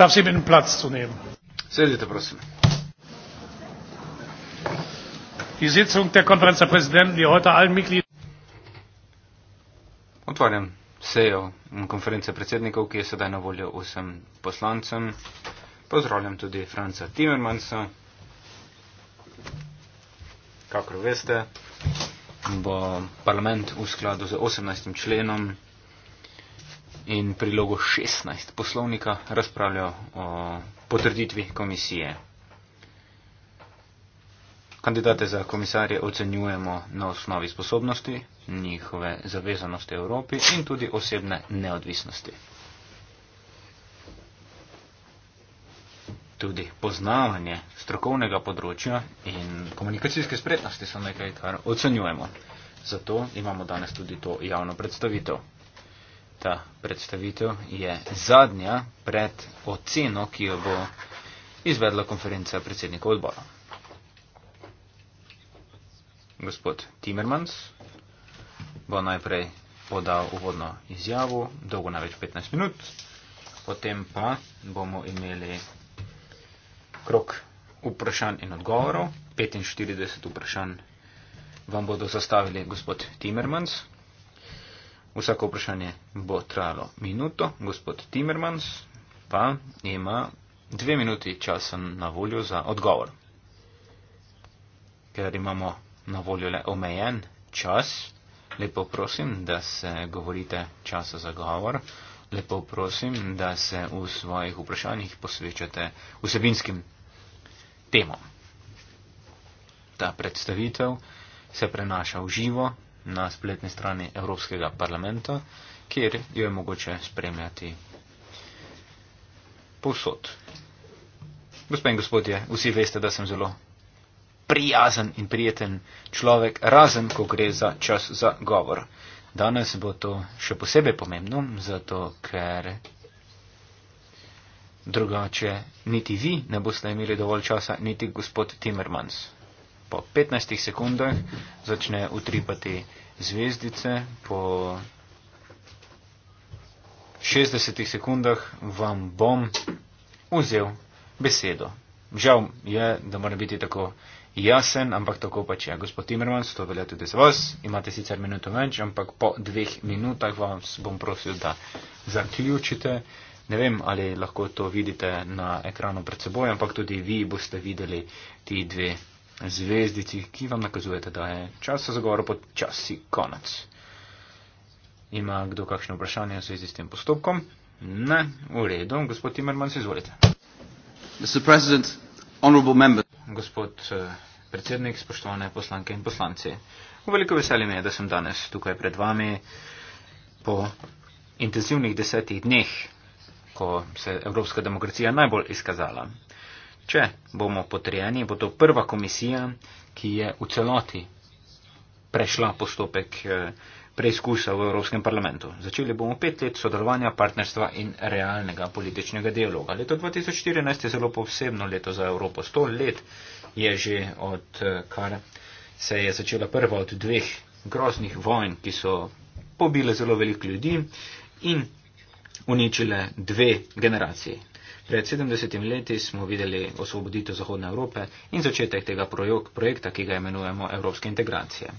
darf sie bitten platz zu nehmen. die sitzung der konferenz der präsidenten die heute allen mitgliedern Otvarjam sejo konference predsednikov, ki je sedaj na voljo vsem poslancem. Pozdravljam tudi Franca Timmermansa. Kakor veste, bo parlament v skladu z 18. členom in prilogo 16 poslovnika razpravljal o potrditvi komisije. Kandidate za komisarje ocenjujemo na osnovi sposobnosti, njihove zavezanosti Evropi in tudi osebne neodvisnosti. Tudi poznavanje strokovnega področja in komunikacijske spretnosti so nekaj, kar ocenjujemo. Zato imamo danes tudi to javno predstavitev ta predstavitev je zadnja pred oceno, ki jo bo izvedla konferenca predsednika odbora. Gospod Timmermans bo najprej podal uvodno izjavo, dolgo največ 15 minut, potem pa bomo imeli krok vprašanj in odgovorov, 45 vprašanj vam bodo zastavili gospod Timmermans, Vsako vprašanje bo trajalo minuto. Gospod Timmermans pa ima dve minuti časa na voljo za odgovor. Ker imamo na voljo le omejen čas, lepo prosim, da se govorite časa za govor. Lepo prosim, da se v svojih vprašanjih posvečate vsebinskim temom. Ta predstavitev se prenaša v živo na spletni strani Evropskega parlamenta, kjer jo je mogoče spremljati povsod. Gospe in gospodje, vsi veste, da sem zelo prijazen in prijeten človek, razen ko gre za čas za govor. Danes bo to še posebej pomembno, zato ker drugače niti vi ne boste imeli dovolj časa, niti gospod Timmermans. Po 15 sekundah začne utripati zvezdice po 60 sekundah vam bom vzel besedo. Žal je, da mora biti tako jasen, ampak tako pač je. Gospod Timmermans, to velja tudi za vas. Imate sicer minuto več, ampak po dveh minutah vas bom prosil, da zaključite. Ne vem, ali lahko to vidite na ekranu pred seboj, ampak tudi vi boste videli ti dve zvezdici, ki vam nakazujete, da je čas za govor, pa časi konec. Ima kdo kakšno vprašanje v zvezi s tem postopkom? Ne, v redu. Gospod Timerman, se izvolite. Gospod eh, predsednik, spoštovane poslanke in poslanci. Veliko veselje mi je, da sem danes tukaj pred vami po intenzivnih desetih dneh, ko se je evropska demokracija najbolj izkazala če bomo potrjeni, bo to prva komisija, ki je v celoti prešla postopek eh, preizkusa v Evropskem parlamentu. Začeli bomo pet let sodelovanja, partnerstva in realnega političnega dialoga. Leto 2014 je zelo posebno leto za Evropo. Sto let je že od eh, kar se je začela prva od dveh groznih vojn, ki so pobile zelo veliko ljudi in uničile dve generacije. Pred 70 leti smo videli osvoboditev Zahodne Evrope in začetek tega projekta, ki ga imenujemo Evropske integracije.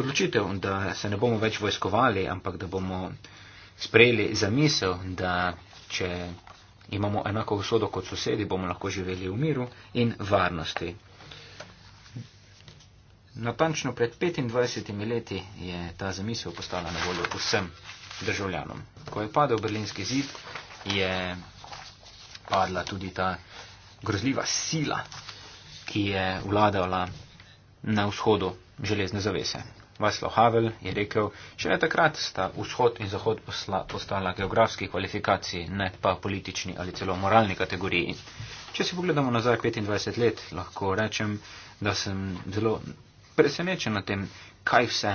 Odločitev, da se ne bomo več vojskovali, ampak da bomo sprejeli zamisel, da če imamo enako usodo kot sosedi, bomo lahko živeli v miru in varnosti. Natančno pred 25 leti je ta zamisel postala na voljo vsem državljanom. Ko je padel berlinski zid, je padla tudi ta grozljiva sila, ki je vladala na vzhodu železne zavese. Vaslo Havel je rekel, še ne takrat sta vzhod in zahod posla, postala geografski kvalifikaciji, ne pa politični ali celo moralni kategoriji. Če si pogledamo nazaj 25 let, lahko rečem, da sem zelo presenečen na tem, kaj vse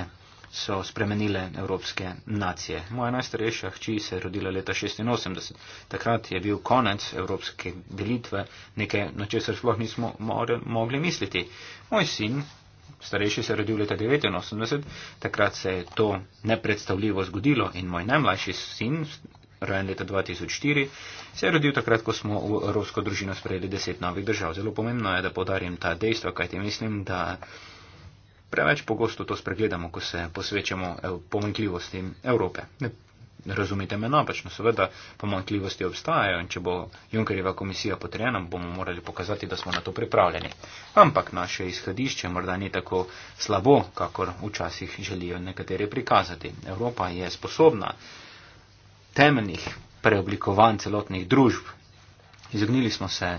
so spremenile evropske nacije. Moja najstarejša hči se je rodila leta 86. Takrat je bil konec evropske delitve, nekaj, na česar sploh nismo mogli misliti. Moj sin, starejši, se je rodil leta 89. Takrat se je to nepredstavljivo zgodilo in moj najmlajši sin, rojen leta 2004, se je rodil takrat, ko smo v evropsko družino sprejeli deset novih držav. Zelo pomembno je, da podarim ta dejstvo, kajti mislim, da Preveč pogosto to spregledamo, ko se posvečamo eh, pomankljivosti Evrope. Ne, ne razumite me napačno, seveda pomankljivosti obstajajo in če bo Junkerjeva komisija potrjena, bomo morali pokazati, da smo na to pripravljeni. Ampak naše izhodišče morda ni tako slabo, kakor včasih želijo nekateri prikazati. Evropa je sposobna temeljnih preoblikovanj celotnih družb. Izognili smo se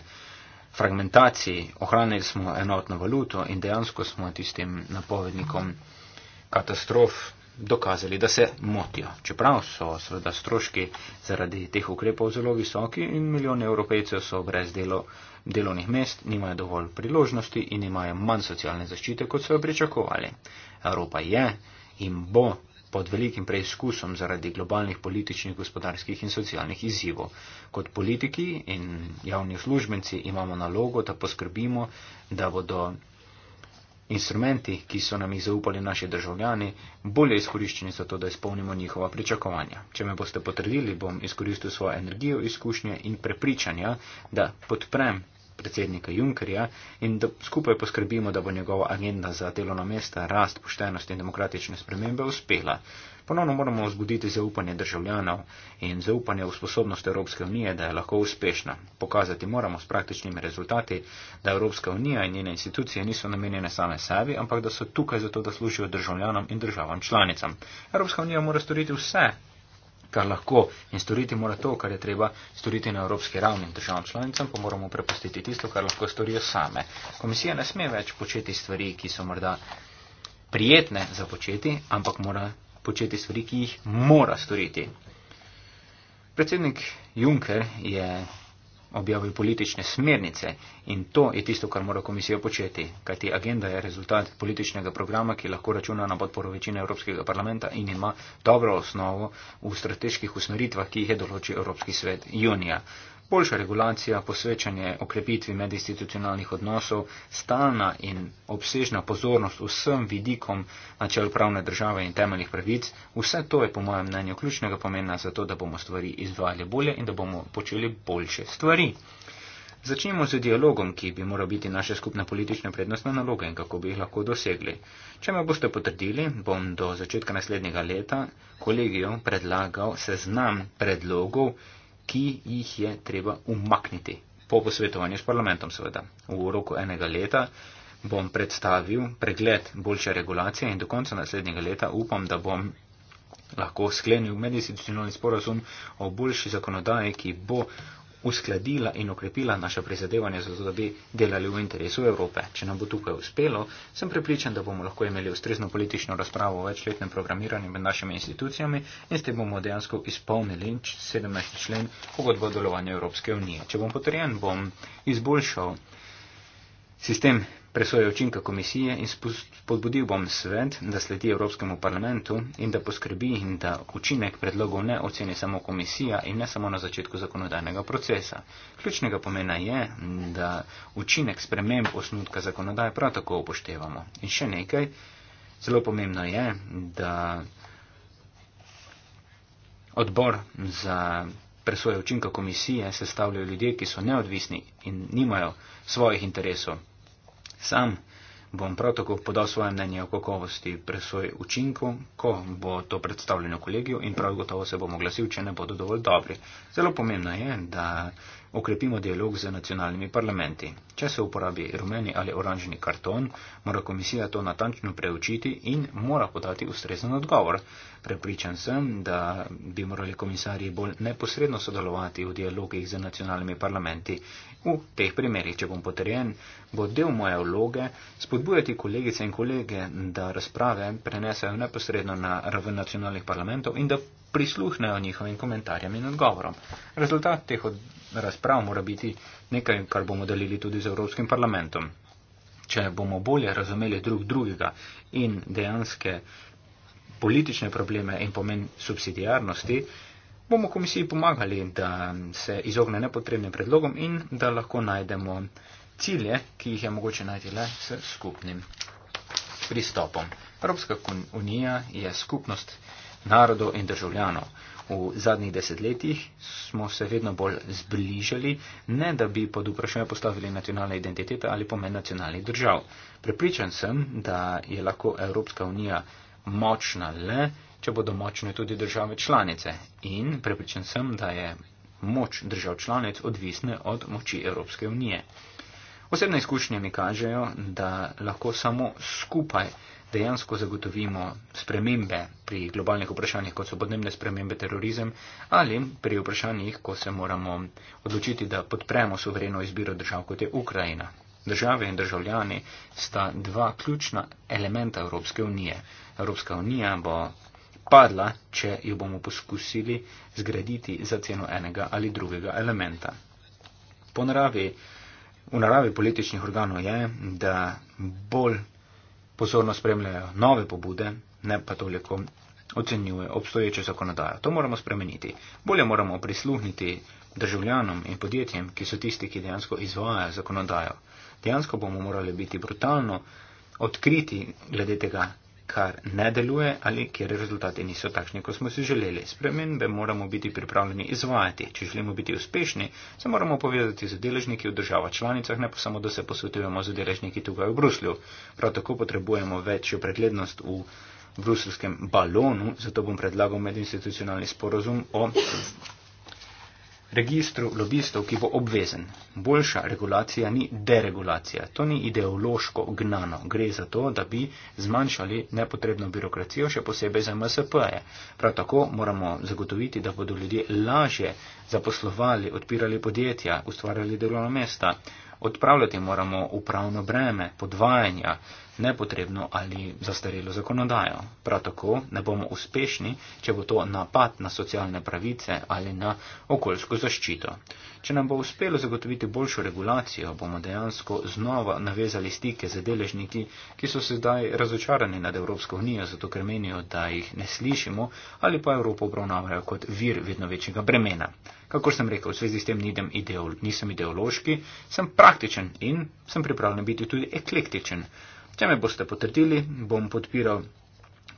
fragmentaciji, ohranili smo enotno valuto in dejansko smo tistim napovednikom katastrof dokazali, da se motijo. Čeprav so seveda stroški zaradi teh ukrepov zelo visoki in milijoni evropejcev so brez delo, delovnih mest, nimajo dovolj priložnosti in imajo manj socialne zaščite, kot so jo pričakovali. Evropa je in bo pod velikim preizkusom zaradi globalnih političnih, gospodarskih in socialnih izzivov. Kot politiki in javni službenci imamo nalogo, da poskrbimo, da bodo instrumenti, ki so nam jih zaupali naši državljani, bolje izkoriščeni za to, da izpolnimo njihova pričakovanja. Če me boste potrdili, bom izkoristil svojo energijo, izkušnje in prepričanja, da podprem predsednika Junkerja in da skupaj poskrbimo, da bo njegova agenda za delovna mesta, rast, poštenost in demokratične spremembe uspela. Ponovno moramo vzbuditi zaupanje državljanov in zaupanje v sposobnost Evropske unije, da je lahko uspešna. Pokazati moramo s praktičnimi rezultati, da Evropska unija in njene institucije niso namenjene same sebi, ampak da so tukaj zato, da služijo državljanom in državam članicam. Evropska unija mora storiti vse, kar lahko in storiti mora to, kar je treba storiti na evropski ravni in državam članicam, pa moramo prepustiti tisto, kar lahko storijo same. Komisija ne sme več početi stvari, ki so morda prijetne za početi, ampak mora početi stvari, ki jih mora storiti. Predsednik Juncker je objavil politične smernice in to je tisto, kar mora komisija početi, kajti agenda je rezultat političnega programa, ki lahko računa na podporo večine Evropskega parlamenta in ima dobro osnovo v strateških usmeritvah, ki jih je določil Evropski svet junija boljša regulacija, posvečanje okrepitvi medinstitucionalnih odnosov, stalna in obsežna pozornost vsem vidikom načel pravne države in temeljnih pravic, vse to je po mojem mnenju ključnega pomena za to, da bomo stvari izvajali bolje in da bomo počeli boljše stvari. Začnimo z dialogom, ki bi moral biti naše skupne politične prednostne naloge in kako bi jih lahko dosegli. Če me boste potrdili, bom do začetka naslednjega leta kolegijo predlagal seznam predlogov, ki jih je treba umakniti. Po posvetovanju s parlamentom, seveda. V roku enega leta bom predstavil pregled boljše regulacije in do konca naslednjega leta upam, da bom lahko sklenil medinstitucionalni sporazum o boljši zakonodaji, ki bo uskladila in okrepila naše prizadevanje, zato da bi delali v interesu Evrope. Če nam bo tukaj uspelo, sem prepričan, da bomo lahko imeli ustrezno politično razpravo o večletnem programiranju med našimi institucijami in s tem bomo dejansko izpolnili 17. člen pogodbe o delovanju Evropske unije. Če bom potrjen, bom izboljšal sistem presoje učinka komisije in spodbudil bom svet, da sledi Evropskemu parlamentu in da poskrbi in da učinek predlogov ne oceni samo komisija in ne samo na začetku zakonodajnega procesa. Ključnega pomena je, da učinek sprememb osnutka zakonodaje prav tako upoštevamo. In še nekaj, zelo pomembno je, da odbor za presoje učinka komisije sestavljajo ljudje, ki so neodvisni in nimajo svojih interesov Sam bom prav tako podal svoje mnenje o kakovosti presoj učinkov, ko bo to predstavljeno kolegiju in prav gotovo se bom oglasil, če ne bodo dovolj dobri. Zelo pomembno je, da okrepimo dialog z nacionalnimi parlamenti. Če se uporabi rumeni ali oranžni karton, mora komisija to natančno preučiti in mora podati ustrezen odgovor. Prepričan sem, da bi morali komisarji bolj neposredno sodelovati v dialogih z nacionalnimi parlamenti. V teh primerjih, če bom potrjen, bo del moje vloge spodbujati kolegice in kolege, da razprave prenesejo neposredno na raven nacionalnih parlamentov in da prisluhnejo njihovim komentarjem in odgovorom. Rezultat teh od razprav mora biti nekaj, kar bomo delili tudi z Evropskim parlamentom. Če bomo bolje razumeli drug drugega in dejanske politične probleme in pomen subsidijarnosti, bomo komisiji pomagali, da se izogne nepotrebnim predlogom in da lahko najdemo cilje, ki jih je mogoče najti le s skupnim pristopom. Evropska unija je skupnost narodov in državljanov. V zadnjih desetletjih smo se vedno bolj zbližali, ne da bi pod vprašanje postavili nacionalne identitete ali pomen nacionalnih držav. Prepričan sem, da je lahko Evropska unija močna le, če bodo močne tudi države članice. In prepričan sem, da je moč držav članic odvisna od moči Evropske unije. Osebne izkušnje mi kažejo, da lahko samo skupaj dejansko zagotovimo spremembe pri globalnih vprašanjih, kot so podnebne spremembe, terorizem ali pri vprašanjih, ko se moramo odločiti, da podpremo suvereno izbiro držav, kot je Ukrajina. Države in državljani sta dva ključna elementa Evropske unije. Evropska unija bo padla, če jo bomo poskusili zgraditi za ceno enega ali drugega elementa. Po naravi, v naravi političnih organov je, da bolj pozorno spremljajo nove pobude, ne pa toliko ocenjuje obstoječo zakonodajo. To moramo spremeniti. Bolje moramo prisluhniti državljanom in podjetjem, ki so tisti, ki dejansko izvajajo zakonodajo. Dejansko bomo morali biti brutalno odkriti glede tega, kar ne deluje ali kjer rezultati niso takšni, kot smo si želeli. Spremembe moramo biti pripravljeni izvajati. Če želimo biti uspešni, se moramo povezati z deležniki v državah članicah, ne pa samo, da se posvetujemo z deležniki tukaj v Bruslju. Prav tako potrebujemo večjo preglednost v bruselskem balonu, zato bom predlagal medinstitucionalni sporozum o registru lobistov, ki bo obvezen. Boljša regulacija ni deregulacija, to ni ideološko gnano. Gre za to, da bi zmanjšali nepotrebno birokracijo, še posebej za MSP-je. Prav tako moramo zagotoviti, da bodo ljudje lažje zaposlovali, odpirali podjetja, ustvarjali delovna mesta. Odpravljati moramo upravno breme, podvajanja, nepotrebno ali zastarelo zakonodajo. Prav tako ne bomo uspešni, če bo to napad na socialne pravice ali na okoljsko zaščito. Če nam bo uspelo zagotoviti boljšo regulacijo, bomo dejansko znova navezali stike z deležniki, ki so se zdaj razočarani nad Evropsko unijo, zato ker menijo, da jih ne slišimo ali pa Evropo obravnavajo kot vir vedno večjega bremena. Kakor sem rekel, v zvezi s tem nisem ideološki, sem praktičen in sem pripravljen biti tudi eklektičen. Če me boste potrdili, bom podpiral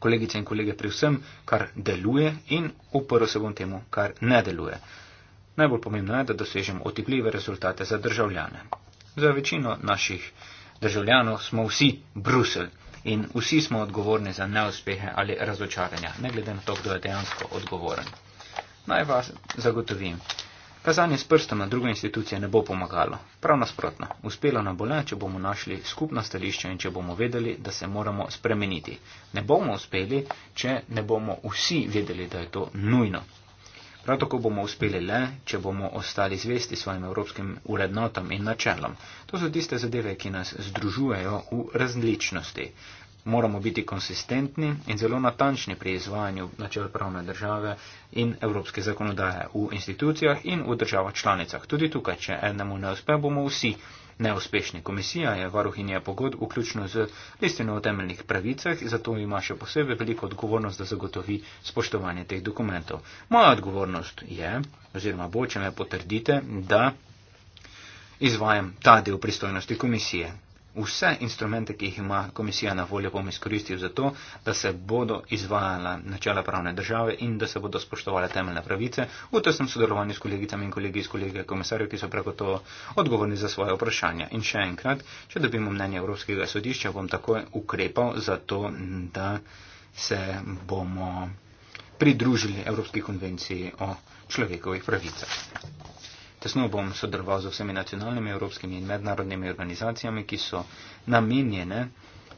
kolegice in kolege pri vsem, kar deluje in uprl se bom temu, kar ne deluje. Najbolj pomembno je, da dosežem otipljive rezultate za državljane. Za večino naših državljanov smo vsi Brusel in vsi smo odgovorni za neuspehe ali razočaranja, ne glede na to, kdo je dejansko odgovoren. Naj vas zagotovim, Kazanje s prstom na druge institucije ne bo pomagalo. Prav nasprotno, uspelo nam bo le, če bomo našli skupno stališče in če bomo vedeli, da se moramo spremeniti. Ne bomo uspeli, če ne bomo vsi vedeli, da je to nujno. Prav tako bomo uspeli le, če bomo ostali zvesti svojim evropskim urednotam in načelom. To so tiste zadeve, ki nas združujejo v različnosti moramo biti konsistentni in zelo natančni pri izvajanju načel pravne države in evropske zakonodaje v institucijah in v državah članicah. Tudi tukaj, če enemu ne uspe, bomo vsi neuspešni. Komisija je varuhinja pogod, vključno z listino o temeljnih pravicah, zato ima še posebej veliko odgovornost, da zagotovi spoštovanje teh dokumentov. Moja odgovornost je, oziroma bo, če me potrdite, da izvajam ta del pristojnosti komisije. Vse instrumente, ki jih ima komisija na voljo, bom izkoristil za to, da se bodo izvajala načela pravne države in da se bodo spoštovale temeljne pravice v tesnem sodelovanju s kolegicami in kolegi iz kolege komisarjev, ki so pregotovo odgovorni za svoje vprašanja. In še enkrat, če dobimo mnenje Evropskega sodišča, bom takoj ukrepal za to, da se bomo pridružili Evropski konvenciji o človekovih pravicah. Tesno bom sodeloval z vsemi nacionalnimi, evropskimi in mednarodnimi organizacijami, ki so namenjene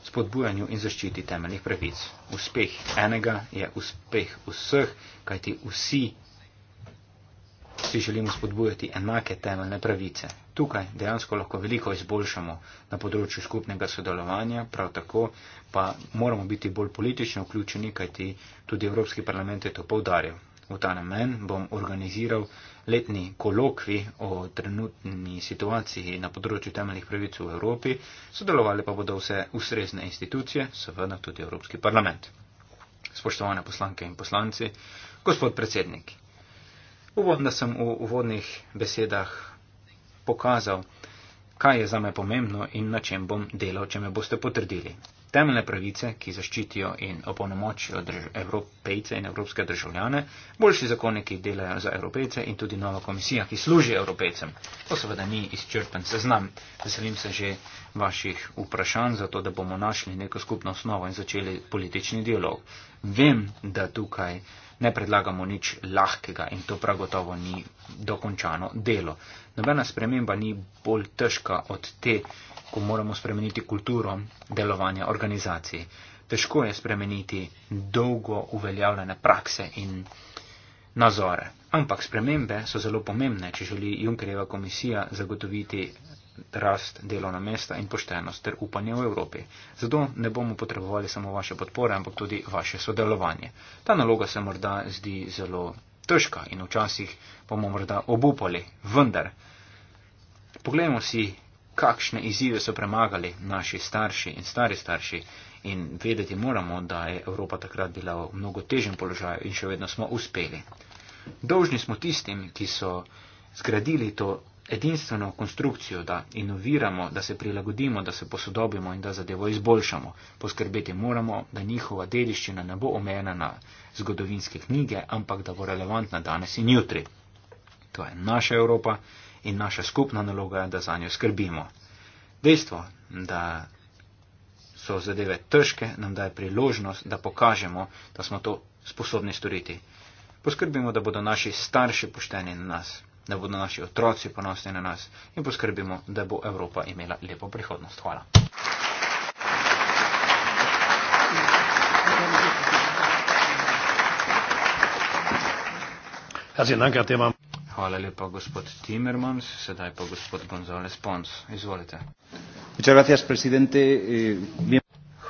spodbujanju in zaščiti temeljnih pravic. Uspeh enega je uspeh vseh, kajti vsi si želimo spodbujati enake temeljne pravice. Tukaj dejansko lahko veliko izboljšamo na področju skupnega sodelovanja, prav tako pa moramo biti bolj politično vključeni, kajti tudi Evropski parlament je to povdarjal. V ta namen bom organiziral letni kolokvi o trenutni situaciji na področju temeljnih pravic v Evropi, sodelovali pa bodo vse ustrezne institucije, seveda tudi Evropski parlament. Spoštovane poslanke in poslanci, gospod predsednik, uvodno sem v uvodnih besedah pokazal, kaj je za me pomembno in na čem bom delal, če me boste potrdili temeljne pravice, ki zaščitijo in opolnomočijo drž evropejce in evropske državljane, boljši zakoni, ki delajo za evropejce in tudi nova komisija, ki služi evropejcem. To seveda ni izčrpen seznam. Veselim se že vaših vprašanj, zato da bomo našli neko skupno osnovo in začeli politični dialog. Vem, da tukaj ne predlagamo nič lahkega in to prav gotovo ni dokončano delo. Nobena sprememba ni bolj težka od te ko moramo spremeniti kulturo delovanja organizacij. Težko je spremeniti dolgo uveljavljene prakse in nazore. Ampak spremembe so zelo pomembne, če želi Junckerjeva komisija zagotoviti rast delovna mesta in poštenost ter upanje v Evropi. Zato ne bomo potrebovali samo vaše podpore, ampak tudi vaše sodelovanje. Ta naloga se morda zdi zelo težka in včasih bomo morda obupali, vendar. Poglejmo si kakšne izzive so premagali naši starši in stari starši. In vedeti moramo, da je Evropa takrat bila v mnogo težjem položaju in še vedno smo uspeli. Dolžni smo tistim, ki so zgradili to edinstveno konstrukcijo, da inoviramo, da se prilagodimo, da se posodobimo in da zadevo izboljšamo. Poskrbeti moramo, da njihova dediščina ne bo omejena na zgodovinske knjige, ampak da bo relevantna danes in jutri. To je naša Evropa in naša skupna naloga je, da za njo skrbimo. Dejstvo, da so zadeve težke, nam daje priložnost, da pokažemo, da smo to sposobni storiti. Poskrbimo, da bodo naši starši pošteni na nas, da bodo naši otroci ponosni na nas in poskrbimo, da bo Evropa imela lepo prihodnost. Hvala. Herzlichen Dank, Herr Themann. Hvala lepa, gospod Timmermans. Sedaj pa gospod Gonzales Pons. Izvolite. Eh,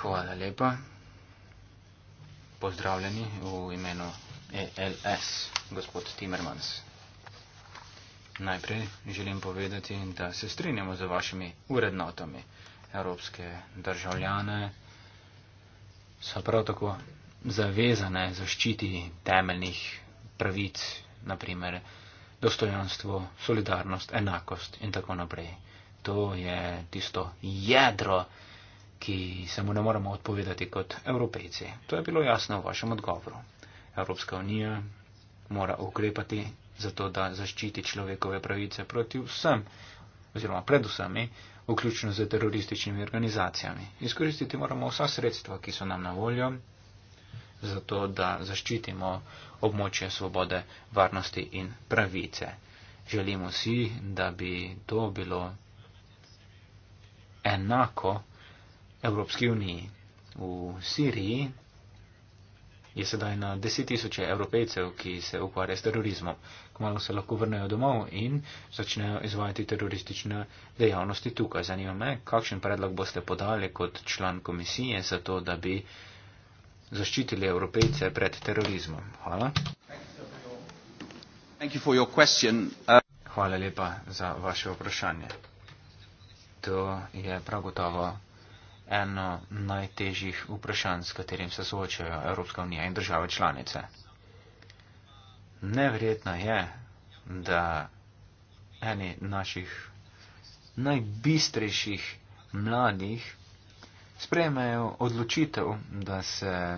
Hvala lepa. Pozdravljeni v imenu ELS, gospod Timmermans. Najprej želim povedati, da se strinjamo z vašimi urednotami. Evropske državljane so prav tako zavezane zaščiti temeljnih pravic, naprimer dostojanstvo, solidarnost, enakost in tako naprej. To je tisto jedro, ki se mu ne moramo odpovedati kot evropejci. To je bilo jasno v vašem odgovoru. Evropska unija mora ukrepati zato, da zaščiti človekove pravice proti vsem oziroma predvsem, vključno z terorističnimi organizacijami. Izkoristiti moramo vsa sredstva, ki so nam na voljo, zato da zaščitimo območja svobode, varnosti in pravice. Želimo si, da bi to bilo enako Evropski uniji. V Siriji je sedaj na deset tisoče evropejcev, ki se ukvarjajo s terorizmom. Kmalo se lahko vrnejo domov in začnejo izvajati teroristične dejavnosti tukaj. Zanima me, kakšen predlog boste podali kot član komisije za to, da bi zaščitili evropejce pred terorizmom. Hvala. Uh, Hvala lepa za vaše vprašanje. To je prav gotovo eno najtežjih vprašanj, s katerim se soočajo Evropska unija in države članice. Neverjetno je, da eni naših najbistrejših mladih sprejmejo odločitev, da se,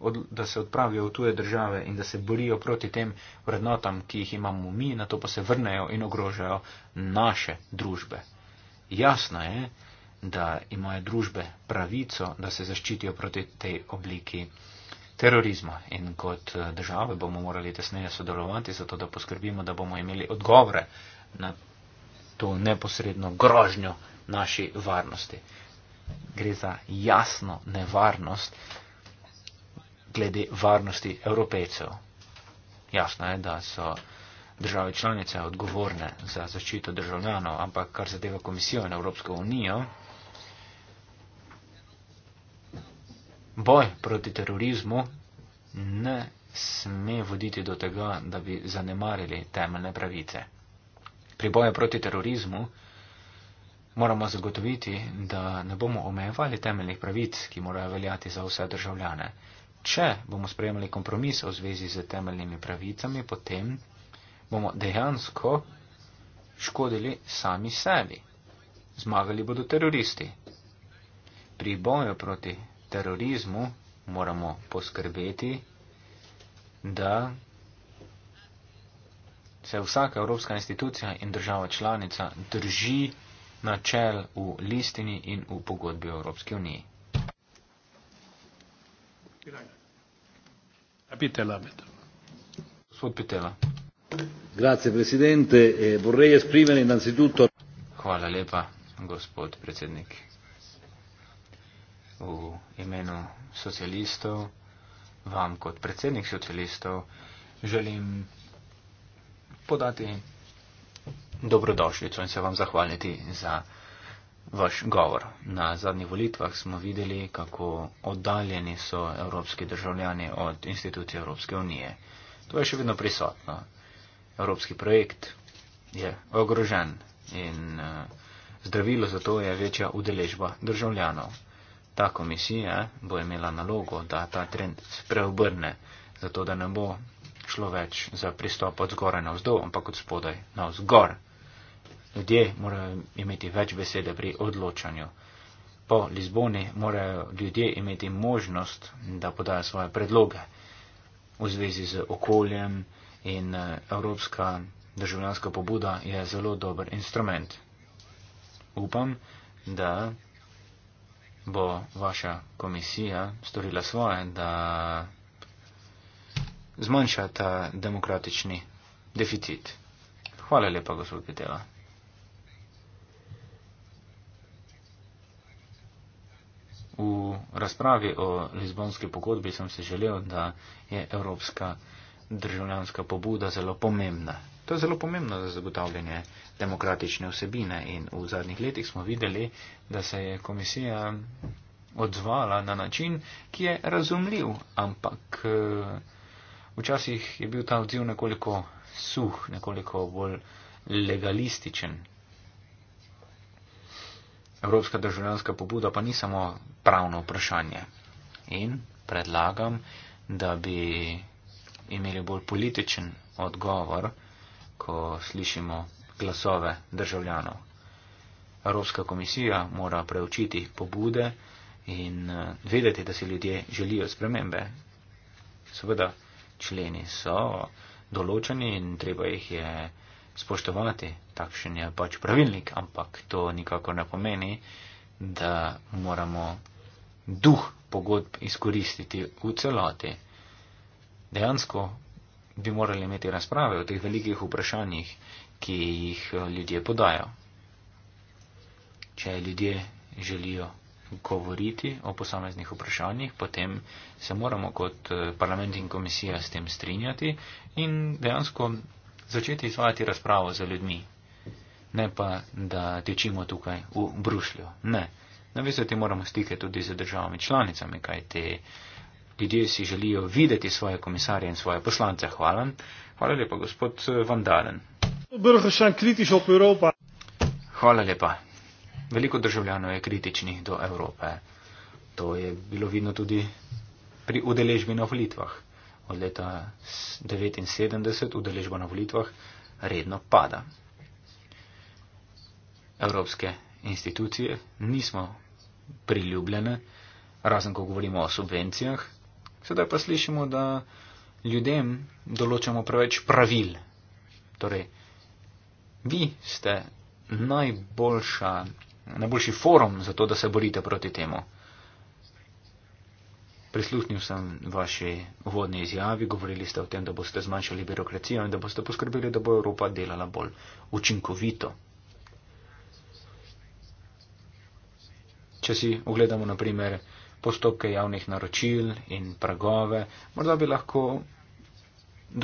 od, da se odpravijo v tuje države in da se borijo proti tem vrednotam, ki jih imamo mi, na to pa se vrnejo in ogrožajo naše družbe. Jasno je, da imajo družbe pravico, da se zaščitijo proti tej obliki terorizma in kot eh, države bomo morali tesneje sodelovati, zato da poskrbimo, da bomo imeli odgovore na to neposredno grožnjo naši varnosti gre za jasno nevarnost glede varnosti evropejcev. Jasno je, da so države članice odgovorne za zaščito državljanov, ampak kar zadeva komisijo in Evropsko unijo, boj proti terorizmu ne sme voditi do tega, da bi zanemarili temeljne pravice. Pri boju proti terorizmu moramo zagotoviti, da ne bomo omejevali temeljnih pravic, ki morajo veljati za vse državljane. Če bomo sprejemali kompromis v zvezi z temeljnimi pravicami, potem bomo dejansko škodili sami sebi. Zmagali bodo teroristi. Pri boju proti terorizmu moramo poskrbeti, da se vsaka evropska institucija in država članica drži načel v listini in v pogodbi v Evropski uniji. E Hvala lepa, gospod predsednik. V imenu socialistov, vam kot predsednik socialistov, želim podati dobrodošljico in se vam zahvaliti za vaš govor. Na zadnjih volitvah smo videli, kako oddaljeni so evropski državljani od institucij Evropske unije. To je še vedno prisotno. Evropski projekt je ogrožen in eh, zdravilo za to je večja udeležba državljanov. Ta komisija bo imela nalogo, da ta trend spreobrne, zato da ne bo šlo več za pristop od zgoraj na vzdolj, ampak od spodaj na vzgor. Ljudje morajo imeti več besede pri odločanju. Po Lizboni morajo ljudje imeti možnost, da podajo svoje predloge v zvezi z okoljem in eh, evropska državljanska pobuda je zelo dober instrument. Upam, da bo vaša komisija storila svoje, da zmanjša ta demokratični deficit. Hvala lepa, gospod Pitela. V razpravi o Lizbonski pogodbi sem se želel, da je evropska državljanska pobuda zelo pomembna. To je zelo pomembno za zagotavljanje demokratične vsebine in v zadnjih letih smo videli, da se je komisija odzvala na način, ki je razumljiv, ampak eh, včasih je bil ta odziv nekoliko suh, nekoliko bolj legalističen. Evropska državljanska pobuda pa ni samo pravno vprašanje. In predlagam, da bi imeli bolj političen odgovor, ko slišimo glasove državljanov. Evropska komisija mora preučiti pobude in eh, vedeti, da si ljudje želijo spremembe. Seveda, členi so določeni in treba jih je spoštovati, takšen je pač pravilnik, ampak to nikakor ne pomeni, da moramo duh pogodb izkoristiti v celoti. Dejansko bi morali imeti razprave o teh velikih vprašanjih, ki jih eh, ljudje podajo. Če ljudje želijo govoriti o posameznih vprašanjih, potem se moramo kot eh, parlament in komisija s tem strinjati in dejansko začeti izvajati razpravo z ljudmi. Ne pa, da tečimo tukaj v Bruslju. Ne. Navezati moramo stike tudi z državami članicami, kaj te ljudje si želijo videti svoje komisarje in svoje poslance. Hvala. Hvala lepa, gospod Vandalen. Hvala lepa. Veliko državljanov je kritičnih do Evrope. To je bilo vidno tudi pri udeležbi na volitvah od leta 1979 udeležba na volitvah redno pada. Evropske institucije nismo priljubljene, razen ko govorimo o subvencijah. Sedaj pa slišimo, da ljudem določamo preveč pravil. Torej, vi ste najboljša, najboljši forum za to, da se borite proti temu. Prisluhnil sem vaši uvodni izjavi, govorili ste o tem, da boste zmanjšali birokracijo in da boste poskrbeli, da bo Evropa delala bolj učinkovito. Če si ogledamo naprimer postopke javnih naročil in pragove, morda bi lahko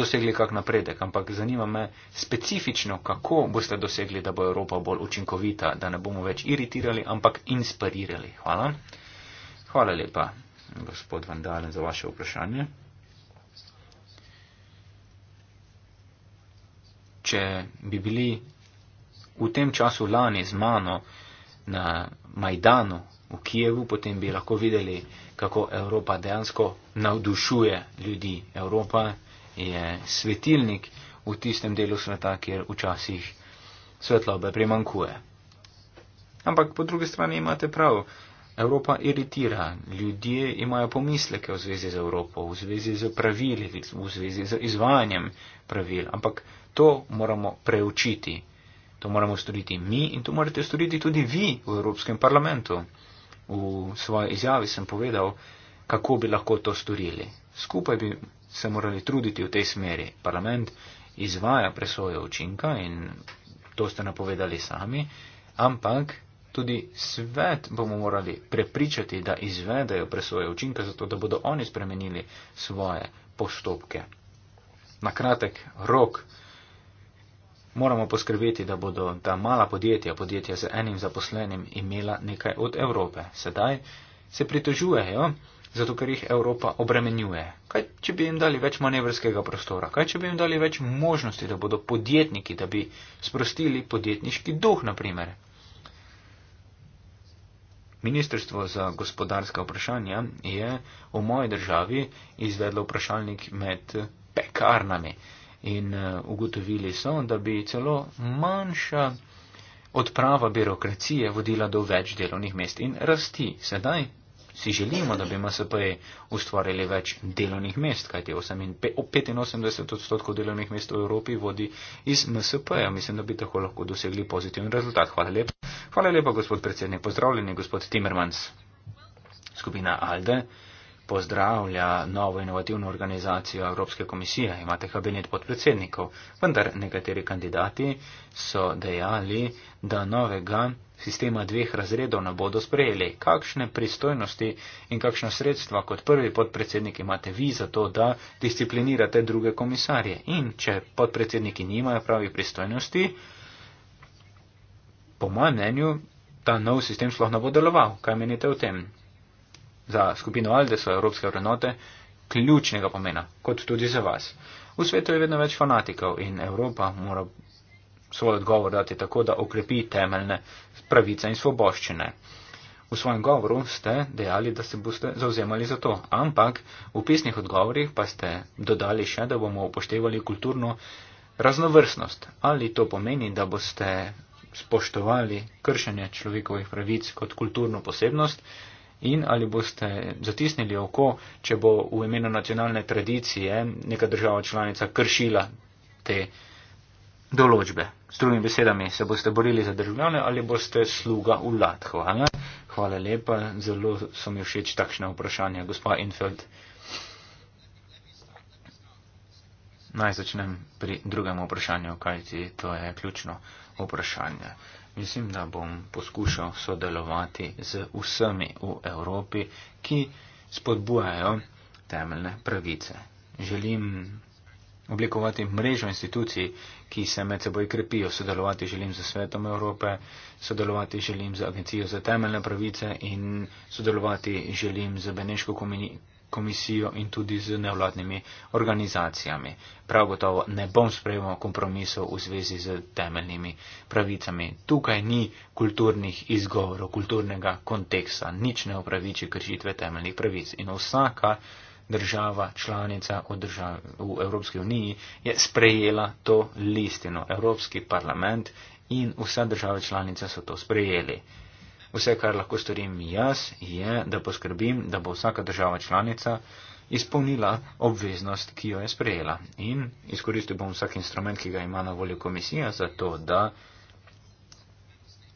dosegli kak napredek, ampak zanima me specifično, kako boste dosegli, da bo Evropa bolj učinkovita, da ne bomo več iritirali, ampak inspirirali. Hvala. Hvala lepa gospod Vandalen, za vaše vprašanje. Če bi bili v tem času lani z mano na Majdanu v Kijevu, potem bi lahko videli, kako Evropa dejansko navdušuje ljudi. Evropa je svetilnik v tistem delu sveta, kjer včasih svetlobe primankuje. Ampak po drugi strani imate prav, Evropa iritira, ljudje imajo pomisleke v zvezi z Evropo, v zvezi z pravili, v zvezi z izvajanjem pravil, ampak to moramo preučiti. To moramo storiti mi in to morate storiti tudi vi v Evropskem parlamentu. V svoji izjavi sem povedal, kako bi lahko to storili. Skupaj bi se morali truditi v tej smeri. Parlament izvaja presojo učinka in to ste napovedali sami, ampak tudi svet bomo morali prepričati, da izvedajo presoje učinka, zato da bodo oni spremenili svoje postopke. Na kratek rok moramo poskrbeti, da bodo ta mala podjetja, podjetja z enim zaposlenim, imela nekaj od Evrope. Sedaj se pritožujejo, zato ker jih Evropa obremenjuje. Kaj, če bi jim dali več manevrskega prostora? Kaj, če bi jim dali več možnosti, da bodo podjetniki, da bi sprostili podjetniški duh, naprimer? Ministrstvo za gospodarska vprašanja je v moji državi izvedlo vprašalnik med pekarnami in eh, ugotovili so, da bi celo manjša odprava birokracije vodila do več delovnih mest in rasti sedaj si želimo, da bi MSP-ji ustvarili več delovnih mest, kajti 85 odstotkov delovnih mest v Evropi vodi iz MSP-ja. Mislim, da bi tako lahko dosegli pozitiven rezultat. Hvala lepa. Hvala lepa, gospod predsednik. Pozdravljeni, gospod Timmermans. Skupina Alde pozdravlja novo inovativno organizacijo Evropske komisije, imate kabinet podpredsednikov, vendar nekateri kandidati so dejali, da novega sistema dveh razredov ne bodo sprejeli. Kakšne pristojnosti in kakšna sredstva kot prvi podpredsednik imate vi za to, da disciplinirate druge komisarje? In če podpredsedniki nimajo pravi pristojnosti, po mojem mnenju, ta nov sistem sploh ne bo deloval. Kaj menite o tem? za skupino Alde so evropske vrednote ključnega pomena, kot tudi za vas. V svetu je vedno več fanatikov in Evropa mora svoj odgovor dati tako, da okrepi temeljne pravice in svoboščine. V svojem govoru ste dejali, da se boste zauzemali za to, ampak v pisnih odgovorih pa ste dodali še, da bomo upoštevali kulturno raznovrstnost. Ali to pomeni, da boste spoštovali kršenje človekovih pravic kot kulturno posebnost? in ali boste zatisnili oko, če bo v imenu nacionalne tradicije neka država članica kršila te določbe. S drugimi besedami, se boste borili za državljane ali boste sluga vlad. Hvala. Hvala lepa, zelo so mi všeč takšne vprašanja, gospa Infeld. Naj začnem pri drugem vprašanju, kajti to je ključno vprašanje. Mislim, da bom poskušal sodelovati z vsemi v Evropi, ki spodbujajo temeljne pravice. Želim oblikovati mrežo institucij, ki se med seboj krepijo. Sodelovati želim z Svetom Evrope, sodelovati želim z Agencijo za temeljne pravice in sodelovati želim z Beneško komunijo komisijo in tudi z nevladnimi organizacijami. Prav gotovo ne bom sprejemal kompromisov v zvezi z temeljnimi pravicami. Tukaj ni kulturnih izgovorov, kulturnega konteksta, nič ne upraviči kršitve temeljnih pravic. In vsaka država, članica v, držav, v Evropski uniji je sprejela to listino. Evropski parlament in vse države članice so to sprejeli. Vse, kar lahko storim jaz, je, da poskrbim, da bo vsaka država članica izpolnila obveznost, ki jo je sprejela. In izkoristil bom vsak instrument, ki ga ima na voljo komisija, zato da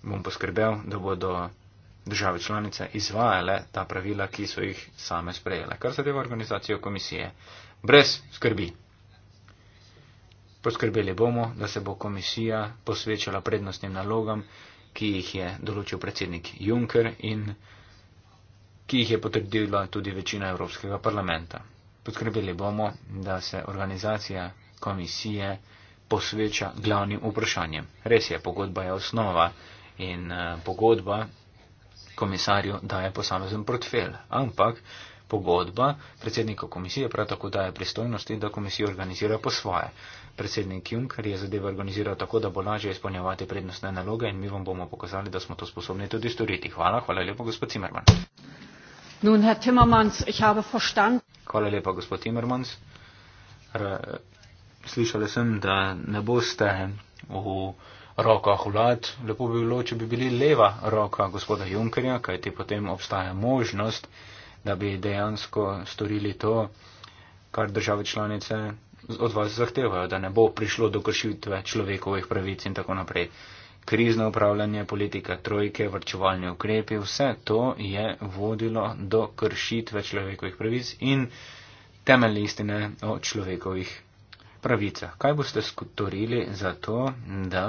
bom poskrbel, da bodo države članice izvajale ta pravila, ki so jih same sprejele. Kar zadeva organizacijo komisije. Brez skrbi. Poskrbeli bomo, da se bo komisija posvečala prednostnim nalogam, ki jih je določil predsednik Juncker in ki jih je potrdila tudi večina Evropskega parlamenta. Podkrbeli bomo, da se organizacija komisije posveča glavnim vprašanjem. Res je, pogodba je osnova in eh, pogodba komisarju daje posamezen portfel, ampak pogodba predsednika komisije prav tako daje pristojnosti, da komisijo organizira po svoje. Predsednik Juncker je zadeve organiziral tako, da bo lažje izpolnjevati prednostne naloge in mi vam bomo pokazali, da smo to sposobni tudi storiti. Hvala, hvala lepa, gospod Timmermans. Nun, Herr Timmermans, ich habe verstand. Hvala lepa, gospod Timmermans. R slišali sem, da ne boste v rokah vlad. Lepo bi bilo, če bi bili leva roka gospoda Junckerja, kajti potem obstaja možnost, da bi dejansko storili to, kar države članice od vas zahtevajo, da ne bo prišlo do kršitve človekovih pravic in tako naprej. Krizno upravljanje, politika trojke, vrčevalni ukrepi, vse to je vodilo do kršitve človekovih pravic in temeljne istine o človekovih pravicah. Kaj boste storili za to, da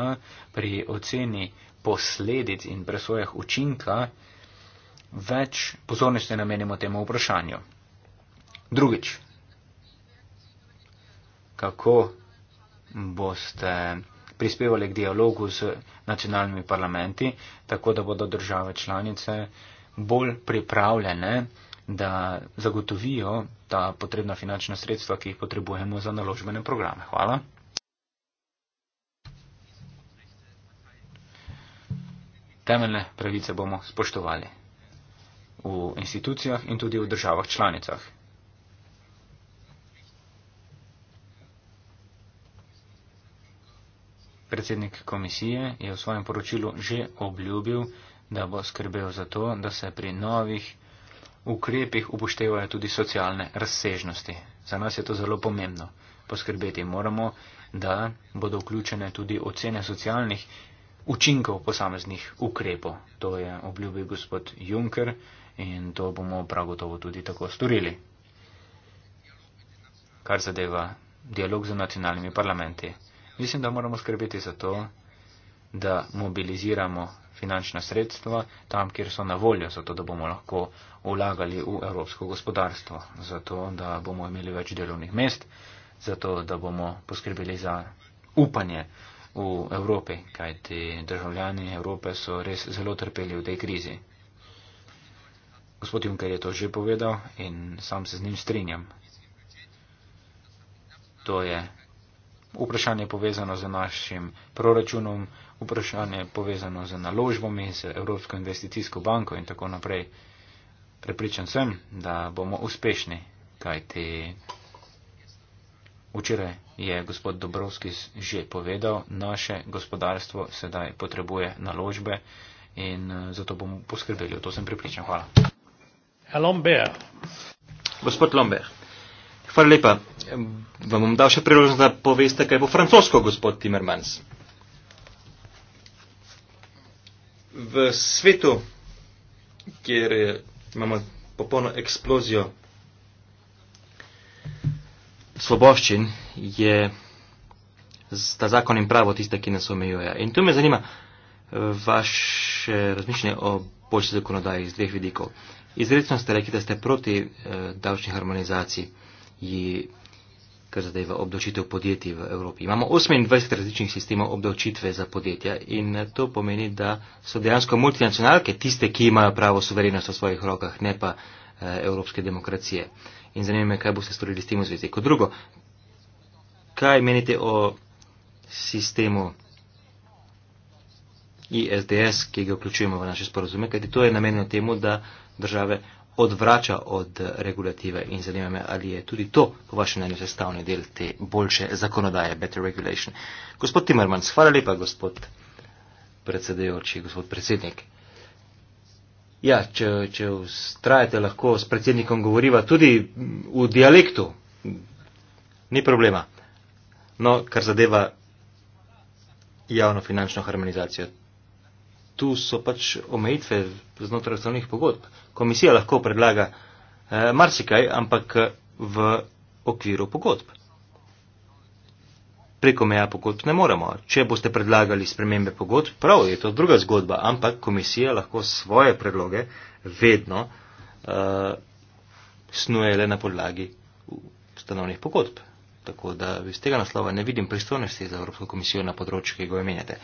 pri oceni posledic in presojah učinka več pozornosti namenimo temu vprašanju. Drugič, kako boste prispevali k dialogu z nacionalnimi parlamenti, tako da bodo države članice bolj pripravljene, da zagotovijo ta potrebna finančna sredstva, ki jih potrebujemo za naložbene programe. Hvala. Temeljne pravice bomo spoštovali v institucijah in tudi v državah članicah. Predsednik komisije je v svojem poročilu že obljubil, da bo skrbel za to, da se pri novih ukrepih upoštevajo tudi socialne razsežnosti. Za nas je to zelo pomembno. Poskrbeti moramo, da bodo vključene tudi ocene socialnih učinkov posameznih ukrepov. To je obljubil gospod Juncker in to bomo prav gotovo tudi tako storili. Kar zadeva dialog z nacionalnimi parlamenti. Mislim, da moramo skrbeti za to, da mobiliziramo finančna sredstva tam, kjer so na voljo, zato da bomo lahko ulagali v evropsko gospodarstvo, zato da bomo imeli več delovnih mest, zato da bomo poskrbeli za upanje v Evropi, kajti državljani Evrope so res zelo trpeli v tej krizi. Gospod Juncker je to že povedal in sam se z njim strinjam. To je vprašanje povezano z našim proračunom, vprašanje povezano z naložbami, z Evropsko investicijsko banko in tako naprej. Prepričan sem, da bomo uspešni, kajti. Včeraj je gospod Dobrovski že povedal, naše gospodarstvo sedaj potrebuje naložbe in eh, zato bomo poskrbeli. O to sem pripričan. Hvala. Lomber. Gospod Lomber, hvala lepa. Vam bom dal še priložnost, da poveste, kaj bo francosko, gospod Timmermans. V svetu, kjer imamo popolno eksplozijo svoboščin je ta zakon in pravo tista, ki nas omejuje. In tu me zanima eh, vaše razmišljanje o boljši zakonodaji iz dveh vidikov. Izredno ste rekli, da ste proti eh, davčni harmonizaciji, ji, kar zadeva obdočitev podjetij v Evropi. Imamo 28 različnih sistemov obdočitve za podjetja in eh, to pomeni, da so dejansko multinacionalke tiste, ki imajo pravo suverenost v svojih rokah, ne pa eh, evropske demokracije. Eh, in zanima me, kaj boste storili s tem v zvezi. Kot drugo, kaj menite o sistemu ISDS, ki ga vključujemo v naše sporozume, kajti to je namenjeno temu, da države odvrača od regulative in zanima me, ali je tudi to po vašem mnenju sestavni del te boljše zakonodaje, better regulation. Gospod Timmermans, hvala lepa, gospod predsedujoči, gospod predsednik. Ja, če, če ustrajate, lahko s predsednikom govoriva tudi v dialektu. Ni problema. No, kar zadeva javno finančno harmonizacijo. Tu so pač omejitve znotraj ustavnih pogodb. Komisija lahko predlaga eh, marsikaj, ampak eh, v okviru pogodb preko meja pogodb ne moremo. Če boste predlagali spremembe pogodb, prav je to druga zgodba, ampak komisija lahko svoje predloge vedno uh, snuje le na podlagi ustanovnih pogodb. Tako da iz tega naslova ne vidim pristojnosti za Evropsko komisijo na področju, ki ga omenjate.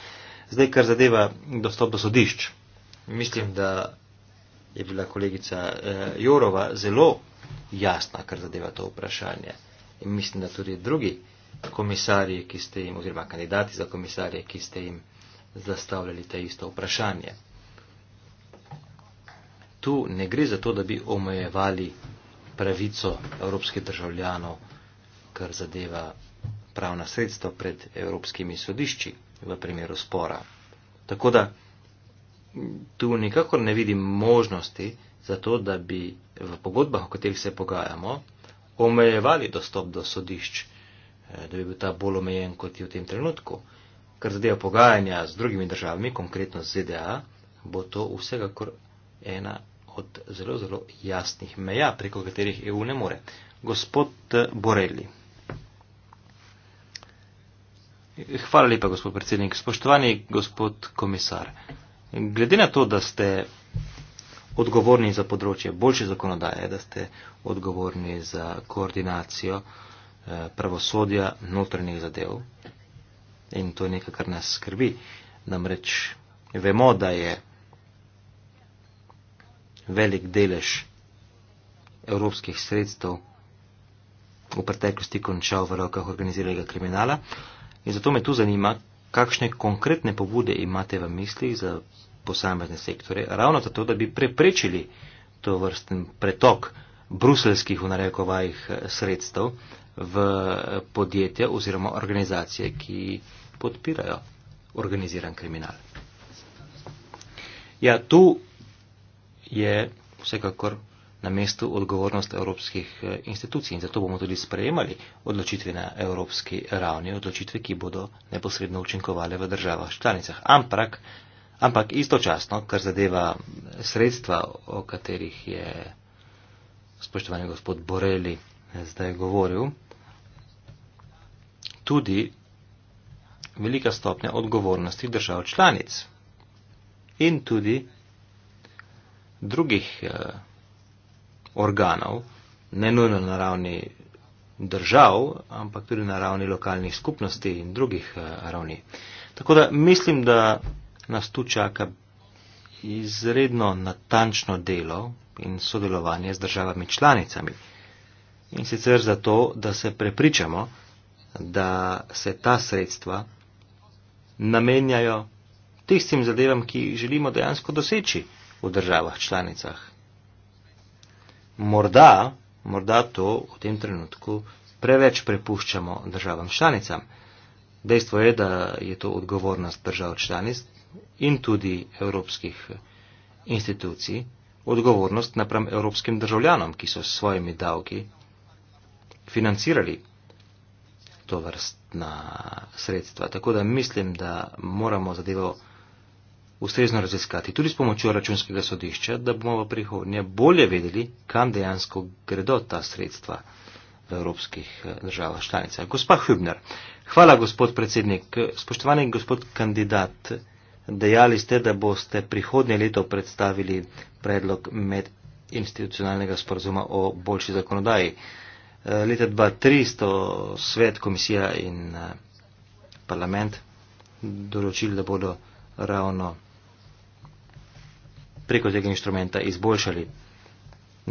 Zdaj, kar zadeva dostop do sodišč, mislim, da je bila kolegica uh, eh, Jorova zelo jasna, kar zadeva to vprašanje. In mislim, da tudi drugi komisarji, ki ste jim, oziroma kandidati za komisarje, ki ste jim zastavljali ta isto vprašanje. Tu ne gre za to, da bi omejevali pravico evropskih državljanov, kar zadeva pravna sredstva pred evropskimi sodišči v primeru spora. Tako da tu nikakor ne vidim možnosti za to, da bi v pogodbah, o katerih se pogajamo, omejevali dostop do sodišč uh, Eh, da bi bil ta bolj omejen, kot je v tem trenutku. Kar zadeva pogajanja z drugimi državami, konkretno z ZDA, bo to vsega kor ena od zelo, zelo jasnih meja, preko katerih EU ne more. Gospod eh, Borelli. Hvala lepa, gospod predsednik. Spoštovani gospod komisar. Glede na to, da ste odgovorni za področje boljše zakonodaje, da ste odgovorni za koordinacijo, Eh, pravosodja notranjih zadev. In to je nekaj, kar nas skrbi. Namreč vemo, da je velik delež evropskih sredstev v preteklosti končal v rokah organiziranega kriminala. In zato me tu zanima, kakšne konkretne pobude imate v mislih za posamezne sektore, ravno zato, da bi preprečili to vrsten pretok bruselskih v narekovajih eh, sredstev v podjetja oziroma organizacije, ki podpirajo organiziran kriminal. Ja, tu je vsekakor na mestu odgovornost evropskih eh, institucij in zato bomo tudi sprejemali odločitve na evropski ravni, odločitve, ki bodo neposredno učinkovale v državah članicah. Ampak, ampak istočasno, kar zadeva sredstva, o katerih je spoštovani gospod Boreli eh, zdaj govoril, tudi velika stopnja odgovornosti držav članic in tudi drugih eh, organov, ne nujno na ravni držav, ampak tudi na ravni lokalnih skupnosti in drugih eh, ravni. Tako da mislim, da nas tu čaka izredno natančno delo in sodelovanje z državami članicami. In sicer zato, da se prepričamo, da se ta sredstva namenjajo tistim zadevam, ki želimo dejansko doseči v državah članicah. Morda, morda to v tem trenutku preveč prepuščamo državam članicam. Dejstvo je, da je to odgovornost držav članic in tudi evropskih institucij, odgovornost napram evropskim državljanom, ki so s svojimi davki financirali to vrstna sredstva. Tako da mislim, da moramo zadevo ustrezno raziskati tudi s pomočjo računskega sodišča, da bomo v prihodnje bolje vedeli, kam dejansko gredo ta sredstva v evropskih eh, državah članicah. Gospa Hübner, hvala gospod predsednik. Spoštovani gospod kandidat, dejali ste, da boste prihodnje leto predstavili predlog med institucionalnega sporozuma o boljši zakonodaji. Eh, leta 2300 svet, komisija in eh, parlament določili, da bodo ravno preko tega inštrumenta izboljšali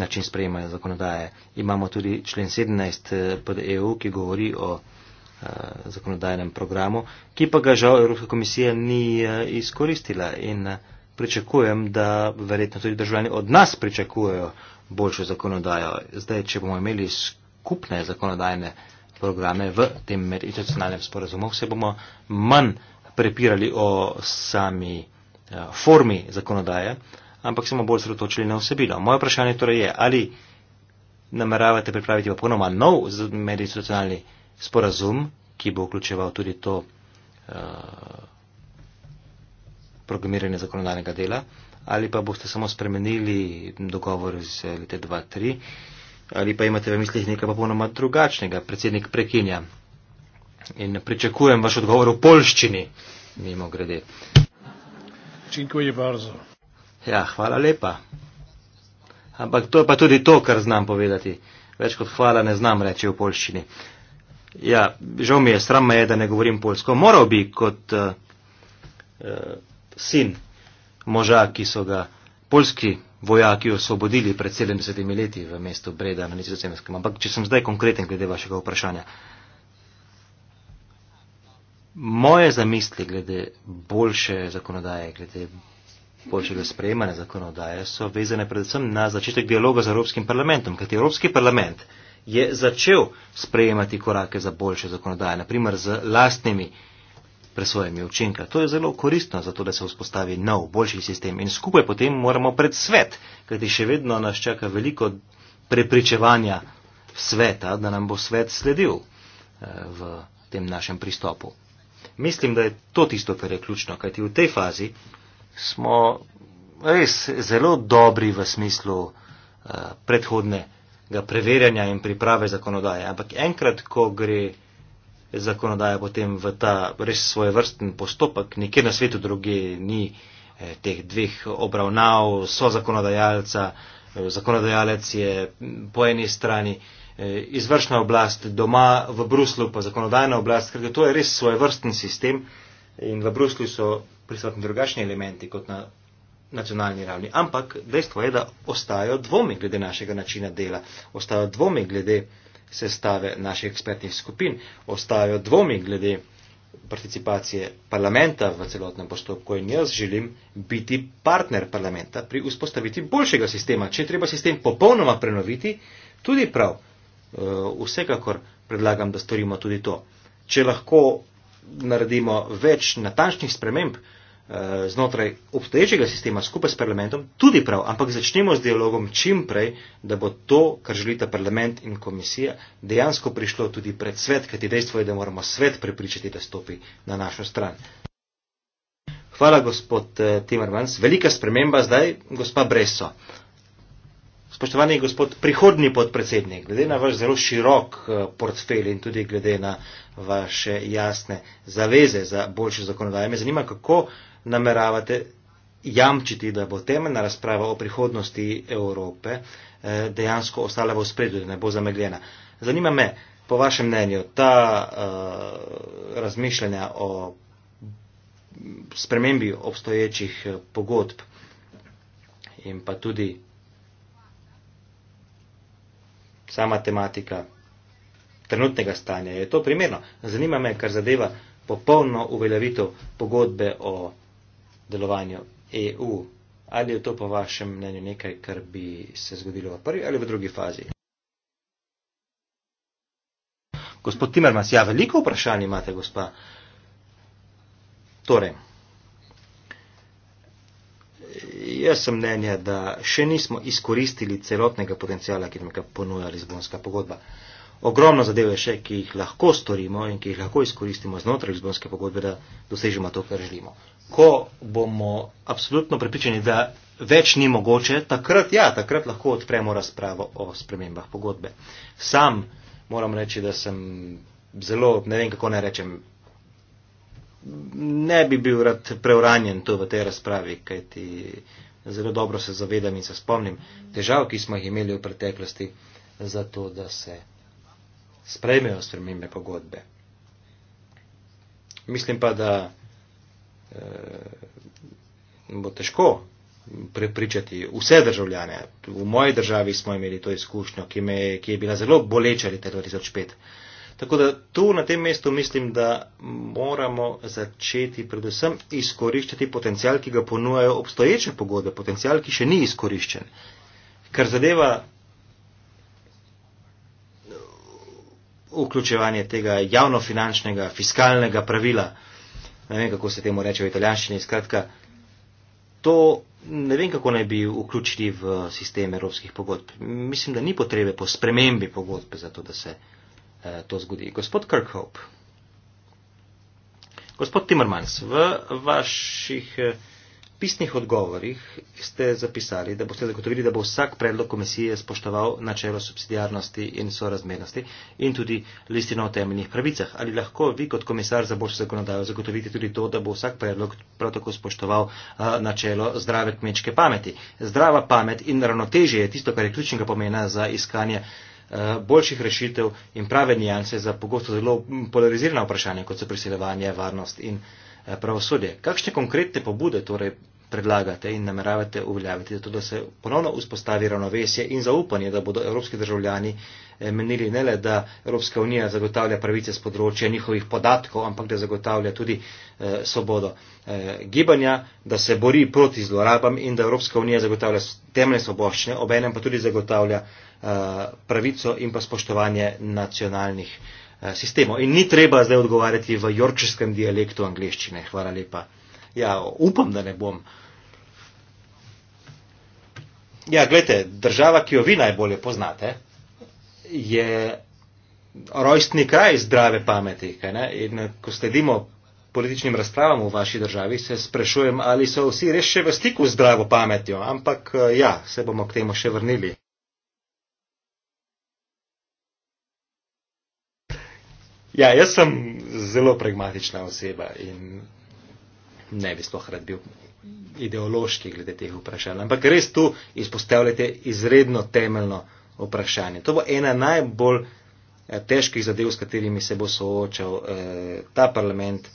način sprejemanja zakonodaje. Imamo tudi člen 17 pod EU, ki govori o eh, zakonodajnem programu, ki pa ga žal Evropska komisija ni izkoristila in pričakujem, da verjetno tudi državljani od nas pričakujejo boljšo zakonodajo. Zdaj, če bomo imeli skupne zakonodajne programe v tem medinstitucionalnem sporazumu, se bomo manj prepirali o sami eh, formi zakonodaje, ampak se bomo bolj sredotočili na vsebino. Moje vprašanje torej je, ali nameravate pripraviti popolnoma nov medinstitucionalni sporazum, ki bo vključeval tudi to eh, programiranje zakonodajnega dela, ali pa boste samo spremenili dogovor iz leta 2003 ali pa imate v mislih nekaj popolnoma drugačnega, predsednik prekinja. In pričakujem vaš odgovor v polščini, mimo grede. Ja, hvala lepa. Ampak to je pa tudi to, kar znam povedati. Več kot hvala ne znam reči v polščini. Ja, žal mi je, sram me je, da ne govorim polsko. Moral bi kot uh, uh, sin moža, ki so ga polski vojaki osvobodili pred 70 leti v mestu Breda na Nizozemskem. Ampak, če sem zdaj konkreten glede vašega vprašanja. Moje zamisli glede boljše zakonodaje, glede boljšega sprejemanja zakonodaje so vezane predvsem na začetek dialoga z Evropskim parlamentom, kajti Evropski parlament je začel sprejemati korake za boljše zakonodaje, naprimer z lastnimi uh, presvojami učinka. To je zelo koristno, zato da se vzpostavi nov, boljši sistem in skupaj potem moramo pred svet, kajti še vedno nas čaka veliko prepričevanja sveta, da nam bo svet sledil eh, v tem našem pristopu. Mislim, da je to tisto, kar je ključno, kajti v tej fazi smo res zelo dobri v smislu eh, predhodnega preverjanja in priprave zakonodaje, ampak enkrat, ko gre zakonodaja potem v ta res svojevrsten postopek. Nikjer na svetu druge ni eh, teh dveh obravnav, so zakonodajalca, eh, zakonodajalec je po eni strani eh, izvršna oblast doma, v Bruslu pa zakonodajna oblast, ker to je res svojevrsten sistem in v Bruslu so prisotni drugačni elementi kot na nacionalni ravni. Ampak dejstvo je, da ostajajo dvomi glede našega načina dela, ostajajo dvomi glede eh, sestave naših ekspertnih skupin, ostajajo dvomi glede participacije parlamenta v celotnem postopku in jaz želim biti partner parlamenta pri vzpostaviti boljšega sistema. Če treba sistem popolnoma prenoviti, tudi prav, eh, vsekakor predlagam, da storimo tudi to. Če lahko naredimo več natančnih sprememb, Eh, znotraj obstoječega sistema skupaj s parlamentom tudi prav, ampak začnemo s dialogom čim prej, da bo to, kar želita parlament in komisija, dejansko prišlo tudi pred svet, kajti dejstvo je, da moramo svet prepričati, da stopi na našo stran. Hvala, gospod eh, Timmermans. Velika sprememba zdaj, gospa Breso. Spoštovani gospod prihodni podpredsednik, glede na vaš zelo širok eh, portfelj in tudi glede na vaše jasne zaveze za boljše zakonodaje, me zanima, kako nameravate jamčiti, da bo temeljna razprava o prihodnosti Evrope eh, dejansko ostala v spredju, da ne bo zamegljena. Zanima me, po vašem mnenju, ta uh, razmišljanja o spremembi obstoječih eh, pogodb in pa tudi sama tematika trenutnega stanja, je to primerno. Zanima me, kar zadeva popolno uveljavitev pogodbe o delovanju EU. Ali je to po vašem mnenju nekaj, kar bi se zgodilo v prvi ali v drugi fazi? Gospod Timermans, ja, veliko vprašanj imate, gospa. Torej, jaz sem mnenja, da še nismo izkoristili celotnega potencijala, ki nam ga ponuja Lizbonska pogodba. Uh, ogromno zadev je še, ki jih lahko storimo in ki jih lahko izkoristimo znotraj Lizbonske pogodbe, da dosežemo to, kar želimo. Ko bomo apsolutno pripričani, da več ni mogoče, takrat, ja, takrat lahko odpremo razpravo o spremembah pogodbe. Sam moram reči, da sem zelo, ne vem kako ne rečem, ne bi bil rad preuranjen tu v tej razpravi, kajti zelo dobro se zavedam in se spomnim težav, ki smo jih imeli v preteklosti, zato da se sprejmejo spremembe pogodbe. Mislim pa, da e, bo težko prepričati vse državljane. V moji državi smo imeli to izkušnjo, ki, me, ki je bila zelo boleča leta 2005. Tako da tu na tem mestu mislim, da moramo začeti predvsem izkoriščati potencial, ki ga ponujajo obstoječe pogodbe, potencial, ki še ni izkoriščen. Kar zadeva vključevanje tega javnofinančnega fiskalnega pravila, ne vem kako se temu reče v italijanščini, skratka, to ne vem kako naj bi vključili v sistem evropskih pogodb. Mislim, da ni potrebe po spremembi pogodbe za to, da se eh, to zgodi. Gospod Kirkhope, gospod Timmermans, v vaših. Eh, pisnih odgovorih ste zapisali, da boste zagotovili, da bo vsak predlog komisije spoštoval načelo subsidijarnosti in sorazmernosti in tudi listino o temeljnih pravicah. Ali lahko vi kot komisar za boljšo zakonodajo zagotovite tudi to, da bo vsak predlog prav tako spoštoval a, načelo zdrave kmečke pameti? Zdrava pamet in ravnotežje je tisto, kar je ključnega pomena za iskanje boljših rešitev in prave nijanse za pogosto zelo polarizirana vprašanja, kot so priseljevanje, varnost in. Eh, pravosodje. Kakšne konkretne pobude torej predlagate in nameravate uveljaviti, zato da se ponovno vzpostavi ravnovesje in zaupanje, da bodo evropski državljani eh, menili ne le, da Evropska unija zagotavlja pravice z področja njihovih podatkov, ampak da zagotavlja tudi eh, svobodo eh, gibanja, da se bori proti zlorabam in da Evropska unija zagotavlja temne svoboščine, obenem pa tudi zagotavlja eh, pravico in pa spoštovanje nacionalnih eh, Eh, sistemov. In ni treba zdaj odgovarjati v jorčerskem dialektu angleščine. Hvala lepa. Ja, upam, da ne bom. Ja, gledajte, država, ki jo vi najbolje poznate, je rojstni kraj zdrave pameti. In eh, ko sledimo političnim razpravam v vaši državi, se sprašujem, ali so vsi res še v stiku z zdravo pametjo. Ampak eh, ja, se bomo k temu še vrnili. Ja, jaz sem zelo pragmatična oseba in ne bi sploh rad bil ideološki glede teh vprašanj. Ampak res tu izpostavljate izredno temeljno vprašanje. To bo ena najbolj eh, težkih zadev, s katerimi se bo soočal eh, ta parlament,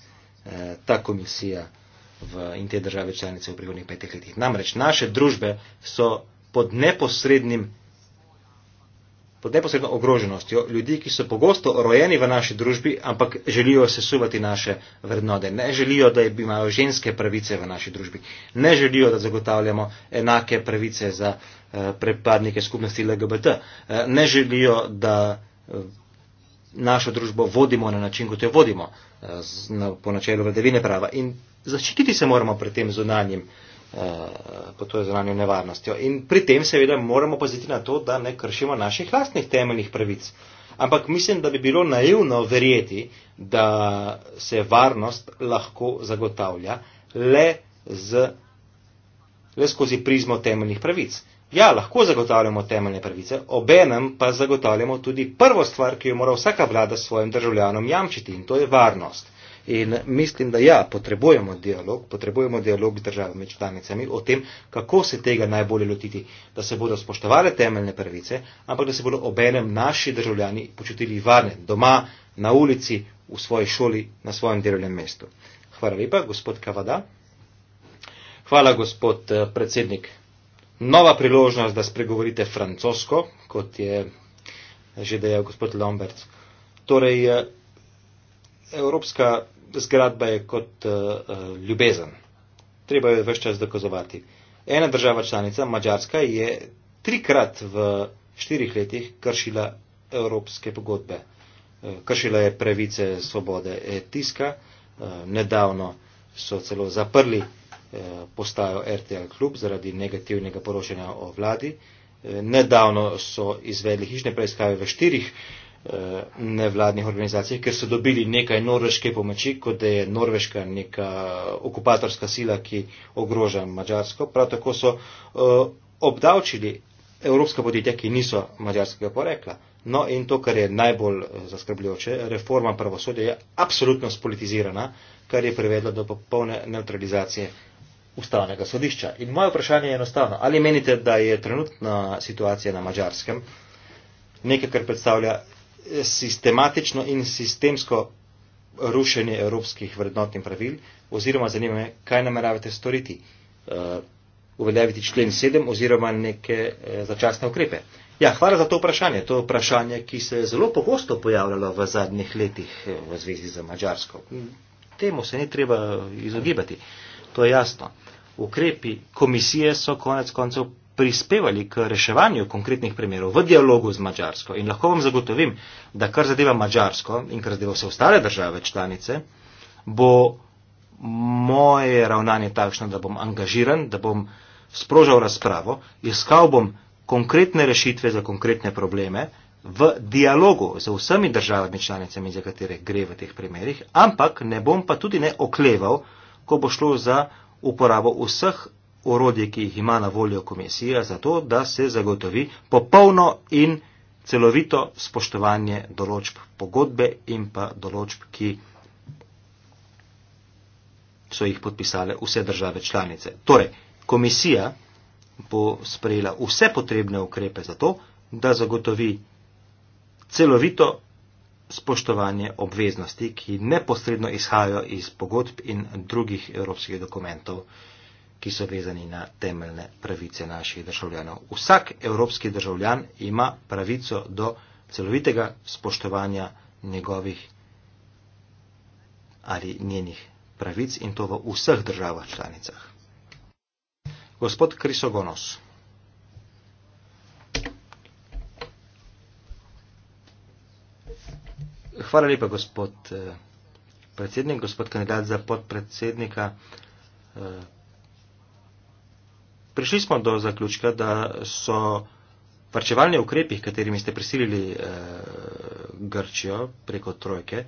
eh, ta komisija v, in te države članice v prihodnih petih letih. Namreč naše družbe so pod neposrednim pod neposredno ogroženostjo ljudi, ki so pogosto rojeni v naši družbi, ampak želijo sesuvati naše vrednote. Ne želijo, da imajo ženske pravice v naši družbi. Ne želijo, da zagotavljamo enake pravice za eh, prepadnike skupnosti LGBT. Eh, ne želijo, da eh, našo družbo vodimo na način, kot jo vodimo po načelu vladavine prava. In zaščititi se moramo pred tem zunanjim. Eh, pa to je zranjeno nevarnostjo. In pri tem seveda moramo paziti na to, da ne kršimo naših lastnih temeljnih pravic. Ampak mislim, da bi bilo naivno verjeti, da se varnost lahko zagotavlja le, z, le skozi prizmo temeljnih pravic. Ja, lahko zagotavljamo temeljne pravice, obenem pa zagotavljamo tudi prvo stvar, ki jo mora vsaka vlada svojim državljanom jamčiti in to je varnost. In mislim, da ja, potrebujemo dialog, potrebujemo dialog z državami članicami o tem, kako se tega najbolje lotiti, da se bodo spoštovale temeljne pravice, ampak da se bodo obenem naši državljani počutili varne doma, na ulici, v svoji šoli, na svojem delovnem mestu. Hvala lepa, gospod Kavada. Hvala, gospod eh, predsednik. Nova priložnost, da spregovorite francosko, kot je že dejal gospod Lombert. Torej, eh, Evropska zgradba je kot uh, uh, ljubezen. Treba jo vse čas dokazovati. Ena država članica, Mačarska, je trikrat v štirih letih kršila evropske pogodbe. Eh, kršila je pravice svobode e tiska, nedavno so celo zaprli postajo RTL klub zaradi negativnega poročanja o vladi, nedavno so izvedli hišne preiskave v štirih Eh, nevladnih organizacij, ker so dobili nekaj norveške pomoči, kot da je norveška neka okupatorska sila, ki ogroža Mačarsko. Prav tako so eh, obdavčili evropska podjetja, ki niso mačarskega porekla. No in to, kar je najbolj eh, zaskrbljujoče, reforma pravosodja je absolutno spolitizirana, kar je privedlo do popolne neutralizacije ustavnega sodišča. In moje vprašanje je enostavno. Ali menite, da je trenutna situacija na mačarskem nekaj, kar predstavlja sistematično in sistemsko rušenje evropskih vrednot in pravil, oziroma zanima me, kaj nameravate storiti, eh, uveljaviti člen 7 oziroma neke eh, začasne ukrepe. Ja, hvala za to vprašanje. To je vprašanje, ki se je zelo pogosto pojavljalo v zadnjih letih eh, v zvezi z Mačarsko. Temu se ni treba izogibati. To je jasno. Ukrepi komisije so konec koncev prispevali k reševanju konkretnih primerov v dialogu z Mačarsko. In lahko vam zagotovim, da kar zadeva Mačarsko in kar zadeva vse ostale države članice, bo moje ravnanje takšno, da bom angažiran, da bom sprožal razpravo, iskal bom konkretne rešitve za konkretne probleme v dialogu z vsemi državami članicami, za katere gre v teh primerih, ampak ne bom pa tudi ne okleval, ko bo šlo za uporabo vseh orodje, ki jih ima na voljo komisija, zato da se zagotovi popolno in celovito spoštovanje določb pogodbe in pa določb, ki so jih podpisale vse države članice. Torej, komisija bo sprejela vse potrebne ukrepe za to, da zagotovi celovito spoštovanje obveznosti, ki neposredno izhajajo iz pogodb in drugih evropskih dokumentov ki so vezani na temeljne pravice naših državljanov. Vsak evropski državljan ima pravico do celovitega spoštovanja njegovih ali njenih pravic in to v vseh državah članicah. Gospod Krisogonos. Hvala lepa, gospod eh, predsednik, gospod kandidat za podpredsednika. Eh, Prišli smo do zaključka, da so varčevalni ukrepi, katerimi ste prisilili eh, Grčijo preko trojke,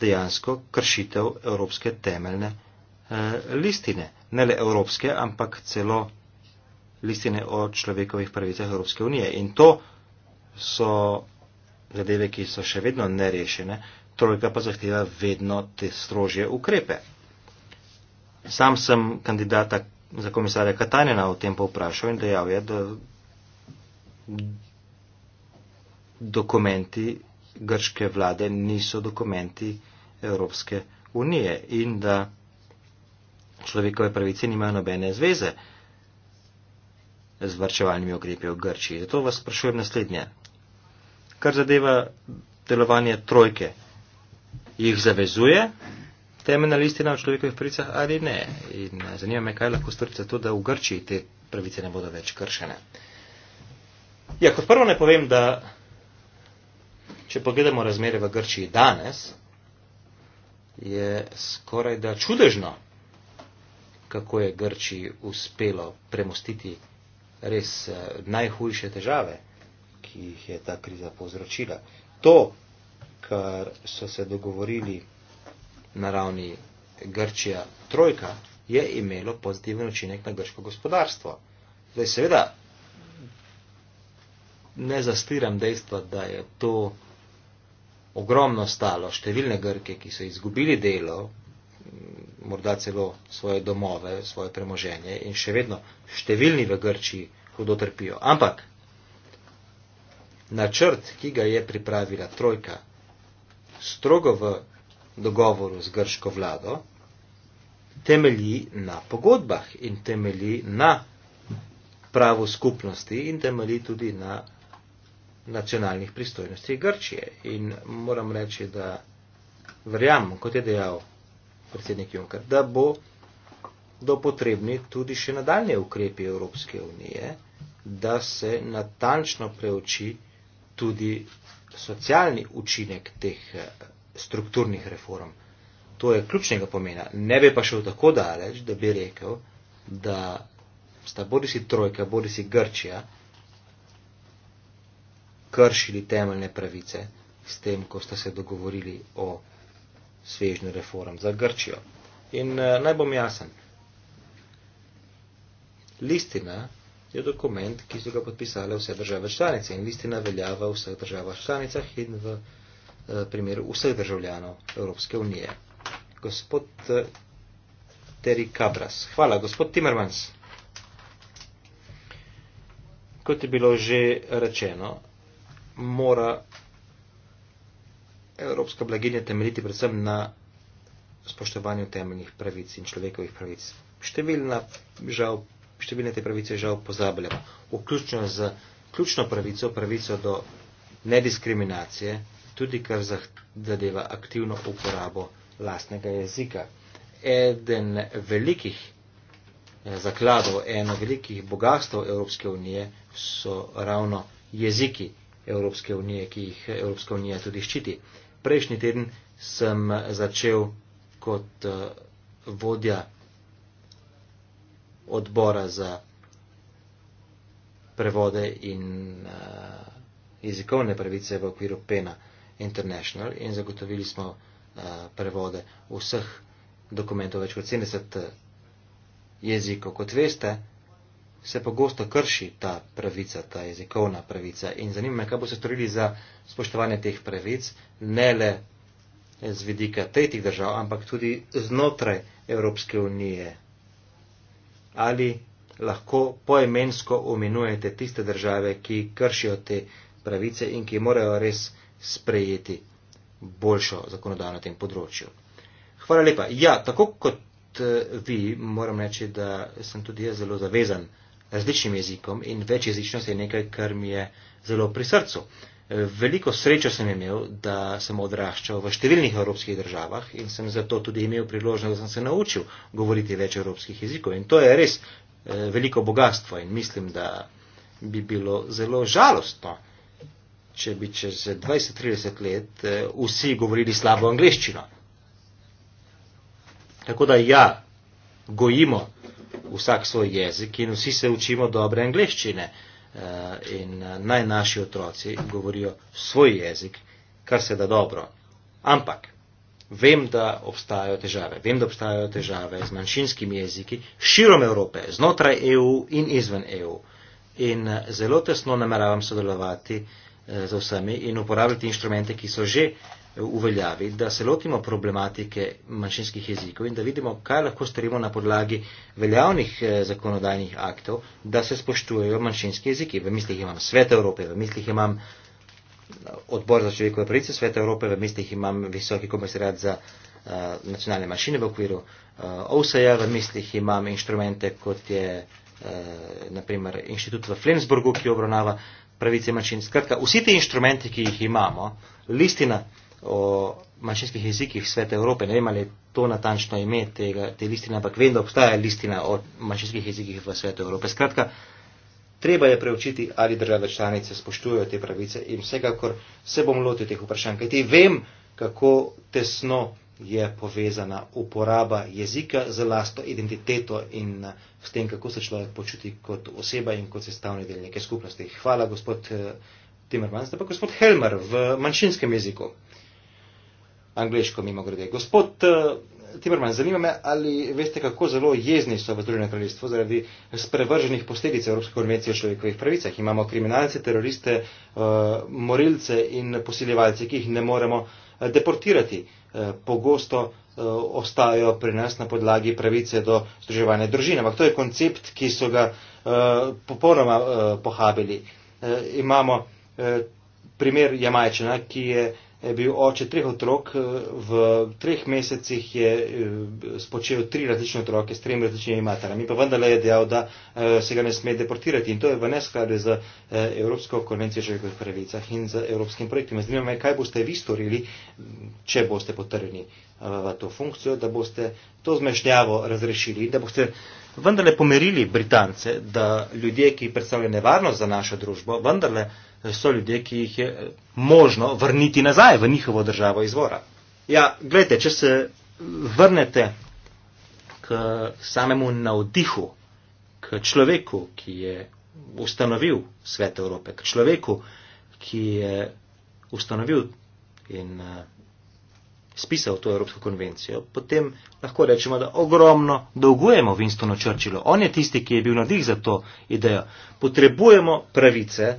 dejansko kršitev evropske temeljne eh, listine. Ne le evropske, ampak celo listine o človekovih pravicah Evropske unije. In to so zadeve, ki so še vedno nerešene, trojka pa zahteva vedno te strožje ukrepe. Sam sem kandidata za komisarja Katanjena o tem povprašal in dejal je, da dokumenti grške vlade niso dokumenti Evropske unije in da človekove pravice nimajo nobene zveze z vrčevalnimi ukrepi v Grčiji. Zato vas sprašujem naslednje. Kar zadeva delovanje trojke, jih zavezuje temeljna listina o človekovih pravicah ali ne. In eh, zanima me, kaj lahko storite za to, da v Grčiji te pravice ne bodo več kršene. Ja, kot prvo ne povem, da če pogledamo razmere v Grčiji danes, je skoraj da čudežno, kako je Grčiji uspelo premostiti res eh, najhujše težave, ki jih je ta kriza povzročila. To, kar so se dogovorili na ravni Grčija trojka, je imelo pozitiven učinek na grško gospodarstvo. Zdaj seveda ne zastiram dejstva, da je to ogromno stalo številne Grke, ki so izgubili delo, morda celo svoje domove, svoje premoženje in še vedno številni v Grčiji hudo trpijo. Ampak načrt, ki ga je pripravila trojka, strogo v dogovoru z grško vlado, temelji na pogodbah in temelji na pravo skupnosti in temelji tudi na nacionalnih pristojnostih Grčije. In moram reči, da verjamem, kot je dejal predsednik Juncker, da bo do potrebni tudi še nadaljne ukrepe Evropske unije, da se natančno preuči tudi socialni učinek teh strukturnih reform. To je ključnega pomena. Ne bi pa šel tako daleč, da bi rekel, da sta bodi si trojka, bodi si Grčija kršili temeljne pravice s tem, ko sta se dogovorili o svežnju reform za Grčijo. In uh, naj bom jasen. Listina je dokument, ki so ga podpisale vse države članice in listina velja v vseh državah članicah in v. Eh, primer vseh državljanov Evropske unije. Gospod eh, Terry Cabras. Hvala, gospod Timmermans. Kot je bilo že rečeno, mora Evropska blaginja temeljiti predvsem na spoštovanju temeljnih pravic in človekovih pravic. Številna, žal, številne te pravice žal pozabljamo, vključno z ključno pravico, pravico do nediskriminacije, tudi kar zadeva aktivno uporabo lastnega jezika. Eden velikih eh, zakladov, eno velikih bogatstv Evropske unije so ravno jeziki Evropske unije, ki jih Evropska unija tudi ščiti. Prejšnji teden sem začel kot eh, vodja odbora za prevode in uh, jezikovne pravice v okviru PENA. Uh, International in zagotovili smo eh, prevode vseh dokumentov, več kot 70 eh, jezikov. Kot veste, se pogosto krši ta pravica, ta jezikovna pravica in zanima me, kaj bo se storili za spoštovanje teh pravic, ne le z vidika tretjih držav, ampak tudi znotraj Evropske unije. Ali lahko poemensko omenujete tiste države, ki kršijo te pravice in ki morajo res sprejeti boljšo zakonodajo na tem področju. Hvala lepa. Ja, tako kot eh, vi, moram reči, da sem tudi jaz zelo zavezan različnim jezikom in večjezičnost je nekaj, kar mi je zelo pri srcu. Eh, veliko srečo sem imel, da sem odraščal v številnih evropskih državah in sem zato tudi imel priložnost, da sem se naučil govoriti več evropskih jezikov. In to je res eh, veliko bogatstvo in mislim, da bi bilo zelo žalostno, če bi čez 20-30 let eh, vsi govorili slabo angliščino. Tako da ja, gojimo vsak svoj jezik in vsi se učimo dobre angliščine eh, in eh, naj naši otroci govorijo svoj jezik, kar se da dobro. Ampak vem, da obstajajo težave. Vem, da obstajajo težave z manjšinskimi jeziki širom Evrope, znotraj EU in izven EU. In zelo tesno nameravam sodelovati uh, Eh, za vsemi in uporabljati inštrumente, ki so že uveljavi, da se lotimo problematike manjšinskih jezikov in da vidimo, kaj lahko storimo na podlagi veljavnih eh, zakonodajnih aktov, da se spoštujejo manjšinski jeziki. V mislih imam Svet Evrope, v mislih imam eh, odbor za človekove pravice Svet Evrope, v mislih imam visoki komisariat za nacionalne manjšine v okviru OUSA-ja, v mislih imam inštrumente, kot je naprimer inštitut v Flensburgu, ki obravnava pravice manjšin. Skratka, vsi ti inštrumenti, ki jih imamo, listina o manjšinskih jezikih Sveta Evrope, ne vem, ali je to natančno ime tega, te listine, ampak vem, da obstaja listina o manjšinskih jezikih v Svetu Evrope. Skratka, treba je preučiti, ali države članice spoštujejo te pravice in vsekakor se bom lotil teh vprašanj, kajti vem, kako tesno je povezana uporaba jezika z lastno identiteto in eh, s tem, kako se človek počuti kot oseba in kot sestavni del neke skupnosti. Hvala, gospod eh, Timerman. Zdaj pa gospod Helmer v manjšinskem jeziku. Angliško mimo grede. Gospod eh, Timerman, zanima me, ali veste, kako zelo jezni so v Združenem kraljestvu zaradi sprevrženih posledic Evropske konvencije o človekovih pravicah. Imamo kriminalce, teroriste, morilce in posiljevalce, ki jih ne moremo deportirati. Eh, pogosto eh, ostajajo pri nas na podlagi pravice do združevanja družine, ampak to je koncept, ki so ga eh, popolnoma pohabili. Imamo primer Jamajčana, ki je je bil oče treh otrok, eh, v treh mesecih je eh, spočel tri različne otroke s tremi različnimi materami, pa vendarle je dejal, da eh, se ga ne sme deportirati in to je v neskladju z Evropsko konvencijo človekovih pravicah in z evropskim projektom. Zanima me, kaj boste vi storili, če boste potrjeni v to funkcijo, da boste to zmešnjavo razrešili in da boste vendarle pomerili Britance, da ljudje, ki predstavljajo nevarnost za našo družbo, vendarle so ljudje, ki jih je eh, možno vrniti nazaj v njihovo državo izvora. Ja, gledajte, če se vrnete k samemu navdihu, k človeku, ki je ustanovil svet Evrope, k človeku, ki je ustanovil in eh, spisal to Evropsko konvencijo, potem lahko rečemo, da ogromno dolgujemo Winstonu Churchillu. On je tisti, ki je bil nadih za to idejo. Potrebujemo pravice,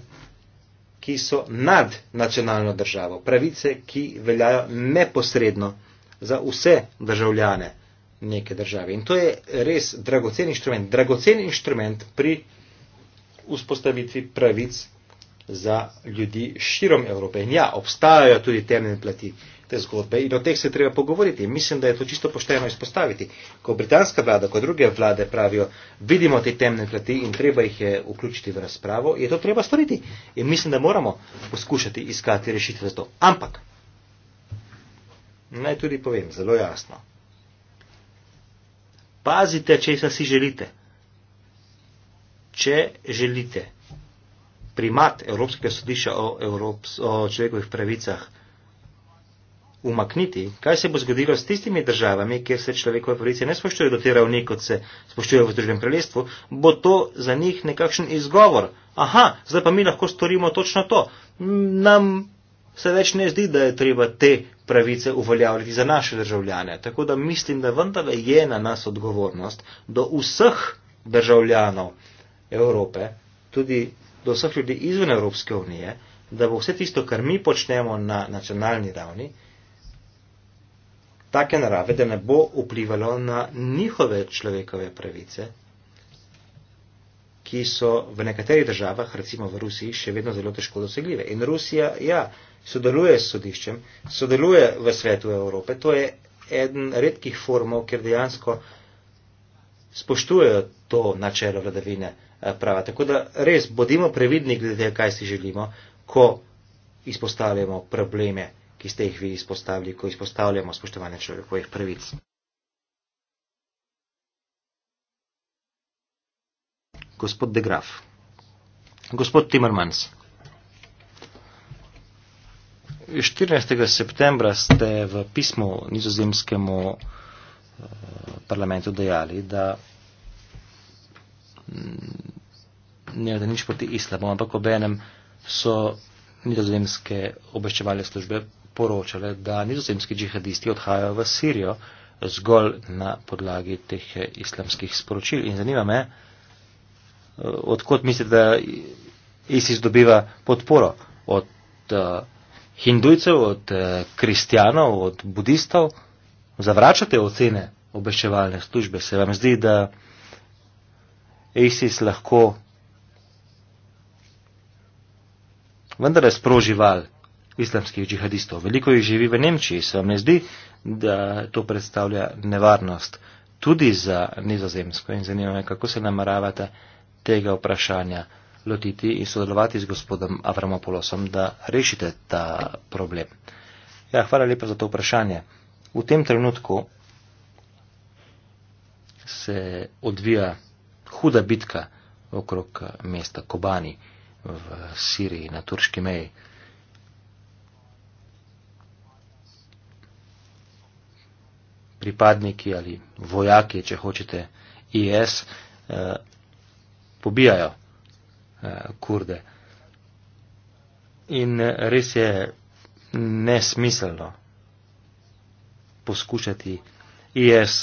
ki so nad nacionalno državo, pravice, ki veljajo neposredno za vse državljane neke države. In to je res dragocen inštrument, dragocen inštrument pri vzpostavitvi pravic za ljudi širom Evrope. In ja, obstajajo tudi temne plati te zgodbe in o teh se treba pogovoriti. Mislim, da je to čisto pošteno izpostaviti. Ko britanska vlada, ko druge vlade pravijo, vidimo te temne plati in treba jih je vključiti v razpravo, je to treba storiti. In mislim, da moramo poskušati iskati rešitve za to. Ampak, naj tudi povem zelo jasno, pazite, če se si želite. Če želite primat Evropskega sodišča o, Evrops o človekovih pravicah, umakniti, kaj se bo zgodilo s tistimi državami, kjer se človekove pravice ne spoštujejo do te ravni, kot se spoštujejo v Združenem kraljestvu, bo to za njih nekakšen izgovor. Aha, zdaj pa mi lahko storimo točno to. Nam se več ne zdi, da je treba te pravice uveljavljati za naše državljane. Tako da mislim, da vendarle je na nas odgovornost do vseh državljanov Evrope, tudi do vseh ljudi izven Evropske unije, da bo vse tisto, kar mi počnemo na nacionalni ravni, take narave, da ne bo vplivalo na njihove človekove pravice, ki so v nekaterih državah, recimo v Rusiji, še vedno zelo težko dosegljive. In Rusija, ja, sodeluje s sodiščem, sodeluje v svetu Evrope, to je eden redkih formov, kjer dejansko spoštujejo to načelo vladavine eh, prava. Tako da res bodimo previdni glede, kaj si želimo, ko izpostavljamo probleme ki ste jih vi izpostavili, ko izpostavljamo spoštovanje človekovih pravic. Gospod De Graf, gospod Timmermans. 14. septembra ste v pismu nizozemskemu eh, parlamentu dejali, da ne da nič proti islamu, ampak obenem so nizozemske obveščevalne službe poročale, da nizozemski džihadisti odhajajo v Sirijo zgolj na podlagi teh eh, islamskih sporočil. In zanima me, eh, odkot mislite, da ISIS dobiva podporo od uh, hindujcev, od uh, kristjanov, od budistov? Zavračate ocene obveščevalne službe? Se vam zdi, da ISIS lahko vendar je sproži val islamskih džihadistov. Veliko jih živi v Nemčiji, se vam ne zdi, da to predstavlja nevarnost tudi za nizozemsko in zanima me, kako se nameravate tega vprašanja lotiti in sodelovati z gospodom Avramopolosom, da rešite ta problem. Ja, hvala lepa za to vprašanje. V tem trenutku se odvija huda bitka okrog mesta Kobani v Siriji na turški meji. pripadniki ali vojaki, če hočete, IS, eh, pobijajo eh, kurde. In eh, res je nesmiselno poskušati IS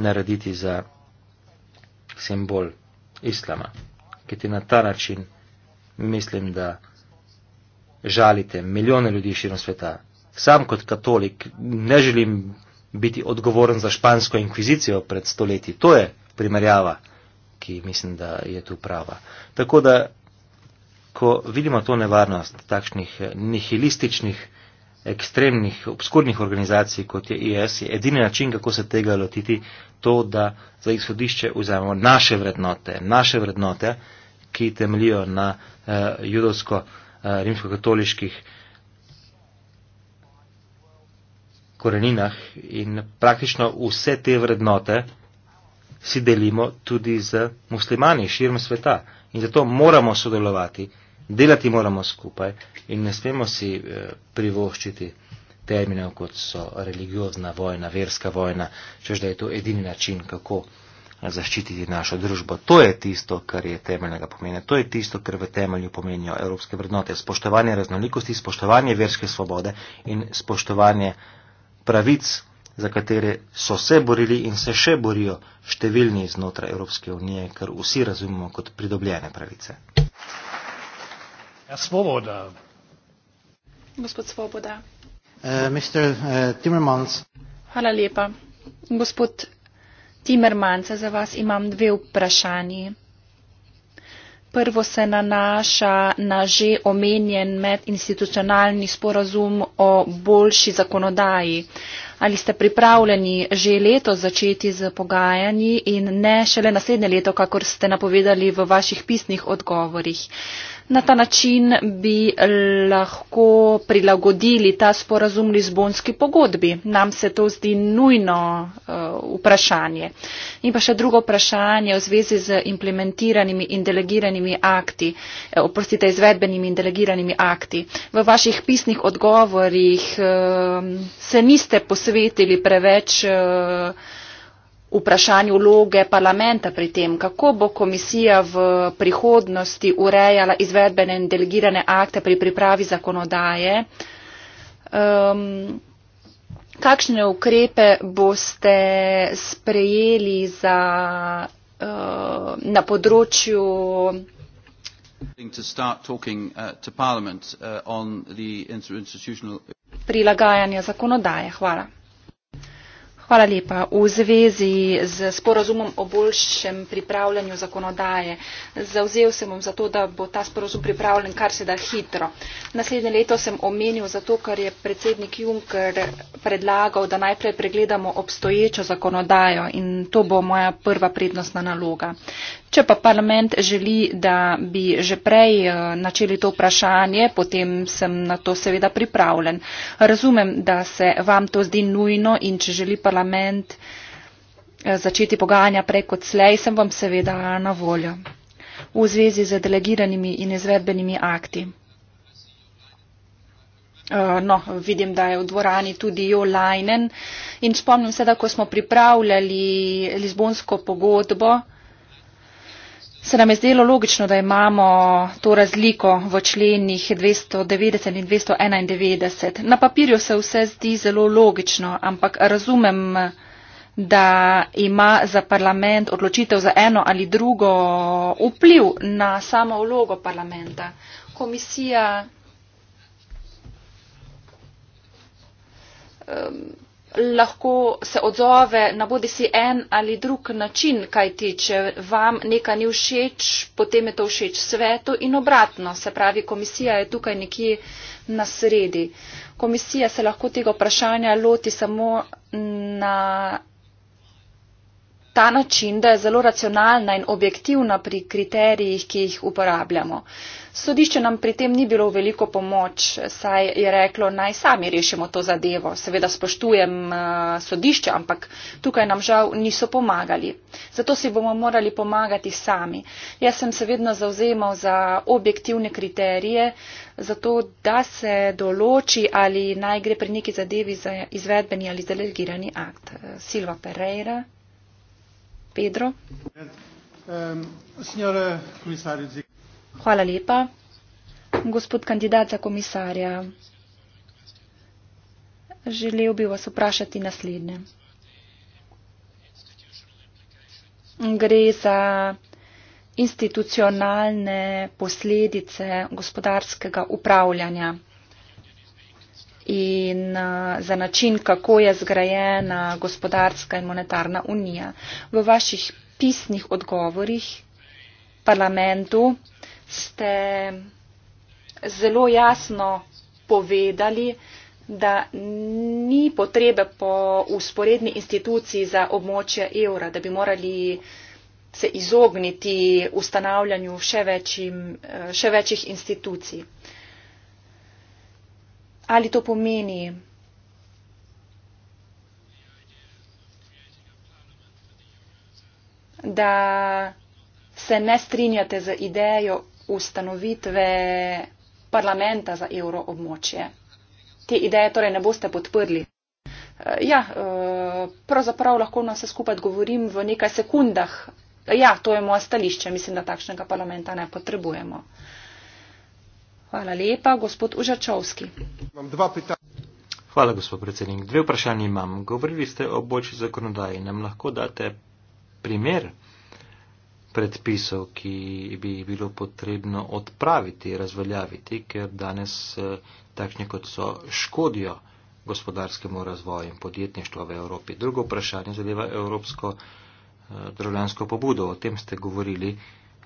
narediti za simbol islama, ki ti na ta način mislim, da žalite milijone ljudi širom sveta. Sam kot katolik ne želim biti odgovoren za špansko inkvizicijo pred stoletji. To je primerjava, ki mislim, da je tu prava. Tako da, ko vidimo to nevarnost takšnih nihilističnih, ekstremnih, obskurnih organizacij, kot je IS, e je edini način, kako se tega lotiti, to, da za izhodišče vzamemo naše vrednote, naše vrednote, ki temelijo na eh, judovsko-rimsko-katoliških eh, koreninah in praktično vse te vrednote si delimo tudi z muslimani širom sveta. In zato moramo sodelovati, delati moramo skupaj in ne smemo si eh, privoščiti terminov, kot so religiozna vojna, verska vojna, čež da je to edini način, kako eh, zaščititi našo družbo. To je tisto, kar je temeljnega pomena. To je tisto, kar v temelju pomenijo evropske vrednote. Spoštovanje raznolikosti, spoštovanje verske svobode in spoštovanje eh, pravic, za katere so se borili in se še borijo številni znotraj Evropske unije, kar vsi razumemo kot pridobljene pravice. Ja, svoboda. Gospod Svoboda. Uh, Mr, uh, Hvala lepa. Gospod Timmermans, za vas imam dve vprašanje. Prvo se nanaša na že omenjen medinstitucionalni sporazum o boljši zakonodaji. Ali ste pripravljeni že leto začeti z pogajanji in ne šele naslednje leto, kakor ste napovedali v vaših pisnih odgovorih? Na ta način bi lahko prilagodili ta sporazum Lizbonski pogodbi. Nam se to zdi nujno uh, vprašanje. In pa še drugo vprašanje v zvezi z implementiranimi in delegiranimi akti, eh, oprostite, izvedbenimi in delegiranimi akti. V vaših pisnih odgovorih uh, se niste posvetili posvetili preveč eh, vprašanju vloge parlamenta pri tem, kako bo komisija v prihodnosti urejala izvedbene in delegirane akte pri pripravi zakonodaje. Um, kakšne ukrepe boste sprejeli za, uh, na področju. Talking, uh, uh, prilagajanja zakonodaje. Hvala. Hvala lepa. V zvezi z sporozumom o boljšem pripravljanju zakonodaje zauzel sem vam za to, da bo ta sporozum pripravljen kar se da hitro. Naslednje leto sem omenil zato, ker je predsednik Juncker predlagal, da najprej pregledamo obstoječo zakonodajo in to bo moja prva prednostna naloga. Če pa parlament želi, da bi že prej eh, načeli to vprašanje, potem sem na to seveda pripravljen. Razumem, da se vam to zdi nujno in če želi parlament eh, začeti pogajanja preko slej, sem vam seveda na voljo. V zvezi z delegiranimi in izvedbenimi akti. Eh, no, vidim, da je v dvorani tudi Jo Lajnen in spomnim se, da ko smo pripravljali Lizbonsko pogodbo, se nam je zdelo logično, da imamo to razliko v členih 290 in 291. Na papirju se vse zdi zelo logično, ampak razumem, da ima za parlament odločitev za eno ali drugo vpliv na samo vlogo parlamenta. Komisija. Um, lahko se odzove na bodi si en ali drug način, kaj ti, če vam nekaj ni všeč, potem je to všeč svetu in obratno. Se pravi, komisija je tukaj nekje na sredi. Komisija se lahko tega vprašanja loti samo na ta način, da je zelo racionalna in objektivna pri kriterijih, ki jih uporabljamo. Sodišče nam pri tem ni bilo veliko pomoč, saj je reklo, naj sami rešimo to zadevo. Seveda spoštujem eh, sodišče, ampak tukaj nam žal niso pomagali. Zato si bomo morali pomagati sami. Jaz sem se vedno zauzemal za objektivne kriterije, zato da se določi, ali naj gre pri neki zadevi za izvedbeni ali delegirani akt. Eh, Silva Pereira. Pedro. Ehm, Hvala lepa. Gospod kandidat za komisarja, želel bi vas vprašati naslednje. Gre za institucionalne posledice gospodarskega upravljanja in eh, za način, kako je zgrajena gospodarska in monetarna unija. V vaših pisnih odgovorih parlamentu ste zelo jasno povedali, da ni potrebe po usporedni instituciji za območje evra, da bi morali se izogniti ustanavljanju še, večjim, eh, še večjih institucij ali to pomeni, da se ne strinjate z idejo ustanovitve parlamenta za evroobmočje. Te ideje torej ne boste podprli. Ja, eh, pravzaprav lahko na vse skupaj govorim v nekaj sekundah. Ja, to je moja stališče. Mislim, da takšnega parlamenta ne potrebujemo. Hvala lepa, gospod Užačovski. Hvala, gospod predsednik. Dve vprašanje imam. Govorili ste o boljši zakonodaji. Nam lahko date primer predpisov, ki bi jih bilo potrebno odpraviti, razveljaviti, ker danes eh, takšni kot so škodijo gospodarskemu razvoju in podjetništvu v Evropi. Drugo vprašanje zadeva evropsko eh, državljansko pobudo. O tem ste govorili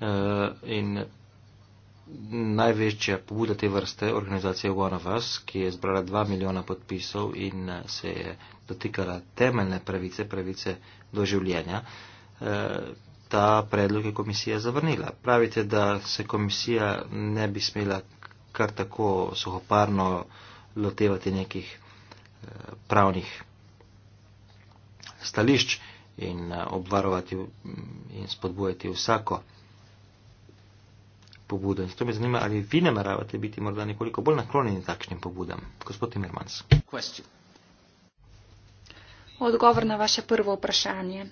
eh, in največja pobuda te vrste, organizacija One of Us, ki je zbrala 2 milijona podpisov in eh, se je dotikala temeljne pravice, pravice do življenja, eh, ta predlog je komisija zavrnila. Pravite, da se komisija ne bi smela kar tako suhoparno lotevati nekih eh, pravnih stališč in obvarovati in spodbujati vsako pobudo. Zato me zanima, ali vi nameravate biti morda nekoliko bolj naklonjeni takšnim pobudam. Gospod Timmermans. Question. Odgovor na vaše prvo vprašanje.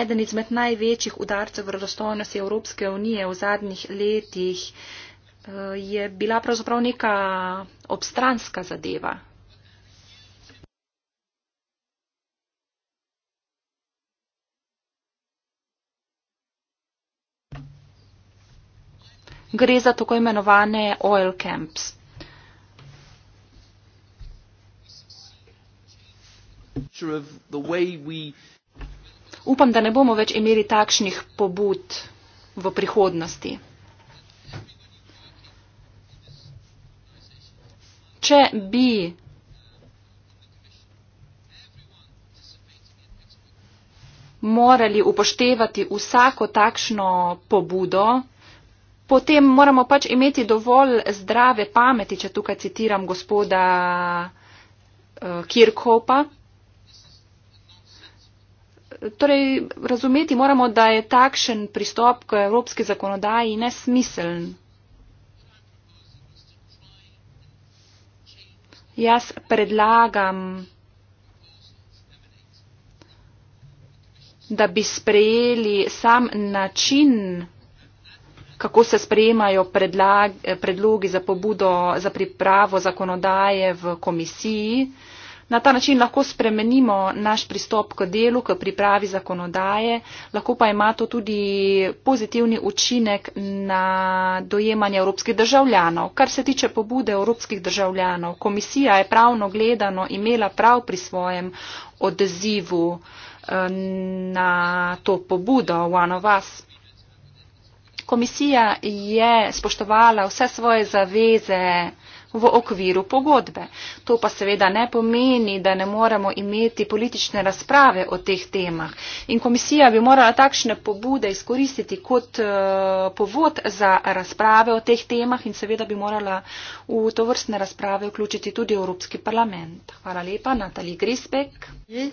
Eden izmed največjih udarcev vrdostojnosti Evropske unije v zadnjih letih eh, je bila pravzaprav neka obstranska zadeva, gre za tako imenovane oil camps. Upam, da ne bomo več imeli takšnih pobud v prihodnosti. Če bi morali upoštevati vsako takšno pobudo, potem moramo pač imeti dovolj zdrave pameti, če tukaj citiram gospoda eh, Kirkopa. Torej, razumeti moramo, da je takšen pristop k evropski zakonodaji nesmiseln. Jaz predlagam, da bi sprejeli sam način kako se sprejemajo predlag, predlogi za pobudo za pripravo zakonodaje v komisiji. Na ta način lahko spremenimo naš pristop k delu, k pripravi zakonodaje, lahko pa ima to tudi pozitivni učinek na dojemanje evropskih državljanov. Kar se tiče pobude evropskih državljanov, komisija je pravno gledano imela prav pri svojem odzivu eh, na to pobudo One of Us. Komisija je spoštovala vse svoje zaveze v okviru pogodbe. To pa seveda ne pomeni, da ne moremo imeti politične razprave o teh temah. In komisija bi morala takšne pobude izkoristiti kot uh, povod za razprave o teh temah in seveda bi morala v to vrstne razprave vključiti tudi Evropski parlament. Hvala lepa, Natalija Grisbek. Eh,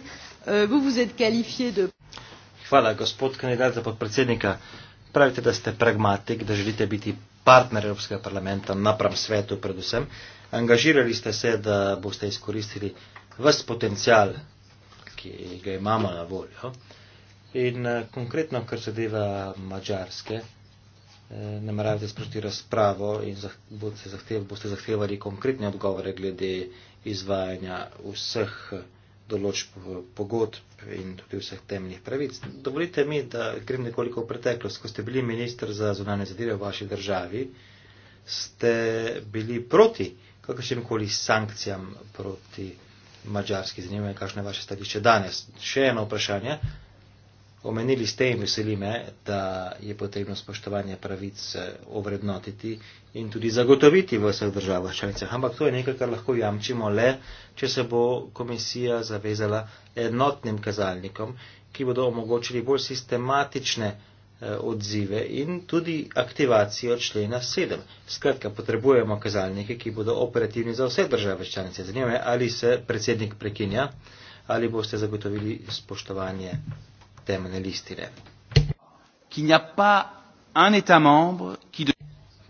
Hvala, gospod kandidat za podpredsednika pravite, da ste pragmatik, da želite biti partner Evropskega parlamenta napram svetu predvsem. Angažirali ste se, da boste izkoristili vs potencial, ki ga imamo na voljo. In eh, konkretno, kar se deva mađarske, eh, ne maravite sproti razpravo in boste zahtevali konkretne odgovore glede izvajanja vseh določb eh, pogodb in tudi vseh temnih pravic. Dovolite mi, da grem nekoliko v preteklost. Ko ste bili minister za zunanje zadeve v vaši državi, ste bili proti kakršnim koli sankcijam proti Mačarski. Zanima me, kakšno je vaše stališče danes. Še eno vprašanje, Omenili ste in veseli me, da je potrebno spoštovanje pravic eh, ovrednotiti in tudi zagotoviti v vseh državah članicah. Ampak to je nekaj, kar lahko jamčimo le, če se bo komisija zavezala enotnim kazalnikom, ki bodo omogočili bolj sistematične eh, odzive in tudi aktivacijo člena 7. Skratka, potrebujemo kazalnike, ki bodo operativni za vse države članice. Zanima me, ali se predsednik prekinja, ali boste zagotovili spoštovanje temne listine.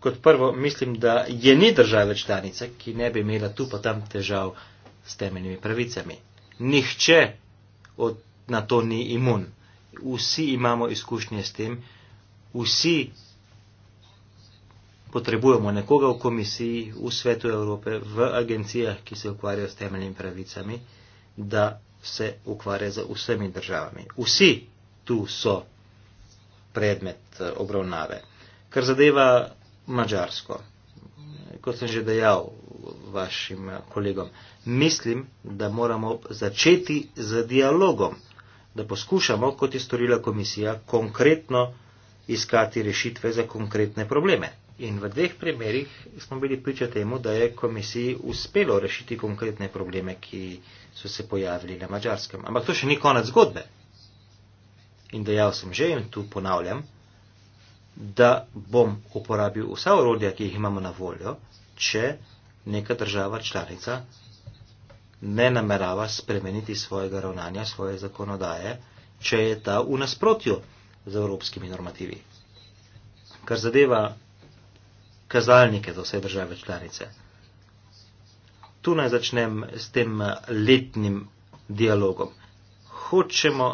Kot prvo, mislim, da je ni države članice, ki ne bi imela tu pa tam težav s temeljnimi pravicami. Nihče od, na to ni imun. Vsi imamo izkušnje s tem, vsi potrebujemo nekoga v komisiji, v svetu Evrope, v agencijah, ki se ukvarjajo s temeljnimi pravicami, da se ukvarja z vsemi državami. Vsi tu so predmet eh, obravnave. Kar zadeva Mačarsko, kot sem že dejal vašim eh, kolegom, mislim, da moramo začeti z dialogom, da poskušamo, kot je storila komisija, konkretno iskati rešitve za konkretne probleme. In v dveh primerih smo bili priča temu, da je komisiji uspelo rešiti konkretne probleme, ki so se pojavili na mačarskem. Ampak to še ni konec zgodbe. In dejal sem že in tu ponavljam, da bom uporabil vsa orodja, ki jih imamo na voljo, če neka država članica ne namerava spremeniti svojega ravnanja, svoje zakonodaje, če je ta v nasprotju z evropskimi normativi. Kar zadeva kazalnike za vse države članice. Tu naj začnem s tem letnim dialogom hočemo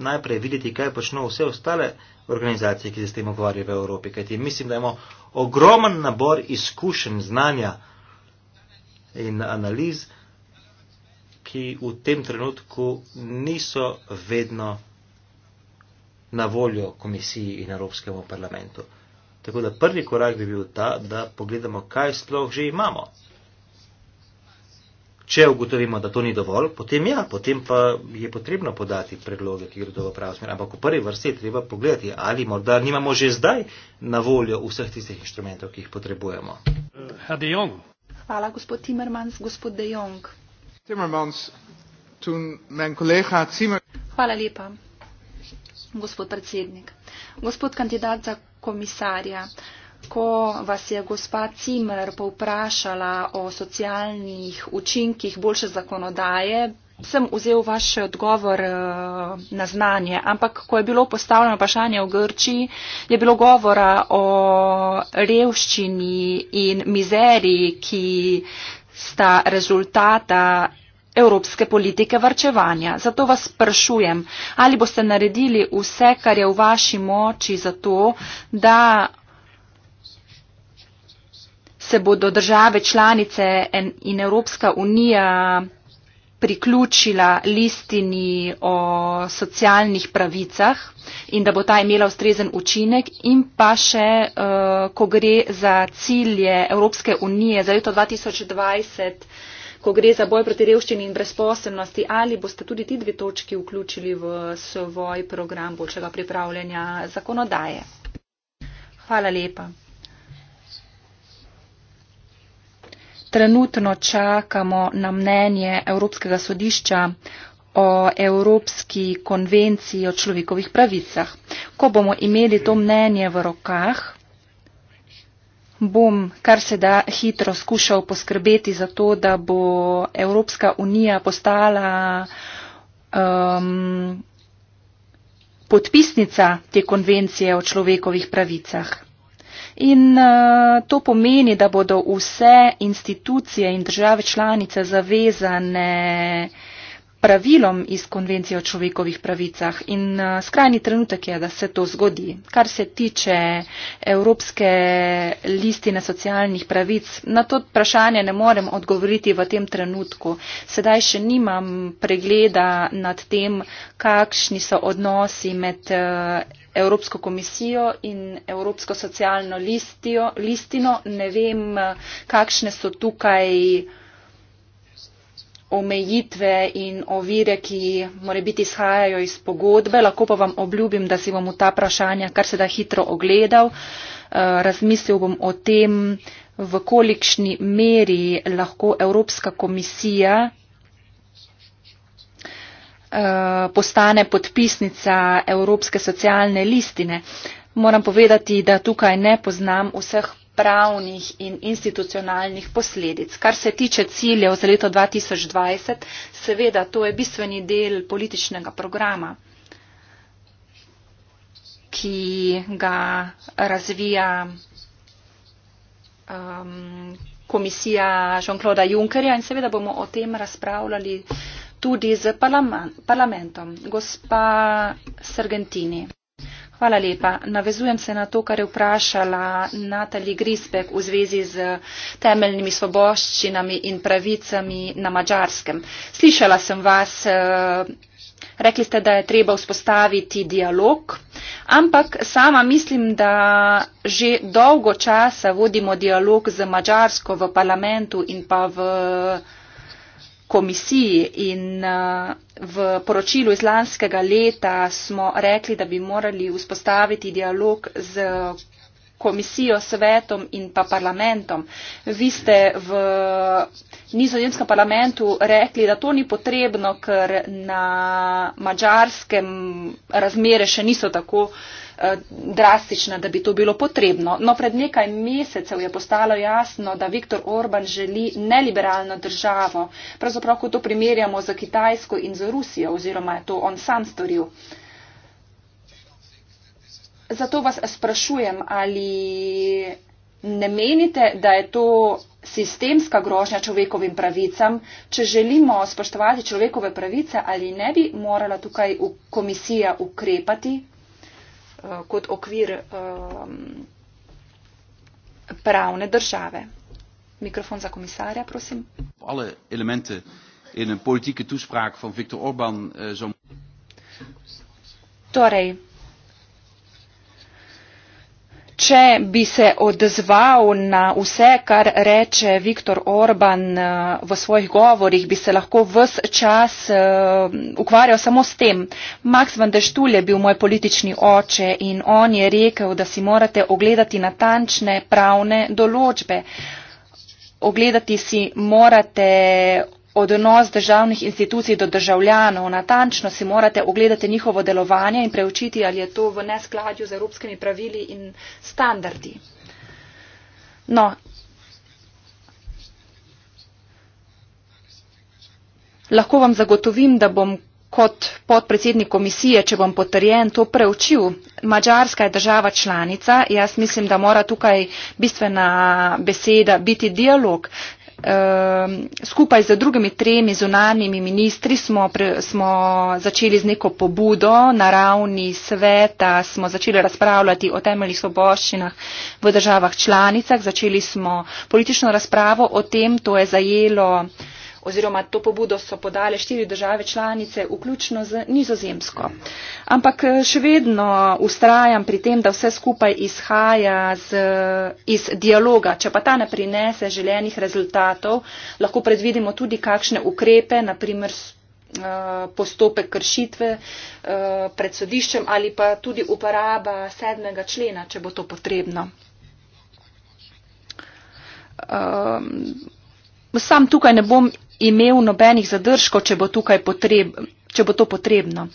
najprej videti, kaj počnejo vse ostale organizacije, ki se s tem ukvarjajo v Evropi. Kajti mislim, da imamo ogromen nabor izkušenj, znanja in analiz, ki v tem trenutku niso vedno na voljo komisiji in Evropskemu parlamentu. Tako da prvi korak bi bil ta, da pogledamo, kaj sploh že imamo. Če ugotovimo, da to ni dovolj, potem ja, potem pa je potrebno podati predloge, ki gredo v pravo smer. Ampak v prvi vrsti je treba pogledati, ali morda nimamo že zdaj na voljo vseh tistih inštrumentov, ki jih potrebujemo. Hvala, gospod Timmermans. Gospod De Jong. Timmermans, tu men kolega Cimer. Hvala lepa, gospod predsednik. Gospod kandidat za komisarja. Ko vas je gospa Cimer povprašala o socialnih učinkih boljše zakonodaje, sem vzel vaš odgovor eh, na znanje. Ampak, ko je bilo postavljeno vprašanje v Grčiji, je bilo govora o revščini in mizeriji, ki sta rezultata evropske politike vrčevanja. Zato vas sprašujem, ali boste naredili vse, kar je v vaši moči za to, da se bodo države članice in Evropska unija priključila listini o socialnih pravicah in da bo ta imela ustrezen učinek in pa še, eh, ko gre za cilje Evropske unije za leto 2020, ko gre za boj proti revščini in brezposobnosti, ali boste tudi ti dve točki vključili v svoj program boljšega pripravljanja zakonodaje. Hvala lepa. Trenutno čakamo na mnenje Evropskega sodišča o Evropski konvenciji o človekovih pravicah. Ko bomo imeli to mnenje v rokah, bom kar se da hitro skušal poskrbeti za to, da bo Evropska unija postala um, podpisnica te konvencije o človekovih pravicah in eh, to pomeni, da bodo vse institucije in države članice zavezane pravilom iz konvencije o človekovih pravicah in eh, skrajni trenutek je, da se to zgodi. Kar se tiče Evropske listine socialnih pravic, na to vprašanje ne morem odgovoriti v tem trenutku. Sedaj še nimam pregleda nad tem, kakšni so odnosi med eh, Evropsko komisijo in Evropsko socialno listijo, listino. Ne vem, eh, kakšne so tukaj omejitve in ovire, ki more biti izhajajo iz pogodbe. Lahko pa vam obljubim, da si bom v ta vprašanja kar se da hitro ogledal. Eh, razmislil bom o tem, v kolikšni meri lahko Evropska komisija eh, postane podpisnica Evropske socialne listine. Moram povedati, da tukaj ne poznam vseh pravnih in institucionalnih posledic. Kar se tiče ciljev za leto 2020, seveda to je bistveni del političnega programa, ki ga razvija um, komisija Jean-Claude Junckerja in seveda bomo o tem razpravljali tudi z parlamentom. Gospa Sargentini. Hvala lepa. Navezujem se na to, kar je vprašala Natali Grisbek v zvezi z temeljnimi svoboščinami in pravicami na mačarskem. Slišala sem vas, eh, rekli ste, da je treba vzpostaviti dialog, ampak sama mislim, da že dolgo časa vodimo dialog z mačarsko v parlamentu in pa v komisiji in eh, v poročilu iz lanskega leta smo rekli, da bi morali vzpostaviti dialog z komisijo, svetom in pa parlamentom. Vi ste v nizozemskem parlamentu rekli, da to ni potrebno, ker na mačarskem razmere še niso tako uh, Eh, drastična, da bi to bilo potrebno. No, pred nekaj mesecev je postalo jasno, da Viktor Orban želi neliberalno državo, pravzaprav, ko to primerjamo za Kitajsko in za Rusijo, oziroma je to on sam storil. Zato vas sprašujem, ali ne menite, da je to sistemska grožnja človekovim pravicam, če želimo spoštovati človekove pravice, ali ne bi morala tukaj komisija ukrepati? Eh, kot okvir ehm, pravne države. Mikrofon za komisarja, prosim. Alle elemente in politike tuspraak van Viktor Orban. Eh, torej, če bi se odzval na vse, kar reče Viktor Orban eh, v svojih govorih, bi se lahko ves čas eh, ukvarjal samo s tem. Max van der Štul je bil moj politični oče in on je rekel, da si morate ogledati natančne pravne določbe. Ogledati si morate odnos državnih institucij do državljanov. Natančno si morate ogledati njihovo delovanje in preučiti, ali je to v neskladju z evropskimi pravili in standardi. No, lahko vam zagotovim, da bom kot podpredsednik komisije, če bom potrjen, to preučil. Mačarska je država članica. Jaz mislim, da mora tukaj bistvena beseda biti dialog. Ehm, skupaj z drugimi tremi zunanjimi ministri smo, pre, smo začeli z neko pobudo na ravni sveta, smo začeli razpravljati o temeljnih svoboščinah v državah članicah, začeli smo politično razpravo o tem, to je zajelo uh, oziroma to pobudo so podale štiri države članice, vključno z nizozemsko. Ampak eh, še vedno ustrajam pri tem, da vse skupaj izhaja z, iz dialoga. Če pa ta ne prinese željenih rezultatov, lahko predvidimo tudi kakšne ukrepe, naprimer eh, postopek kršitve eh, pred sodiščem ali pa tudi uporaba sedmega člena, če bo to potrebno. Ehm, sam tukaj ne bom imel nobenih zadržkov, če bo, potreb, če bo to potrebno.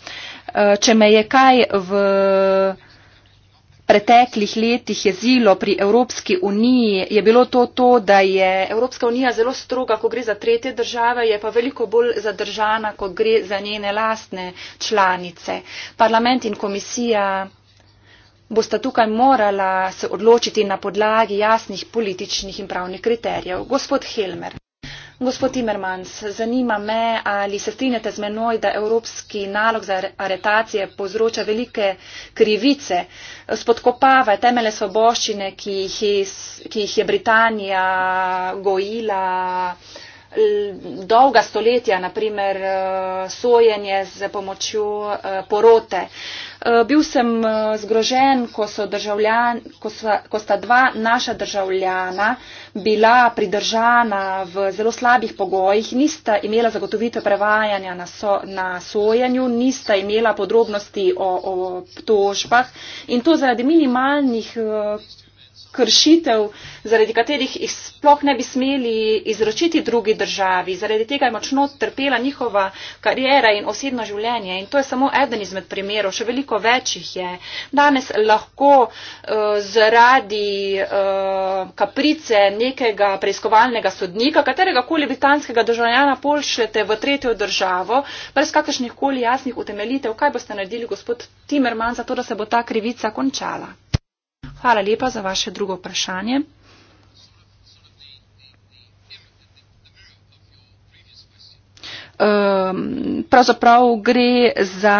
E, če me je kaj v preteklih letih jezilo pri Evropski uniji, je bilo to to, da je Evropska unija zelo stroga, ko gre za tretje države, je pa veliko bolj zadržana, ko gre za njene lastne članice. Parlament in komisija bosta tukaj morala se odločiti na podlagi jasnih političnih in pravnih kriterijev. Gospod Helmer gospod timmermans zanima me ali se strinjate z menoj da evropski nalog za aretacije povzroča velike krivice spodkopava temelje svoboščine ki jih, ki jih je britanija gojila uh, dolga stoletja, naprimer eh, sojenje z pomočjo eh, porote. Eh, bil sem zgrožen, ko, so državljan, ko, so, ko sta dva naša državljana bila pridržana v zelo slabih pogojih, nista imela zagotovitev prevajanja na, so, na sojenju, nista imela podrobnosti o, o tožbah in to zaradi minimalnih kršitev, zaradi katerih jih sploh ne bi smeli izročiti drugi državi. Zaradi tega je močno trpela njihova karijera in osebno življenje. In to je samo eden izmed primerov, še veliko večjih je. Danes lahko uh, zaradi uh, kaprice nekega preiskovalnega sodnika, katerega koli britanskega državljana pošljete v tretjo državo, brez kakršnih koli jasnih utemeljitev, kaj boste naredili, gospod Timerman, za to, da se bo ta krivica končala. Hvala lepa za vaše drugo vprašanje. Ehm, pravzaprav gre za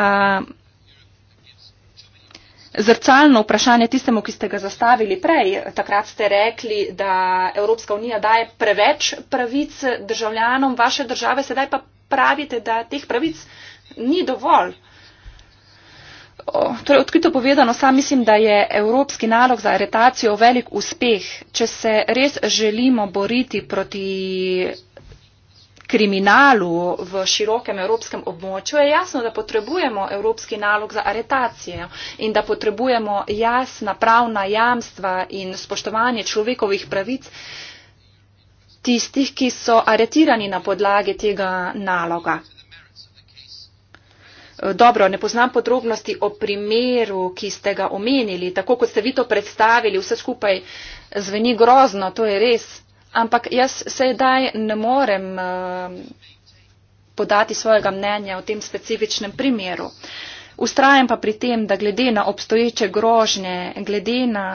zrcalno vprašanje tistemu, ki ste ga zastavili prej. Takrat ste rekli, da Evropska unija daje preveč pravic državljanom vaše države, sedaj pa pravite, da teh pravic ni dovolj. Torej, odkrito povedano, sam mislim, da je evropski nalog za aretacijo velik uspeh, če se res želimo boriti proti kriminalu v širokem evropskem območju, je jasno, da potrebujemo evropski nalog za aretacijo in da potrebujemo jasna pravna jamstva in spoštovanje človekovih pravic tistih, ki so aretirani na podlagi tega naloga. Eh, dobro, ne poznam podrobnosti o primeru, ki ste ga omenili. Tako kot ste vi to predstavili, vse skupaj zveni grozno, to je res. Ampak jaz sedaj ne morem eh, podati svojega mnenja o tem specifičnem primeru. Ustrajam pa pri tem, da glede na obstoječe grožnje, glede na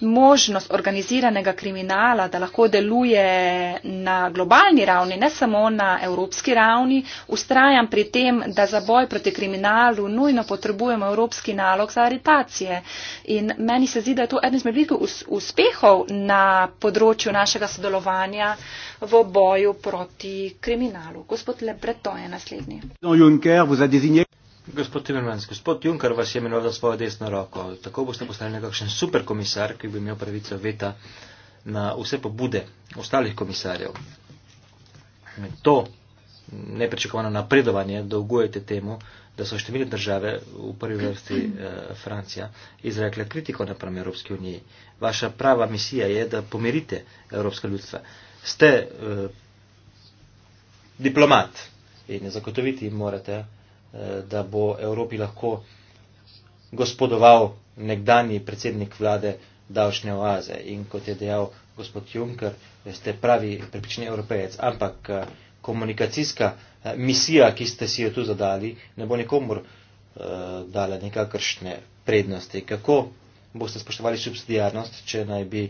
možnost organiziranega kriminala, da lahko deluje na globalni ravni, ne samo na evropski ravni. Ustrajam pri tem, da za boj proti kriminalu nujno potrebujemo evropski nalog za aretacije. In meni se zdi, da je to eden izmed velikih uspehov na področju našega sodelovanja v boju proti kriminalu. Gospod Lebreto je naslednji. Gospod Timmermans, gospod Juncker vas je imenoval za svojo desno roko. Tako boste postali nekakšen super komisar, ki bi imel pravico veta na vse pobude ostalih komisarjev. To neprečakovano napredovanje dolgujete temu, da so številne države, v prvi vrsti eh, Francija, izrekle kritiko napram Evropski uniji. Vaša prava misija je, da pomirite evropska ljudstva. Ste eh, diplomat in zagotoviti morate. Eh, Eh, da bo Evropi lahko gospodoval nekdani predsednik vlade davčne oaze. In kot je dejal gospod Juncker, ste pravi pripični evropejec, ampak eh, komunikacijska eh, misija, ki ste si jo tu zadali, ne bo nikomor dala nekakršne prednosti. Kako boste spoštovali subsidijarnost, če naj bi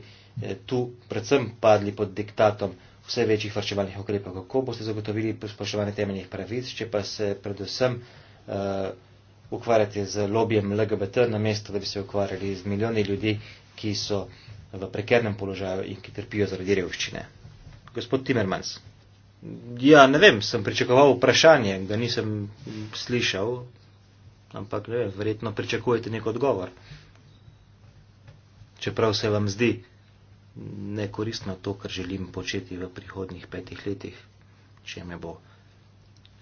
tu predvsem padli pod diktatom vse večjih vrčevalnih okrepov, kako boste zagotovili spoštovanje temeljnih pravic, če pa se predvsem uh, ukvarjate z lobijem LGBT, namesto da bi se ukvarjali z milijoni ljudi, ki so v prekernem položaju in ki trpijo zaradi revščine. Gospod Timmermans. Ja, ne vem, sem pričakoval vprašanje, ga nisem slišal, ampak ne, verjetno pričakujete nek odgovor. Čeprav se vam zdi, nekoristno to, kar želim početi v prihodnjih petih letih, če me bo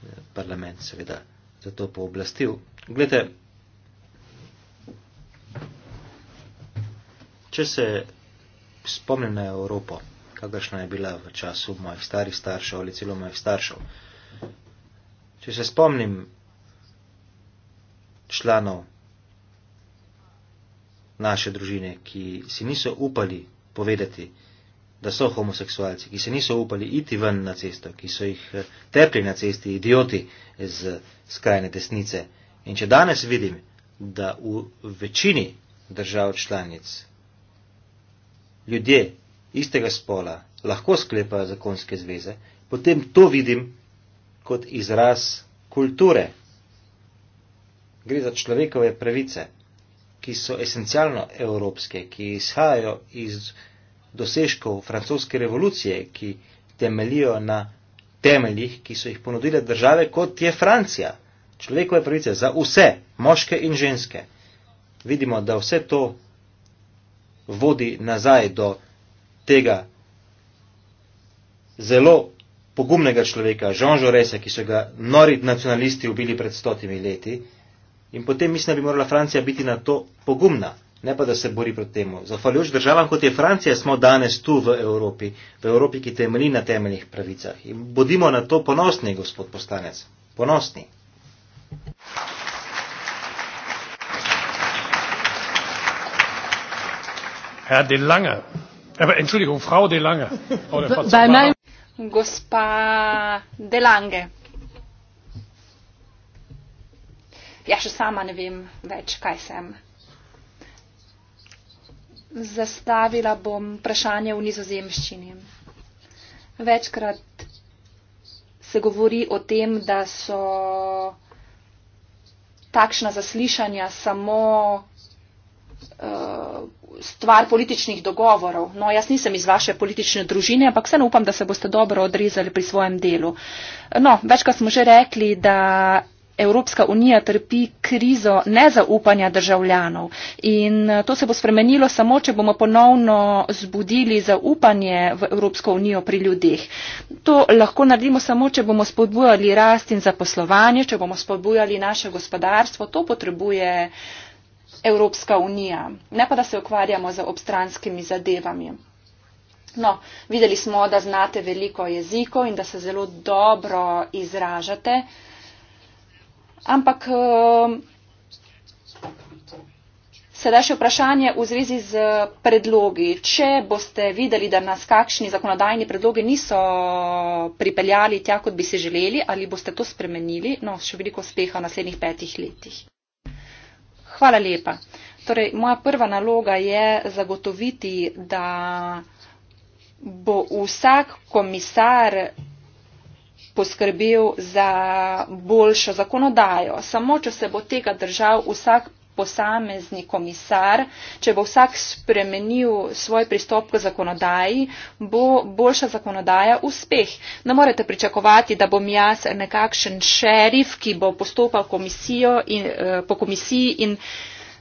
eh, parlament seveda za to pooblastil. Glede, če se spomnim na Evropo, kakršna je bila v času mojih starih staršev ali celo mojih staršev, če se spomnim članov naše družine, ki si niso upali povedati, da so homoseksualci, ki se niso upali iti ven na cesto, ki so jih eh, tepli na cesti, idioti z eh, skrajne desnice. In če danes vidim, da v večini držav članic ljudje istega spola lahko sklepajo zakonske zveze, potem to vidim kot izraz kulture. Gre za človekove pravice ki so esencialno evropske, ki izhajajo iz dosežkov francoske revolucije, ki temelijo na temeljih, ki so jih ponudile države, kot je Francija. Človekove pravice za vse, moške in ženske. Vidimo, da vse to vodi nazaj do tega zelo pogumnega človeka, Jean Jaurese, ki so ga nori nacionalisti ubili pred stotimi leti. In potem mislim, da bi morala Francija biti na to pogumna, ne pa da se bori proti temu. Zahvaljujoč državam, kot je Francija, smo danes tu v Evropi, v Evropi, ki temelji na temeljnih pravicah. In bodimo na to ponosni, gospod poslanec. Ponosni. Herr De Lange, aber Entschuldigung, Frau De Lange. Frau De Bei Gospa De Lange. Ja še sama ne vem več, kaj sem. Zastavila bom vprašanje v nizozemščini. Večkrat se govori o tem, da so takšna zaslišanja samo uh, stvar političnih dogovorov. No, jaz nisem iz vaše politične družine, ampak vseeno upam, da se boste dobro odrezali pri svojem delu. No, večkrat smo že rekli, da Evropska unija trpi krizo nezaupanja državljanov in eh, to se bo spremenilo samo, če bomo ponovno zbudili zaupanje v Evropsko unijo pri ljudeh. To lahko naredimo samo, če bomo spodbujali rast in zaposlovanje, če bomo spodbujali naše gospodarstvo. To potrebuje Evropska unija, ne pa da se ukvarjamo z obstranskimi zadevami. No, videli smo, da znate veliko jezikov in da se zelo dobro izražate. Ampak ehm, sedaj še vprašanje v zvezi z predlogi. Če boste videli, da nas kakšni zakonodajni predlogi niso pripeljali tja, kot bi si želeli, ali boste to spremenili, no, še veliko uspeha v naslednjih petih letih. Hvala lepa. Torej, moja prva naloga je zagotoviti, da bo vsak komisar poskrbel za boljšo zakonodajo. Samo, če se bo tega držal vsak posamezni komisar, če bo vsak spremenil svoj pristop k zakonodaji, bo boljša zakonodaja uspeh. Ne morete pričakovati, da bom jaz nekakšen šerif, ki bo postopal komisijo in, eh, po komisiji in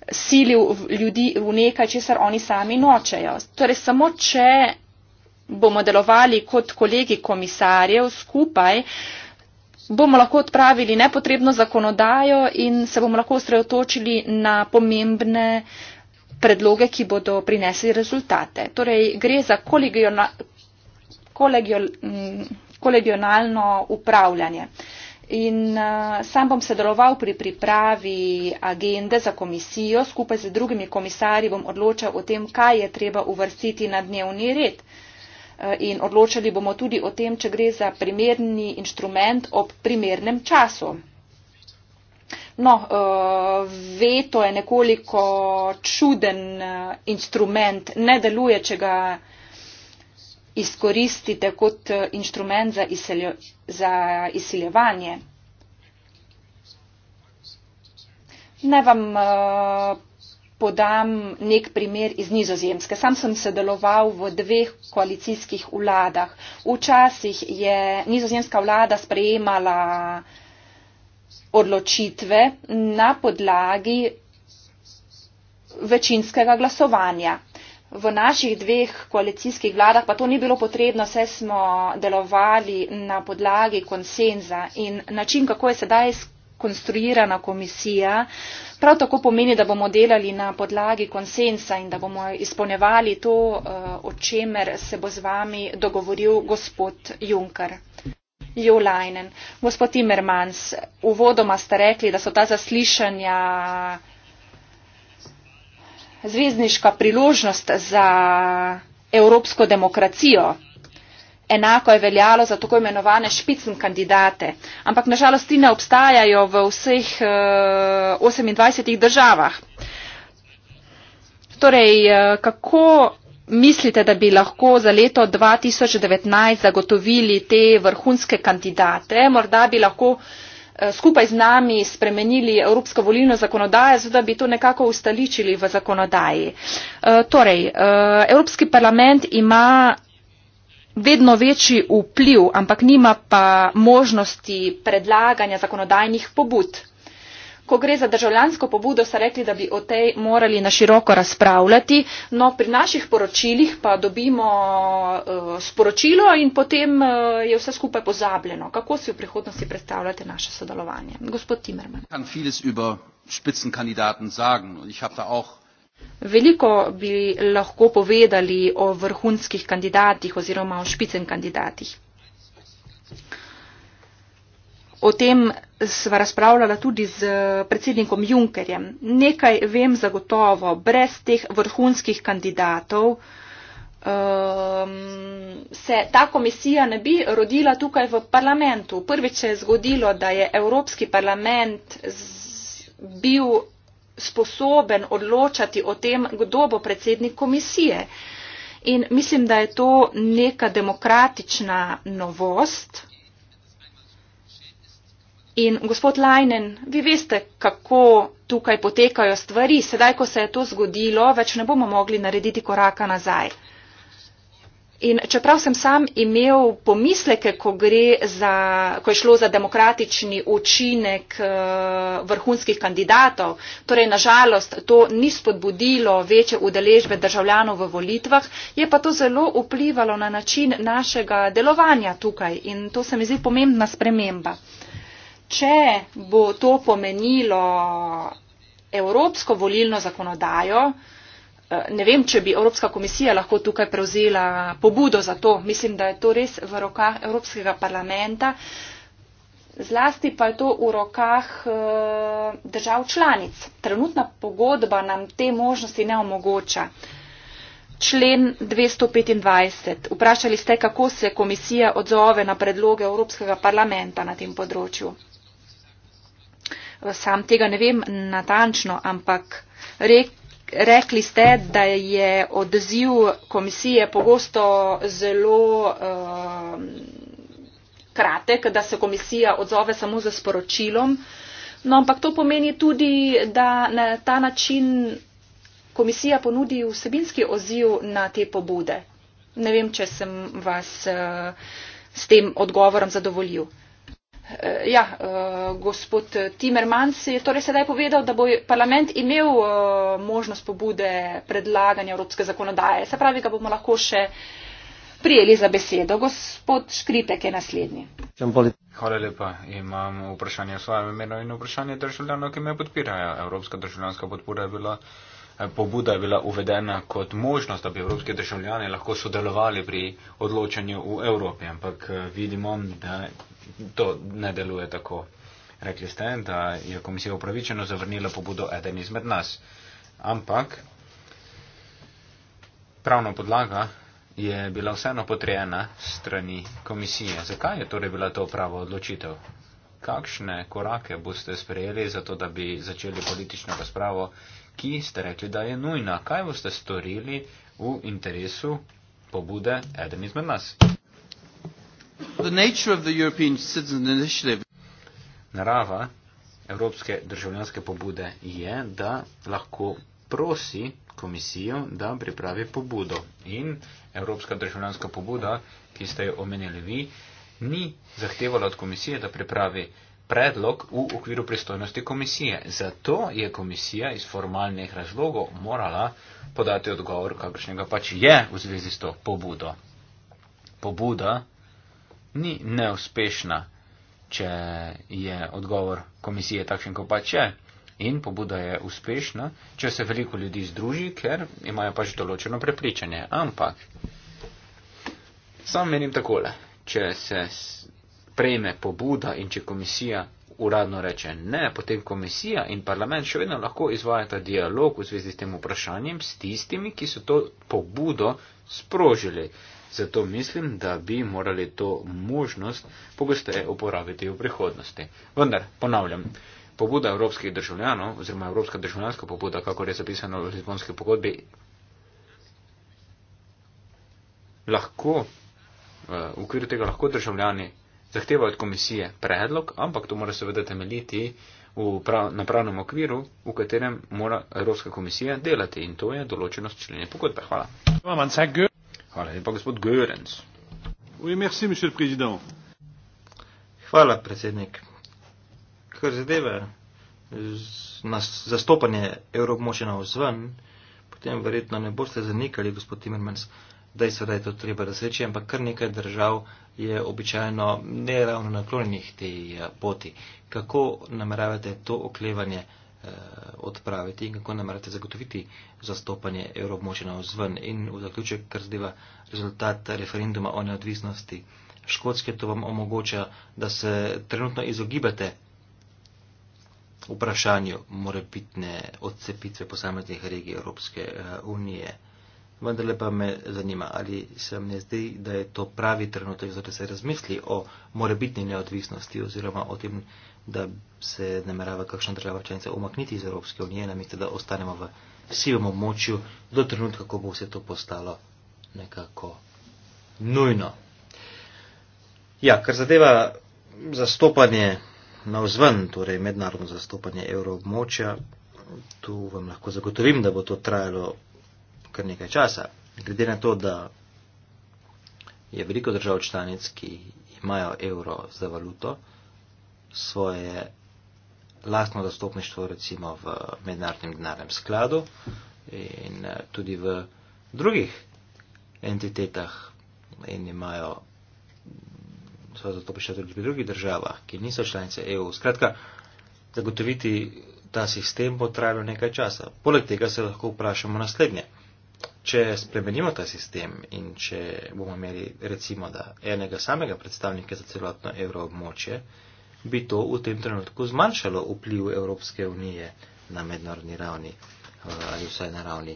silil ljudi v nekaj, česar oni sami nočejo. Torej, samo če bomo delovali kot kolegi komisarjev skupaj, bomo lahko odpravili nepotrebno zakonodajo in se bomo lahko osredotočili na pomembne predloge, ki bodo prinesli rezultate. Torej, gre za mm, kolegionalno upravljanje. In uh, sam bom sodeloval pri pripravi agende za komisijo, skupaj z drugimi komisarji bom odločal o tem, kaj je treba uvrstiti na dnevni red. Uh, Eh, in odločali bomo tudi o tem, če gre za primerni inštrument ob primernem času. No, eh, veto je nekoliko čuden eh, instrument, ne deluje, če ga izkoristite kot instrument za, izseljo, za izseljevanje. Ne vam podam nek primer iz nizozemske. Sam sem sedeloval v dveh koalicijskih vladah. Včasih je nizozemska vlada sprejemala odločitve na podlagi večinskega glasovanja. V naših dveh koalicijskih vladah pa to ni bilo potrebno, vse smo delovali na podlagi konsenza in način, kako je sedaj konstruirana komisija, prav tako pomeni, da bomo delali na podlagi konsensa in da bomo izpolnevali to, eh, o čemer se bo z vami dogovoril gospod Juncker. Jo Leinen, gospod Timmermans, uvodoma ste rekli, da so ta zaslišanja zvezdniška priložnost za evropsko demokracijo. Enako je veljalo za tako imenovane špicen kandidate, ampak nažalost ti ne obstajajo v vseh 28 eh, državah. Torej, eh, kako mislite, da bi lahko za leto 2019 zagotovili te vrhunske kandidate? Morda bi lahko eh, skupaj z nami spremenili Evropsko volilno zakonodajo, zato da bi to nekako ustaličili v zakonodaji. Torej, Evropski parlament ima vedno večji vpliv, ampak nima pa možnosti predlaganja zakonodajnih pobud. Ko gre za državljansko pobudo, so rekli, da bi o tej morali na široko razpravljati, no pri naših poročilih pa dobimo uh, sporočilo in potem uh, je vse skupaj pozabljeno. Kako si v prihodnosti predstavljate naše sodelovanje? Gospod Timerman. Veliko bi lahko povedali o vrhunskih kandidatih oziroma o špicen kandidatih. O tem sva razpravljala tudi z predsednikom Junkerjem. Nekaj vem zagotovo, brez teh vrhunskih kandidatov um, se ta komisija ne bi rodila tukaj v parlamentu. Prvič je zgodilo, da je Evropski parlament z, bil sposoben odločati o tem, kdo bo predsednik komisije. In mislim, da je to neka demokratična novost. In gospod Lajnen, vi veste, kako tukaj potekajo stvari. Sedaj, ko se je to zgodilo, več ne bomo mogli narediti koraka nazaj. In čeprav sem sam imel pomisleke, ko, za, ko je šlo za demokratični učinek eh, vrhunskih kandidatov, torej nažalost to ni spodbudilo večje udeležbe državljanov v volitvah, je pa to zelo vplivalo na način našega delovanja tukaj in to se mi zdi pomembna sprememba. Če bo to pomenilo evropsko volilno zakonodajo, Eh, ne vem, če bi Evropska komisija lahko tukaj prevzela pobudo za to. Mislim, da je to res v rokah Evropskega parlamenta. Zlasti pa je to v rokah eh, držav članic. Trenutna pogodba nam te možnosti ne omogoča. Člen 225. Vprašali ste, kako se komisija odzove na predloge Evropskega parlamenta na tem področju. Eh, sam tega ne vem natančno, ampak rekel rekli ste, da je odziv komisije pogosto zelo uh, kratek, da se komisija odzove samo za sporočilom. No, ampak to pomeni tudi, da na ta način komisija ponudi vsebinski odziv na te pobude. Ne vem, če sem vas uh, s tem odgovorom zadovoljil. Eh, ja eh, gospod timmermans je torej sedaj povedal da bo parlament imel eh, možnost pobude predlaganja evropske zakonodaje se pravi ga bomo lahko še prijeli za besedo gospod škripek je naslednji Hvala lepa. Imam vprašanje o svojem imenu in vprašanje državljanov, ki me podpirajo. Evropska državljanska podpora je bila, pobuda je bila uvedena kot možnost, da bi evropski državljani lahko sodelovali pri odločanju v Evropi. Ampak vidimo, da to ne deluje tako. Rekli ste, da je komisija upravičeno zavrnila pobudo eden izmed nas. Ampak pravna podlaga je bila vseeno potrejena strani komisije. Zakaj je torej bila to prava odločitev? Kakšne korake boste sprejeli za to, da bi začeli politično razpravo, ki ste rekli, da je nujna? Kaj boste storili v interesu pobude eden izmed nas? Narava Evropske državljanske pobude je, da lahko prosi komisijo, da pripravi pobudo. In Evropska državljanska pobuda, ki ste jo omenili vi, ni zahtevala od komisije, da pripravi predlog v okviru pristojnosti komisije. Zato je komisija iz formalnih razlogov morala podati odgovor, kakršnega pač je v zvezi s to pobudo. Pobuda ni neuspešna, če je odgovor komisije takšen, kot pa če. In pobuda je uspešna, če se veliko ljudi združi, ker imajo pač določeno prepričanje. Ampak sam menim takole, če se prejme pobuda in če komisija uradno reče ne, potem komisija in parlament še vedno lahko izvajata dialog v zvezi s tem vprašanjem s tistimi, ki so to pobudo sprožili. Zato mislim, da bi morali to možnost pogosteje uporabiti v prihodnosti. Vendar, ponavljam, pobuda evropskih državljanov oziroma evropska državljanska pobuda, kako je zapisano v Lizbonski pogodbi, lahko, eh, v okviru tega lahko državljani zahtevajo od komisije predlog, ampak to mora seveda temeljiti v prav, na pravnem okviru, v katerem mora Evropska komisija delati in to je določenost člene pogodbe. Hvala. Well, man, Hvala lepa, gospod Görens. Hvala, predsednik. Kar zadeva zastopanje evropmoče na vzven, potem verjetno ne boste zanikali, gospod Timmermans, da je sedaj to treba razreči, ampak kar nekaj držav je običajno ne ravno naklonjenih tej eh, poti. Kako nameravate to oklevanje? Eh, odpraviti in kako namerate zagotoviti zastopanje evroobmočja na vzven. In v zaključek, kar zdiva rezultat referenduma o neodvisnosti Škotske, to vam omogoča, da se trenutno izogibate vprašanju morebitne odcepitve posameznih regij Evropske eh, unije vendar pa me zanima, ali se vam ne zdi, da je to pravi trenutek, da se razmisli o morebitni neodvisnosti oziroma o tem, da se namerava kakšna država članica omakniti iz Evropske unije, namesto da ostanemo v sivem območju do trenutka, ko bo vse to postalo nekako nujno. Ja, kar zadeva zastopanje na vzven, torej mednarodno zastopanje evroobmočja, tu vam lahko zagotovim, da bo to trajalo kar nekaj časa. Glede na to, da je veliko držav članic, ki imajo evro za valuto, svoje lastno dostopništvo recimo v mednarodnem denarnem skladu in eh, tudi v drugih entitetah in imajo svoje dostopništvo tudi v drugih državah, ki niso članice EU. Skratka, zagotoviti ta sistem bo trajalo nekaj časa. Poleg tega se lahko vprašamo naslednje. Če spremenimo ta sistem in če bomo imeli recimo da enega samega predstavnika za celotno evroobmočje, bi to v tem trenutku zmanjšalo vpliv Evropske unije na mednarodni ravni eh, ali vsaj na ravni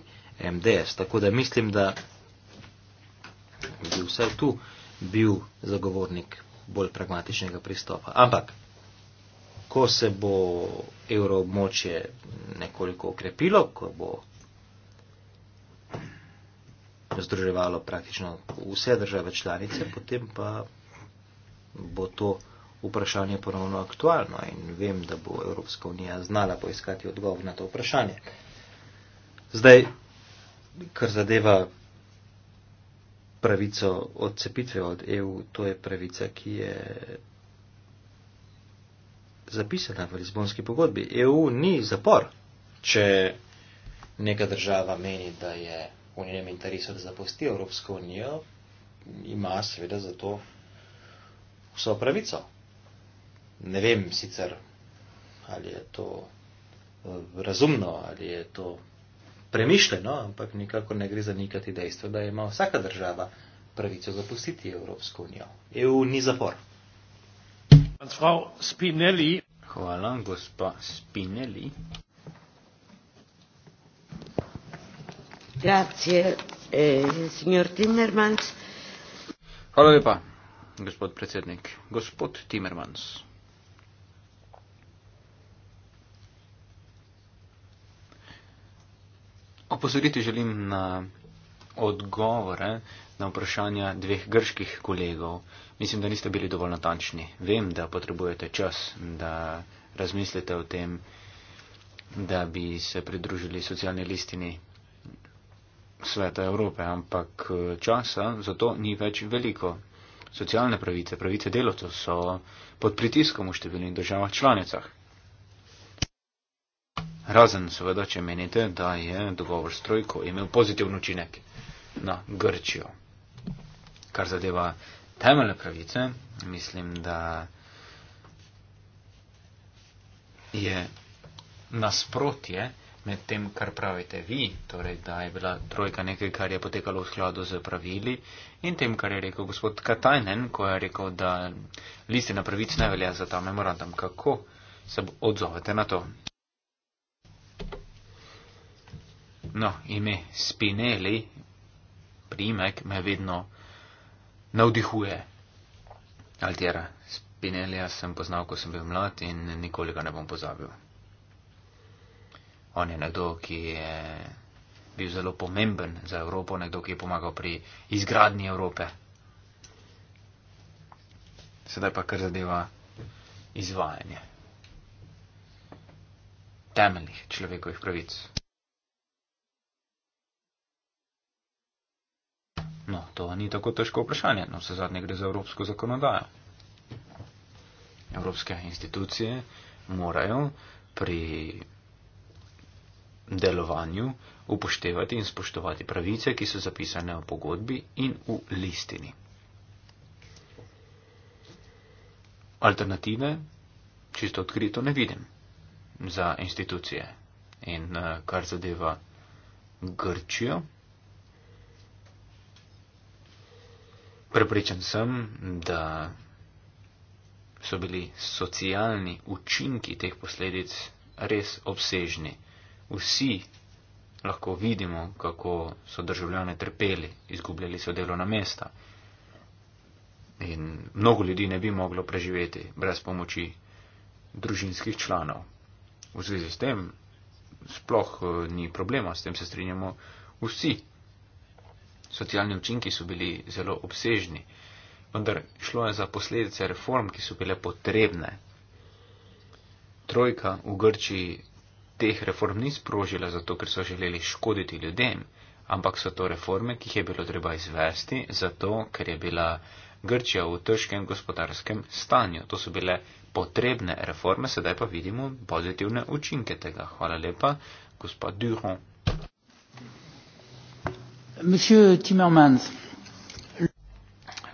MDS. Tako da mislim, da bi vsaj tu bil zagovornik bolj pragmatičnega pristopa. Ampak, ko se bo evroobmočje nekoliko okrepilo, ko bo združevalo praktično vse države članice, potem pa bo to vprašanje ponovno aktualno in vem, da bo Evropska unija znala poiskati odgovor na to vprašanje. Zdaj, kar zadeva pravico odcepitve od EU, to je pravica, ki je zapisana v Lizbonski pogodbi. EU ni zapor, če neka država meni, da je v njenem interesu, da zapusti Evropsko unijo, ima seveda za to vso pravico. Ne vem sicer, ali je to eh, razumno, ali je to premišljeno, ampak nikako ne gre zanikati dejstva, da ima vsaka država pravico zapustiti Evropsko unijo. EU ni zapor. Hvala, gospa Spinelli. Eh, Hvala lepa, gospod predsednik. Gospod Timmermans. Opozoriti želim na odgovore na vprašanja dveh grških kolegov. Mislim, da niste bili dovolj natančni. Vem, da potrebujete čas, da razmislite o tem, da bi se pridružili socialni listini sveta Evrope, ampak eh, časa za to ni več veliko. Socialne pravice, pravice delovcev so pod pritiskom v številnih državah članicah. Razen seveda, če menite, da je dogovor s trojko imel pozitivno učinek na Grčijo. Kar zadeva temeljne pravice, mislim, da je nasprotje med tem, kar pravite vi, torej da je bila trojka nekaj, kar je potekalo v skladu z pravili, in tem, kar je rekel gospod Katajnen, ko je rekel, da listina pravic ne velja za ta memorandum. Kako se odzovete na to? No, ime Spinelli, primek, me vedno navdihuje. Altjera, Spinellija sem poznal, ko sem bil mlad in nikoli ga ne bom pozabil. On je nekdo, ki je bil zelo pomemben za Evropo, nekdo, ki je pomagal pri izgradnji Evrope. Sedaj pa kar zadeva izvajanje temeljnih človekovih pravic. No, to ni tako težko vprašanje, no vse zadnje gre za evropsko zakonodajo. Evropske institucije morajo pri delovanju upoštevati in spoštovati pravice, ki so zapisane v pogodbi in v listini. Alternative čisto odkrito ne vidim za institucije. In eh, kar zadeva Grčijo, prepričan sem, da so bili socialni učinki teh posledic res obsežni vsi lahko vidimo, kako so državljane trpeli, izgubljali so delovna mesta. In mnogo ljudi ne bi moglo preživeti brez pomoči družinskih članov. V zvezi s tem sploh eh, ni problema, s tem se strinjamo vsi. Socialni učinki so bili zelo obsežni, vendar šlo je za posledice reform, ki so bile potrebne. Trojka v Grčiji teh reform ni sprožila zato, ker so želeli škoditi ljudem, ampak so to reforme, ki jih je bilo treba izvesti zato, ker je bila Grčija v težkem gospodarskem stanju. To so bile potrebne reforme, sedaj pa vidimo pozitivne učinke tega. Hvala lepa, gospod Duron.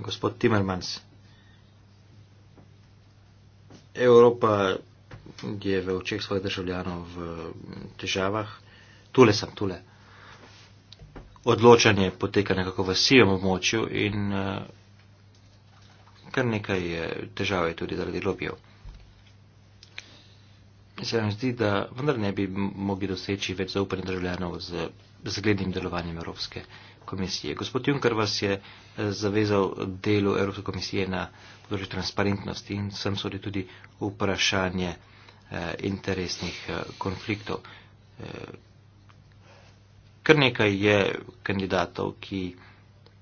Gospod Timmermans, Evropa ki je v očeh svojih državljanov v težavah. Tule sem, tule. Odločanje poteka nekako v sivem območju in eh, kar nekaj eh, težav je tudi zaradi lobijev. Se vam zdi, da vendar ne bi mogli doseči več zaupanja državljanov z zglednim delovanjem Evropske komisije. Gospod Juncker vas je eh, zavezal delu Evropske komisije na področju transparentnosti in sem sodi tudi vprašanje. Eh, interesnih eh, konfliktov. Eh, kar nekaj je kandidatov, ki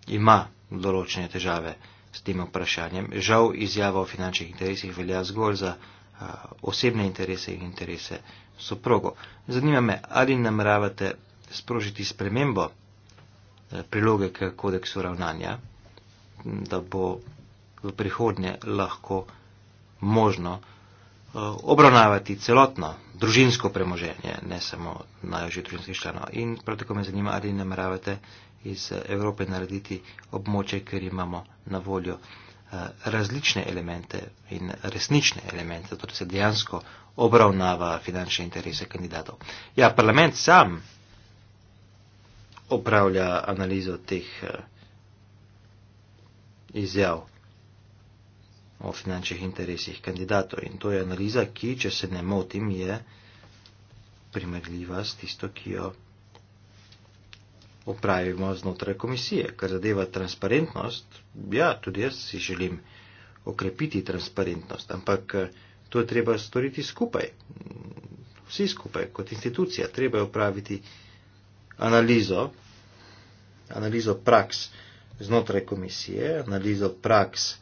ima določene težave s tem vprašanjem. Žal izjava o finančnih interesih velja zgolj za osebne interese in interese soprogo. Zanima me, ali nameravate sprožiti spremembo priloge k kodeksu ravnanja, da bo v prihodnje lahko možno, Eh, obravnavati celotno družinsko premoženje, ne samo najvišji družinskih članov. In prav tako me zanima, ali nameravate iz Evrope narediti območje, ker imamo na voljo eh, različne elemente in resnične elemente, zato da se dejansko obravnava finančne interese kandidatov. Ja, parlament sam opravlja analizo teh eh, izjav o finančnih interesih kandidatov. In to je analiza, ki, če se ne motim, je primerljiva s tisto, ki jo opravimo znotraj komisije. Kar zadeva transparentnost, ja, tudi jaz si želim okrepiti transparentnost, ampak eh, to je treba storiti skupaj. Vsi skupaj, kot institucija, treba je opraviti analizo, analizo praks znotraj komisije, analizo praks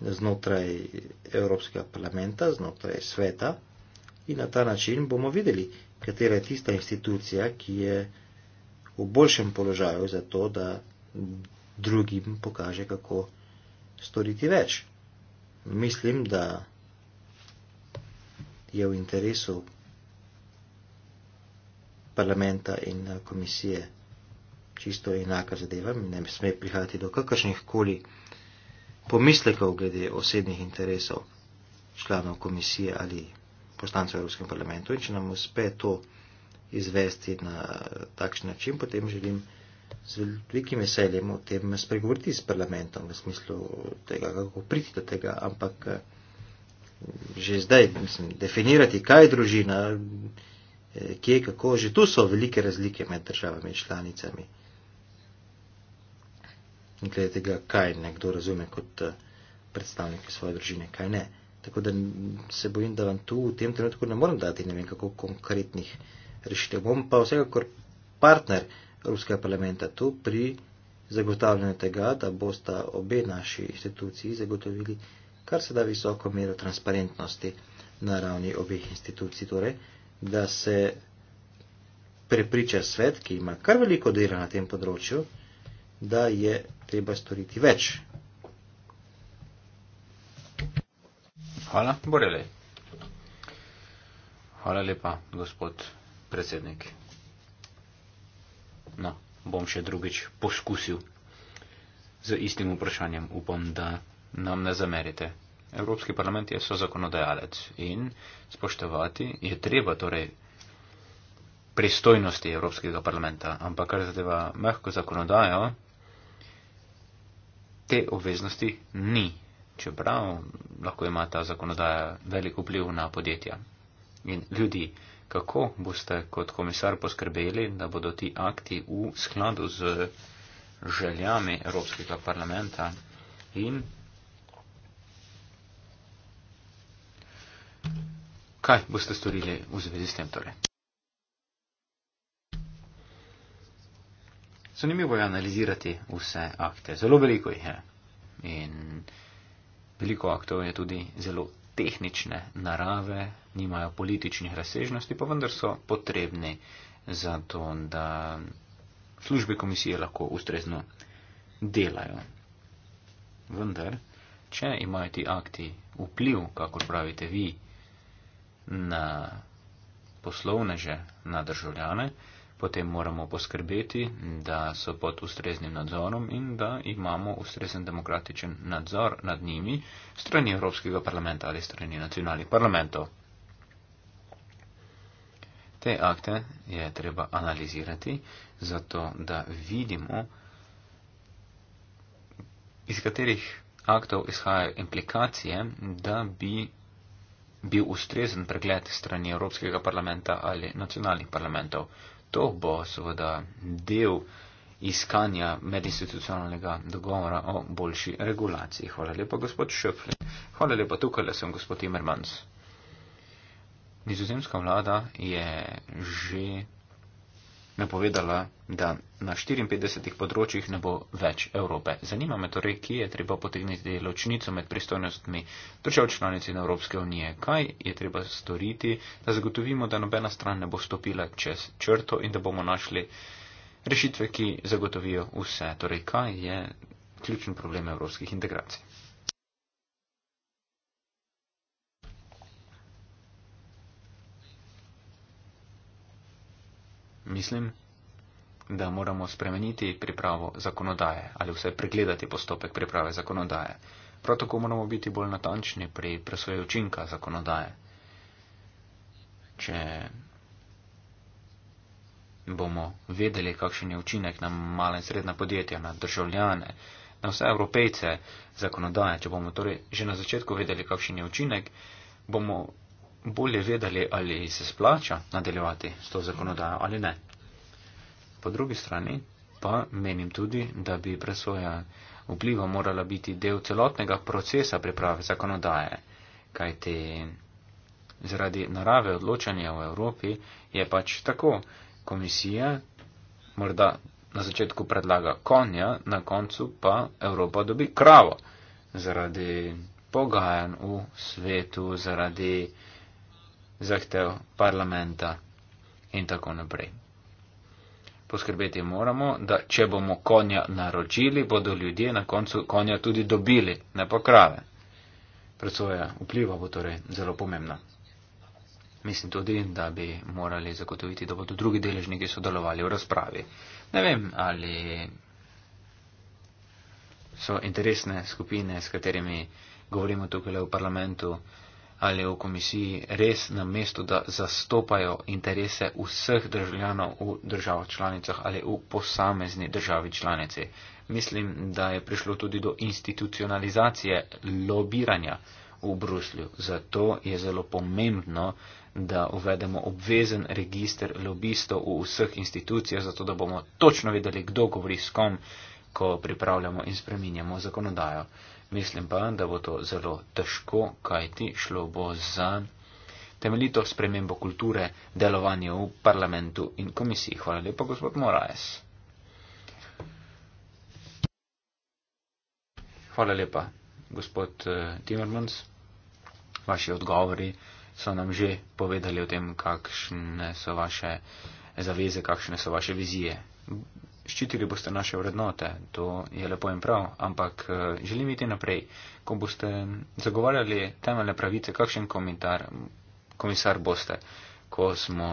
znotraj Evropskega parlamenta, znotraj sveta in na ta način bomo videli, katera je tista institucija, ki je v boljšem položaju za to, da drugim pokaže, kako storiti več. Mislim, da je v interesu parlamenta in eh, komisije čisto enaka zadeva, ne sme prihajati do kakršnih koli pomislekov glede osebnih interesov članov komisije ali poslancev v Evropskem parlamentu in če nam uspe to izvesti na eh, takšen način, potem želim z velikim veseljem o tem spregovoriti s parlamentom v smislu tega, kako priti do tega, ampak eh, že zdaj mislim, definirati, kaj je družina, eh, kje, kako, že tu so velike razlike med državami in članicami glede tega, kaj nekdo razume kot eh, predstavniki svoje družine, kaj ne. Tako da se bojim, da vam tu v tem trenutku ne morem dati ne vem kako konkretnih rešitev. Bom pa vsekakor partner Ruskega parlamenta tu pri zagotavljanju tega, da bosta obe naši instituciji zagotovili kar se da visoko mero transparentnosti na ravni obeh institucij, torej, da se prepriča svet, ki ima kar veliko dela na tem področju, da je treba storiti več. Hvala, Borelej. Hvala lepa, gospod predsednik. No, bom še drugič poskusil z istim vprašanjem. Upam, da nam ne zamerite. Evropski parlament je so zakonodajalec in spoštovati je treba torej pristojnosti Evropskega parlamenta, ampak kar zadeva mehko zakonodajo, te obveznosti ni, čeprav lahko ima ta zakonodaja velik vpliv na podjetja. In ljudi, kako boste kot komisar poskrbeli, da bodo ti akti v skladu z željami Evropskega parlamenta in kaj boste storili v zvezi s tem torej? zanimivo je analizirati vse akte. Zelo veliko jih je. In veliko aktov je tudi zelo tehnične narave, nimajo političnih razsežnosti, pa vendar so potrebni za to, da službe komisije lahko ustrezno delajo. Vendar, če imajo ti akti vpliv, kako pravite vi, na poslovneže, na državljane, potem moramo poskrbeti, da so pod ustreznim nadzorom in da imamo ustrezen demokratičen nadzor nad njimi strani Evropskega parlamenta ali strani nacionalnih parlamentov. Te akte je treba analizirati, zato da vidimo, iz katerih aktov izhajajo implikacije, da bi bil ustrezen pregled strani Evropskega parlamenta ali nacionalnih parlamentov to bo seveda del iskanja medinstitucionalnega dogovora o boljši regulaciji. Hvala lepa, gospod Šöfle. Hvala lepa, tukaj le sem, gospod Timmermans. Nizozemska vlada je že napovedala, da na 54 področjih ne bo več Evrope. Zanima me torej, kje je treba potegniti ločnico med pristojnostmi držav članic in Evropske unije. Kaj je treba storiti, da zagotovimo, da nobena stran ne bo stopila čez črto in da bomo našli rešitve, ki zagotovijo vse. Torej, kaj je ključen problem evropskih integracij? Mislim, da moramo spremeniti pripravo zakonodaje ali vse pregledati postopek priprave zakonodaje. Prav tako moramo biti bolj natančni pri presoji učinka zakonodaje. Če bomo vedeli, kakšen je učinek na male in srednja podjetja, na državljane, na vse evropejce zakonodaje, če bomo torej že na začetku vedeli, kakšen je učinek, bomo bolje vedeli, ali se splača nadaljevati s to zakonodajo ali ne. Po drugi strani pa menim tudi, da bi presoja vpliva morala biti del celotnega procesa priprave zakonodaje, kajti zaradi narave odločanja v Evropi je pač tako. Komisija morda na začetku predlaga konja, na koncu pa Evropa dobi kravo zaradi pogajanj v svetu, zaradi zahtev parlamenta in tako naprej. Poskrbeti moramo, da če bomo konja naročili, bodo ljudje na koncu konja tudi dobili, ne pa krave. Presoja vpliva bo torej zelo pomembna. Mislim tudi, da bi morali zagotoviti, da bodo drugi deležniki sodelovali v razpravi. Ne vem, ali so interesne skupine, s katerimi govorimo tukaj v parlamentu, ali v komisiji res na mestu, da zastopajo interese vseh državljanov v državah članicah ali v posamezni državi članici. Mislim, da je prišlo tudi do institucionalizacije lobiranja v Bruslju. Zato je zelo pomembno, da uvedemo obvezen register lobistov v vseh institucijah, zato da bomo točno vedeli, kdo govori s kom, ko pripravljamo in spreminjamo zakonodajo. Mislim pa, da bo to zelo težko, kajti šlo bo za temeljito spremembo kulture, delovanje v parlamentu in komisiji. Hvala lepa, gospod Moraes. Hvala lepa, gospod eh, Timmermans. Vaši odgovori so nam že povedali o tem, kakšne so vaše zaveze, kakšne so vaše vizije ščitili boste naše vrednote, to je lepo in prav, ampak eh, želim iti naprej. Ko boste zagovarjali temeljne pravice, kakšen komentar, komisar boste, ko smo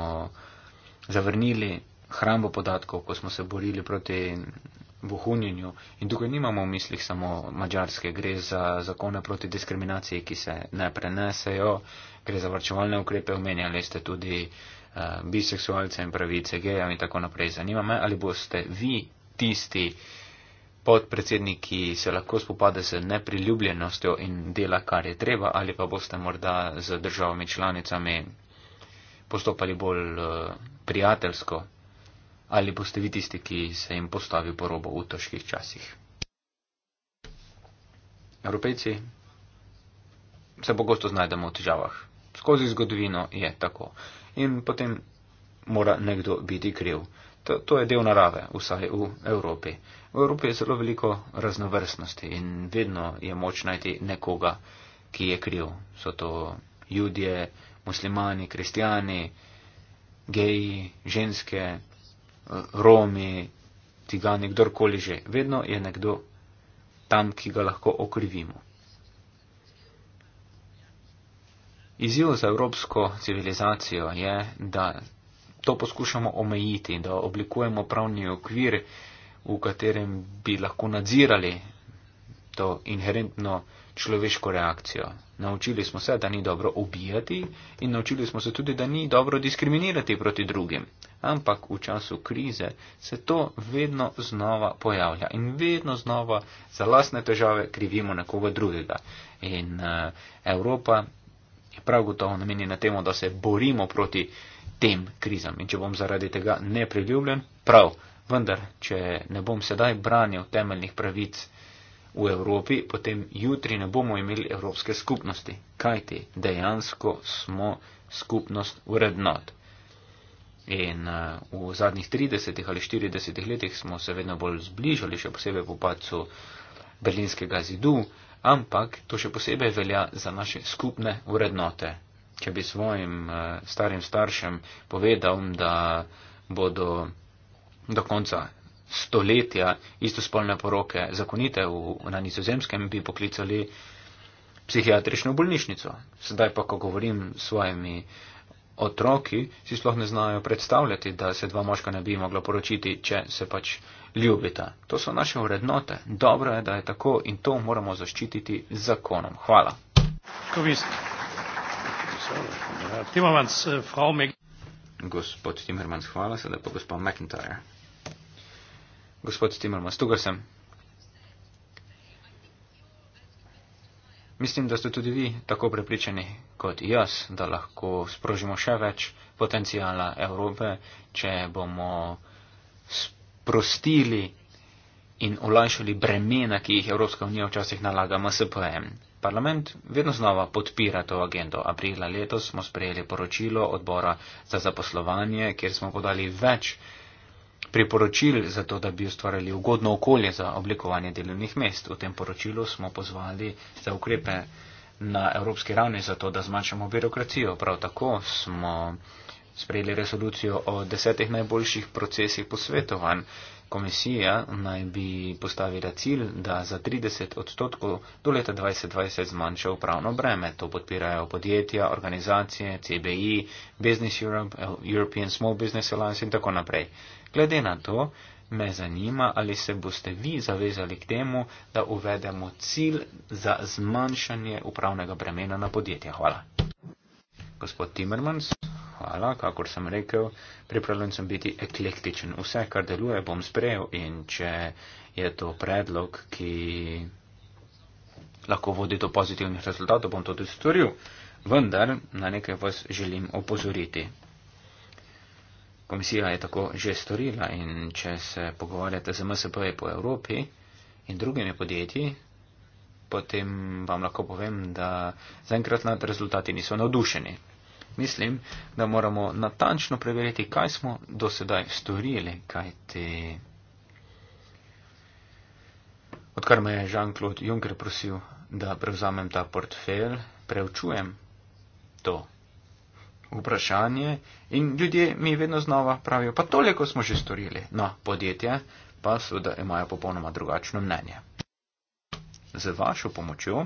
zavrnili hrambo podatkov, ko smo se borili proti vohunjenju in tukaj nimamo v mislih samo mađarske, gre za zakone proti diskriminaciji, ki se ne prenesejo, gre za vrčevalne ukrepe, omenjali ste tudi Um, biseksualce in pravice gejev in tako naprej. Zanima me, ali boste vi tisti podpredsednik, ki se lahko spopade z nepriljubljenostjo in dela, kar je treba, ali pa boste morda z državami članicami postopali bolj uh, prijateljsko, ali boste vi tisti, ki se jim postavi po robo v toških časih. Evropejci se pogosto znajdemo v težavah. Skozi zgodovino je tako. Uh, in potem mora nekdo biti kriv. To, to je del narave, vsaj v Evropi. V Evropi je zelo veliko raznovrstnosti in vedno je moč najti nekoga, ki je kriv. So to ljudje, muslimani, kristijani, geji, ženske, romi, tigani, kdorkoli že. Vedno je nekdo tam, ki ga lahko okrivimo. Izjiv za evropsko civilizacijo je, da to poskušamo omejiti, da oblikujemo pravni okvir, v katerem bi lahko nadzirali to inherentno človeško reakcijo. Naučili smo se, da ni dobro ubijati in naučili smo se tudi, da ni dobro diskriminirati proti drugim. Ampak v času krize se to vedno znova pojavlja in vedno znova za lasne težave krivimo nekoga drugega. In uh, Evropa je prav gotovo namenjena temu, da se borimo proti tem krizam. In če bom zaradi tega nepriljubljen, prav. Vendar, če ne bom sedaj branil temeljnih pravic v Evropi, potem jutri ne bomo imeli Evropske skupnosti. Kajti dejansko smo skupnost vrednot. In eh, v zadnjih 30 ali 40 letih smo se vedno bolj zbližali, še posebej po pacu Berlinskega zidu, ampak to še posebej velja za naše skupne vrednote. Če bi svojim uh, starim staršem povedal, da bodo do konca stoletja istospolne poroke zakonite v, na nizozemskem, bi poklicali psihiatrično bolnišnico. Sedaj pa, ko govorim s svojimi uh, otroki si sploh ne znajo predstavljati, da se dva moška ne bi mogla poročiti, če se pač ljubita. To so naše vrednote. Dobro je, da je tako in to moramo zaščititi z zakonom. Hvala. Eh, gospod Timmermans, hvala, sedaj pa gospod McIntyre. Gospod Timmermans, tukaj sem. Mislim, da ste tudi vi tako prepričani kot jaz, da lahko sprožimo še več potencijala Evrope, če bomo sprostili in olajšali bremena, ki jih Evropska unija včasih nalaga MSPM. Parlament vedno znova podpira to agendo. Aprila letos smo sprejeli poročilo odbora za zaposlovanje, kjer smo podali več priporočil za to, da bi ustvarjali ugodno okolje za oblikovanje delovnih mest. V tem poročilu smo pozvali za ukrepe na evropski ravni za to, da zmanjšamo birokracijo. Prav tako smo sprejeli resolucijo o desetih najboljših procesih posvetovanj. Komisija naj bi postavila cilj, da za 30 odstotkov do leta 2020 zmanjša upravno breme. To podpirajo podjetja, organizacije, CBI, Business Europe, European Small Business Alliance in tako naprej. Glede na to, me zanima, ali se boste vi zavezali k temu, da uvedemo cilj za zmanjšanje upravnega bremena na podjetja. Hvala. Gospod Timmermans, hvala, kakor sem rekel, pripravljen sem biti eklektičen. Vse, kar deluje, bom sprejel in če je to predlog, ki lahko vodi do pozitivnih rezultatov, bom to tudi storil. Vendar na nekaj vas želim opozoriti. Komisija je tako že storila in če se pogovarjate z MSP po Evropi in drugimi podjetji, potem vam lahko povem, da zaenkrat nad rezultati niso navdušeni. Mislim, da moramo natančno preveriti, kaj smo do sedaj storili, kaj ti. Odkar me je Jean-Claude Juncker prosil, da prevzamem ta portfel, preučujem to vprašanje in ljudje mi vedno znova pravijo, pa toliko smo že storili. No, podjetje pa seveda imajo popolnoma drugačno mnenje. Z vašo pomočjo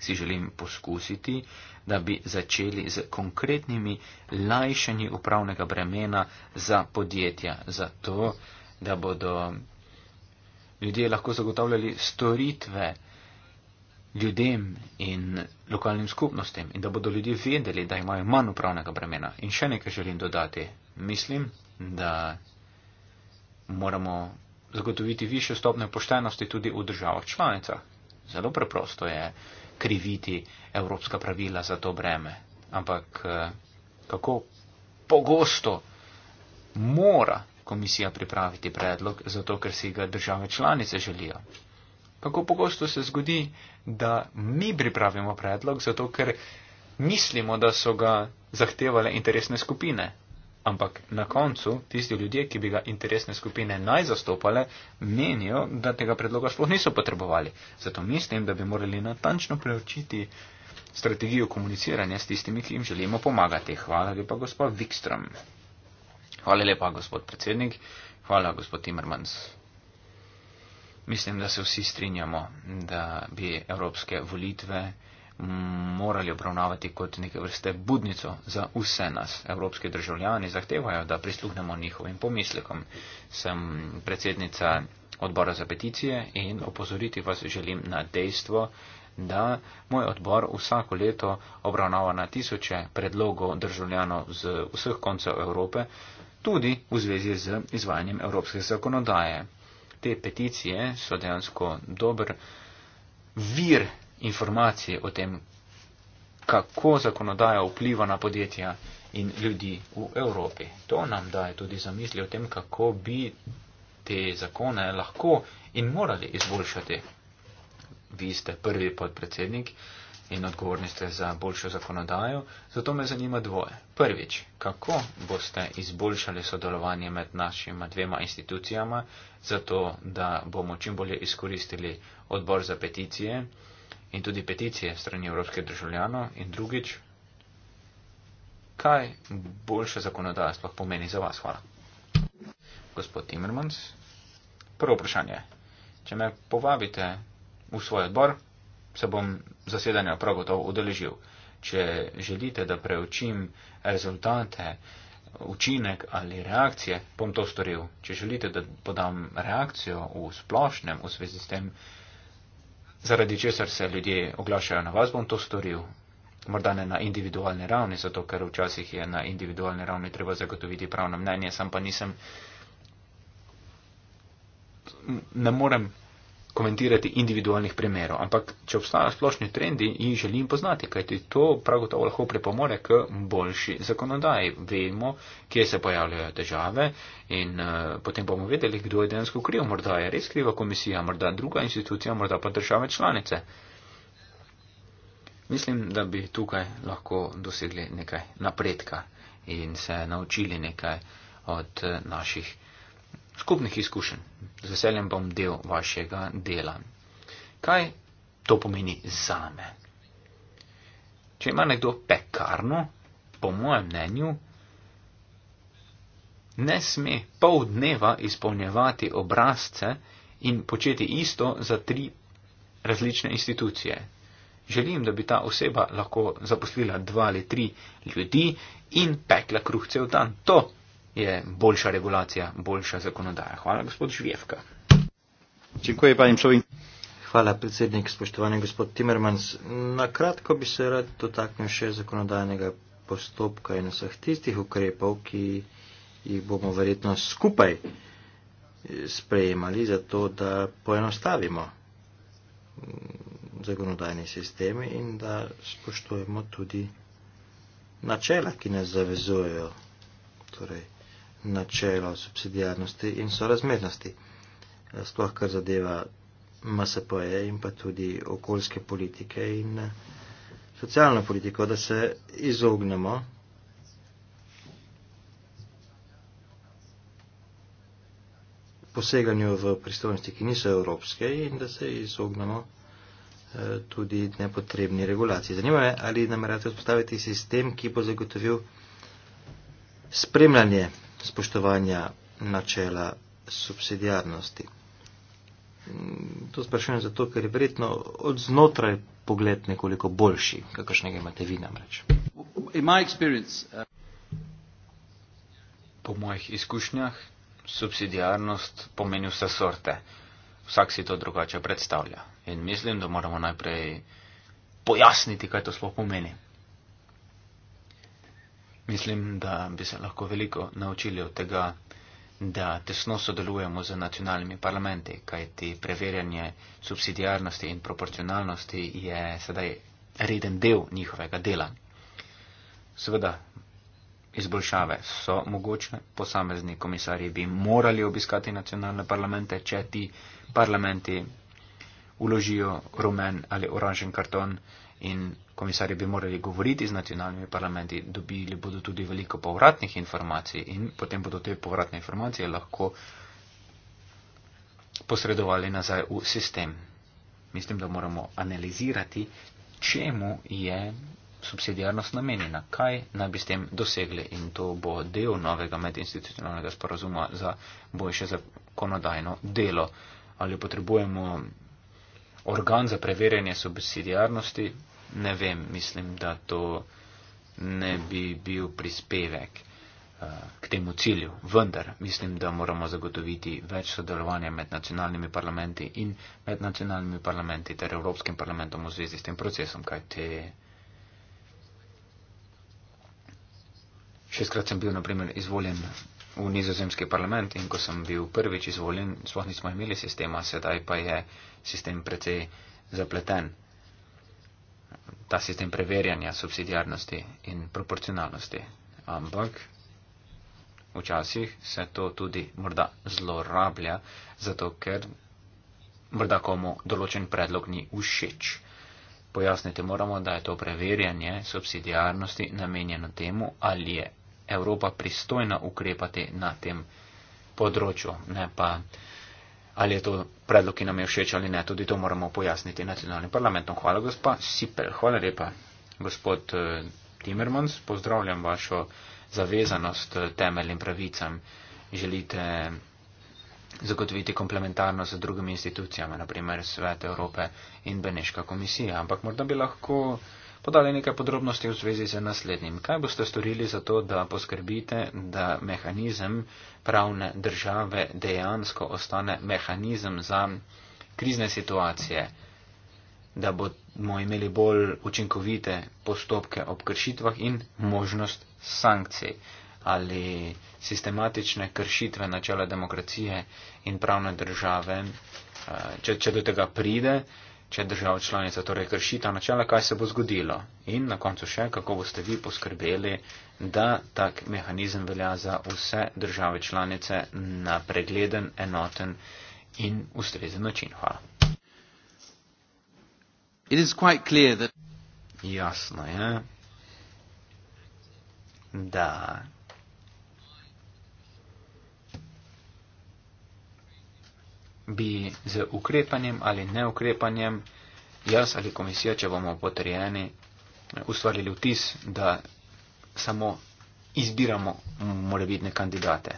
si želim poskusiti, da bi začeli z konkretnimi lajšanji upravnega bremena za podjetja, zato da bodo ljudje lahko zagotavljali storitve, ljudem in lokalnim skupnostim in da bodo ljudje vedeli, da imajo manj upravnega bremena. In še nekaj želim dodati. Mislim, da moramo zagotoviti više stopne poštenosti tudi v državah članicah. Zelo preprosto je kriviti evropska pravila za to breme. Ampak eh, kako pogosto mora komisija pripraviti predlog, zato ker si ga države članice želijo kako pogosto se zgodi, da mi pripravimo predlog, zato ker mislimo, da so ga zahtevale interesne skupine. Ampak na koncu tisti ljudje, ki bi ga interesne skupine naj zastopale, menijo, da tega predloga sploh niso potrebovali. Zato mislim, da bi morali natančno preučiti strategijo komuniciranja s tistimi, ki jim želimo pomagati. Hvala lepa, gospod Wikström. Hvala lepa, gospod predsednik. Hvala, gospod Timmermans. Mislim, da se vsi strinjamo, da bi evropske volitve morali obravnavati kot neke vrste budnico za vse nas. Evropski državljani zahtevajo, da prisluhnemo njihovim pomislekom. Sem predsednica odbora za peticije in opozoriti vas želim na dejstvo, da moj odbor vsako leto obravnava na tisoče predlogov državljanov z vseh koncev Evrope, tudi v zvezi z izvajanjem evropske zakonodaje te peticije so dejansko dober vir informacij o tem, kako zakonodaja vpliva na podjetja in ljudi v Evropi. To nam daje tudi zamisli o tem, kako bi te zakone lahko in morali izboljšati. Vi ste prvi podpredsednik. Uh, in odgovorni ste za boljšo zakonodajo, zato me zanima dvoje. Prvič, kako boste izboljšali sodelovanje med našima dvema institucijama, zato da bomo čim bolje izkoristili odbor za peticije in tudi peticije strani evropskih državljanov in drugič, kaj boljša zakonodaja sploh pomeni za vas? Hvala. Gospod Timmermans, prvo vprašanje. Če me povabite v svoj odbor, se bom zasedanja prav gotovo udeležil. Če želite, da preučim rezultate, učinek ali reakcije, bom to storil. Če želite, da podam reakcijo v splošnem v zvezi s tem, zaradi česar se ljudje oglašajo na vas, bom to storil. Morda ne na individualni ravni, zato ker včasih je na individualni ravni treba zagotoviti pravno mnenje, sam pa nisem. Ne morem komentirati individualnih primerov, ampak če obstajajo splošni trendi, jih želim poznati, kajti to prav gotovo lahko prepomore k boljši zakonodaji. Vemo, kje se pojavljajo težave in uh, potem bomo vedeli, kdo je dejansko kriv. Morda je res kriva komisija, morda druga institucija, morda pa države članice. Mislim, da bi tukaj lahko dosegli nekaj napredka in se naučili nekaj od eh, naših skupnih izkušenj. Z veseljem bom del vašega dela. Kaj to pomeni za me? Če ima nekdo pekarno, po mojem mnenju, ne sme pol dneva izpolnjevati obrazce in početi isto za tri različne institucije. Želim, da bi ta oseba lahko zaposlila dva ali tri ljudi in pekla kruhce v dan. To je boljša regulacija, boljša zakonodaja. Hvala, gospod Žvjevka. Dziękuję, panie przewodniczący. Hvala, predsednik, spoštovani gospod Timmermans. Na kratko bi se rad dotaknil še zakonodajnega postopka in vseh tistih ukrepov, ki jih bomo verjetno skupaj sprejemali za to, da poenostavimo mm, zakonodajni sistem in da spoštujemo tudi načela, ki nas zavezujejo. Torej, načelo subsidijarnosti in sorazmernosti, eh, sploh kar zadeva MSP-je in pa tudi okoljske politike in eh, socialno politiko, da se izognemo poseganju v pristojnosti, ki niso evropske in da se izognemo eh, tudi nepotrebni regulaciji. Zanima me, ali namerate vzpostaviti sistem, ki bo zagotovil spremljanje spoštovanja načela subsidijarnosti. To sprašujem zato, ker je verjetno od znotraj pogled nekoliko boljši, kakršnega imate vi namreč. Uh, po mojih izkušnjah subsidijarnost pomeni vse sorte. Vsak si to drugače predstavlja. In mislim, da moramo najprej pojasniti, kaj to sploh pomeni. Mislim, da bi se lahko veliko naučili od tega, da tesno sodelujemo z nacionalnimi parlamenti, kajti preverjanje subsidijarnosti in proporcionalnosti je sedaj reden del njihovega dela. Seveda, izboljšave so mogoče, posamezni komisarji bi morali obiskati nacionalne parlamente, če ti parlamenti uložijo rumen ali oranžen karton in komisarji bi morali govoriti z nacionalnimi parlamenti, dobili bodo tudi veliko povratnih informacij in potem bodo te povratne informacije lahko posredovali nazaj v sistem. Mislim, da moramo analizirati, čemu je subsidijarnost namenjena, kaj naj bi s tem dosegli in to bo del novega medinstitucionalnega sporazuma za boljše zakonodajno delo. Ali potrebujemo organ za preverjanje subsidijarnosti, ne vem, mislim, da to ne bi bil prispevek uh, k temu cilju. Vendar mislim, da moramo zagotoviti več sodelovanja med nacionalnimi parlamenti in med nacionalnimi parlamenti ter Evropskim parlamentom v zvezi s tem procesom, kaj te. Šestkrat sem bil, naprimer, izvoljen v nizozemski parlament in ko sem bil prvič izvoljen, sploh nismo imeli sistema, sedaj pa je sistem precej zapleten ta sistem preverjanja subsidijarnosti in proporcionalnosti. Ampak včasih se to tudi morda zlorablja, zato ker morda komu določen predlog ni všeč. Pojasniti moramo, da je to preverjanje subsidijarnosti namenjeno temu, ali je Evropa pristojna ukrepati na tem področju, ne pa ali je to predlog, ki nam je všeč ali ne, tudi to moramo pojasniti nacionalnim parlamentom. Hvala, gospa Sipel. Hvala lepa, gospod eh, Timmermans. Pozdravljam vašo zavezanost eh, temeljnim pravicam. Želite zagotoviti komplementarno z drugimi institucijami, naprimer Svete Evrope in Beneška komisija. Ampak morda bi lahko podali nekaj podrobnosti v zvezi z naslednjim. Kaj boste storili za to, da poskrbite, da mehanizem pravne države dejansko ostane mehanizem za krizne situacije, da bomo imeli bolj učinkovite postopke ob kršitvah in možnost sankcij ali sistematične kršitve načela demokracije in pravne države, eh, če, če do tega pride če država članica torej krši ta načela, kaj se bo zgodilo. In na koncu še, kako boste vi poskrbeli, da tak mehanizem velja za vse države članice na pregleden, enoten in ustrezen način. Hvala. Jasno je, da bi z ukrepanjem ali neukrepanjem, jaz ali komisija, če bomo potrjeni, ustvarili vtis, da samo izbiramo morebitne kandidate.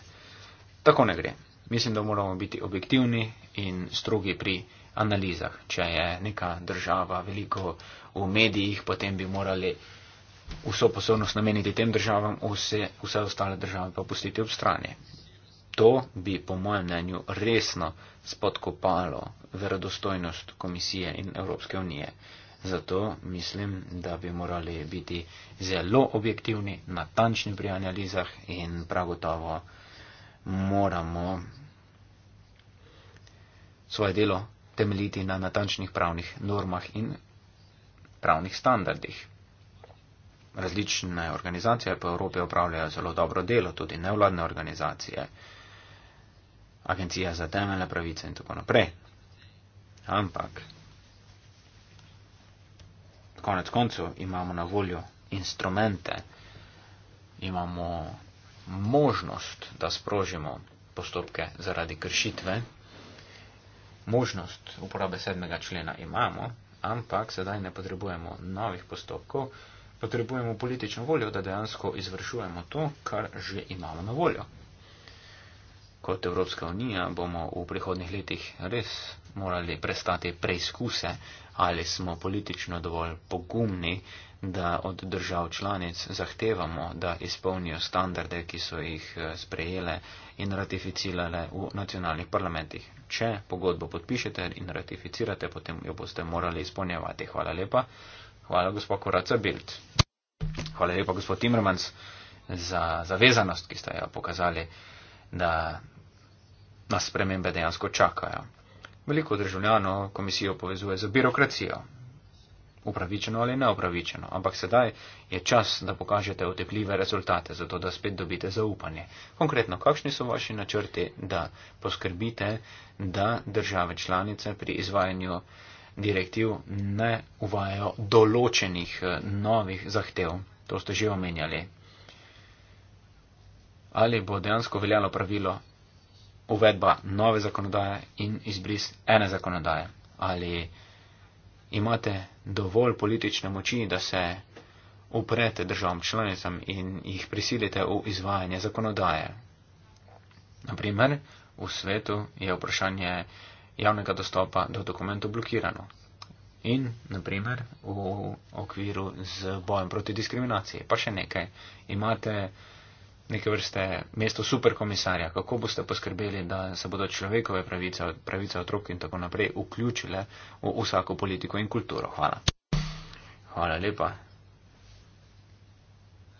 Tako ne gre. Mislim, da moramo biti objektivni in strogi pri analizah. Če je neka država veliko v medijih, potem bi morali vso pozornost nameniti tem državam, vse, vse ostale države pa pustiti ob strani to bi, po mojem mnenju, resno spodkopalo verodostojnost komisije in Evropske unije. Zato mislim, da bi morali biti zelo objektivni, natančni pri analizah in prav gotovo moramo svoje delo temeljiti na natančnih pravnih normah in pravnih standardih. Različne organizacije po Evropi opravljajo zelo dobro delo, tudi nevladne organizacije agencija za temeljne pravice in tako naprej. Ampak, konec koncev, imamo na voljo instrumente, imamo možnost, da sprožimo postopke zaradi kršitve, možnost uporabe sedmega člena imamo, ampak sedaj ne potrebujemo novih postopkov, potrebujemo politično voljo, da dejansko izvršujemo to, kar že imamo na voljo kot Evropska unija bomo v prihodnih letih res morali prestati preizkuse, ali smo politično dovolj pogumni, da od držav članic zahtevamo, da izpolnijo standarde, ki so jih eh, sprejele in ratificirale v nacionalnih parlamentih. Če pogodbo podpišete in ratificirate, potem jo boste morali izpolnjevati. Hvala lepa. Hvala, gospod Koraca Bild. Hvala lepa, gospod Timmermans, za zavezanost, ki ste jo pokazali, da na spremembe dejansko čakajo. Veliko državljanov komisijo povezuje z birokracijo. Upravičeno ali neupravičeno, ampak sedaj je čas, da pokažete otepljive rezultate, zato da spet dobite zaupanje. Konkretno, kakšni so vaši načrti, da poskrbite, da države članice pri izvajanju direktiv ne uvajajo določenih eh, novih zahtev? To ste že omenjali. Ali bo dejansko veljalo pravilo, uvedba nove zakonodaje in izbris ene zakonodaje. Ali imate dovolj politične moči, da se uprete državam članicam in jih prisilite v izvajanje zakonodaje. Naprimer, v svetu je vprašanje javnega dostopa do dokumentov blokirano. In, naprimer, v okviru z bojem proti diskriminaciji. Pa še nekaj. Imate neke vrste mesto superkomisarja, kako boste poskrbeli, da se bodo človekove pravice, pravice otrok in tako naprej vključile v vsako politiko in kulturo. Hvala. Hvala lepa.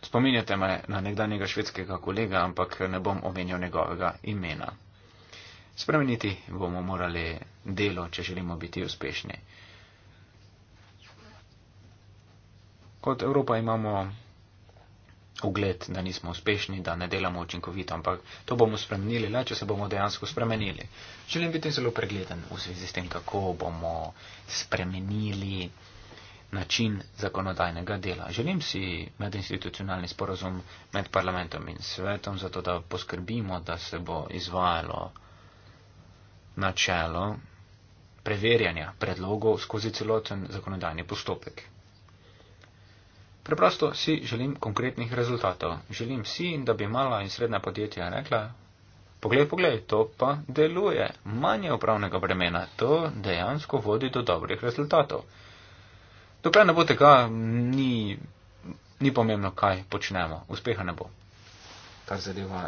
Spominjate me na nekdanjega švedskega kolega, ampak ne bom omenjal njegovega imena. Spremeniti bomo morali delo, če želimo biti uspešni. Kot Evropa imamo ugled, da nismo uspešni, da ne delamo učinkovito, ampak to bomo spremenili, le če se bomo dejansko spremenili. Želim biti zelo pregleden v zvezi s tem, kako bomo spremenili način zakonodajnega dela. Želim si medinstitucionalni sporozum med parlamentom in svetom, zato da poskrbimo, da se bo izvajalo načelo preverjanja predlogov skozi celoten zakonodajni postopek. Preprosto si želim konkretnih rezultatov. Želim si, da bi mala in srednja podjetja rekla, poglej, poglej, to pa deluje. Manj je upravnega bremena, to dejansko vodi do dobrih rezultatov. Dokler ne bo tega, ni, ni pomembno, kaj počnemo. Uspeha ne bo. Kar zadeva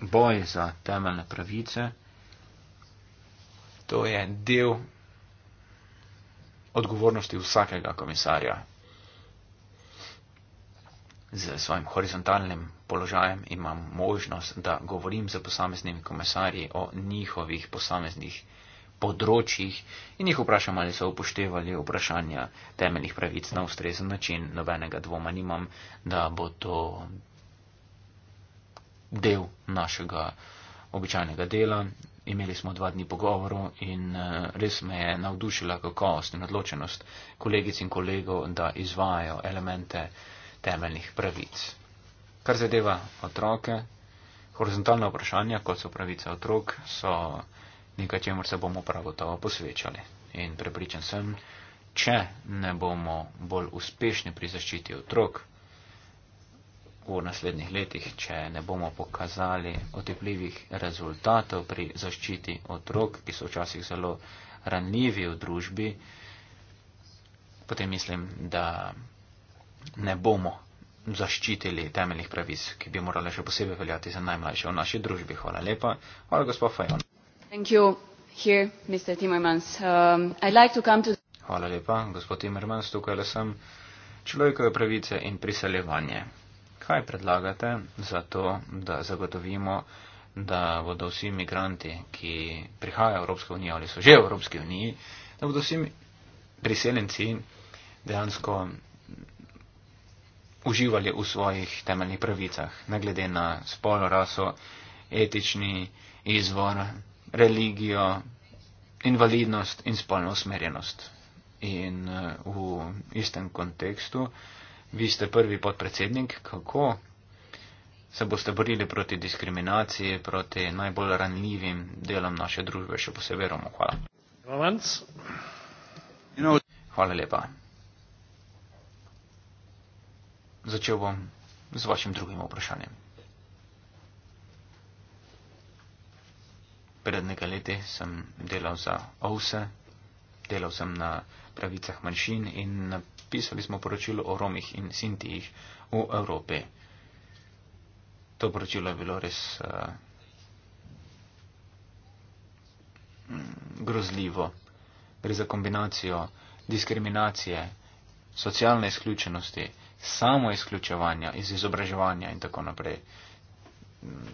boj za temeljne pravice, to je del odgovornosti vsakega komisarja z svojim horizontalnim položajem imam možnost, da govorim z posameznimi komisarji o njihovih posameznih področjih in jih vprašam, ali so upoštevali vprašanja temeljnih pravic na ustrezen način. Nobenega dvoma nimam, da bo to del našega običajnega dela. Imeli smo dva dni pogovorov in eh, res me je navdušila kakovost in odločenost kolegic in kolegov, da izvajo elemente temeljnih pravic. Kar zadeva otroke, horizontalna vprašanja, kot so pravice otrok, so nekaj, čemur se bomo prav gotovo posvečali. In prepričan sem, če ne bomo bolj uspešni pri zaščiti otrok v naslednjih letih, če ne bomo pokazali otepljivih rezultatov pri zaščiti otrok, ki so včasih zelo ranljivi v družbi, potem mislim, da ne bomo zaščitili temeljnih pravic, ki bi morale še posebej veljati za najmlajše v naši družbi. Hvala lepa. Hvala, gospod Fajon. Um, Hvala lepa, gospod Timmermans, tukaj le sem. Človekove pravice in priseljevanje. Kaj predlagate za to, da zagotovimo, da bodo vsi imigranti, ki prihajajo v Evropsko unijo ali so že v Evropski uniji, da bodo vsi priseljenci dejansko uživali v svojih temeljnih pravicah, ne glede na spol, raso, etični izvor, religijo, invalidnost in spolno usmerjenost. In eh, v istem kontekstu, vi ste prvi podpredsednik, kako se boste borili proti diskriminaciji, proti najbolj ranljivim delom naše družbe, še posebej Romu. Hvala. Hvala lepa. Zaczął bym z waszym drugim oproszeniem. Przed niegality sam delał za ołse, delał sam na prawicach manszyn i napisaliśmy poroczilo o romich i sintich u Europy. To poroczilo było res uh, eh, grozliwo. Gry za kombinacją dyskryminacji, socjalnej skluczoności, samo izključevanja iz izobraževanja in tako naprej.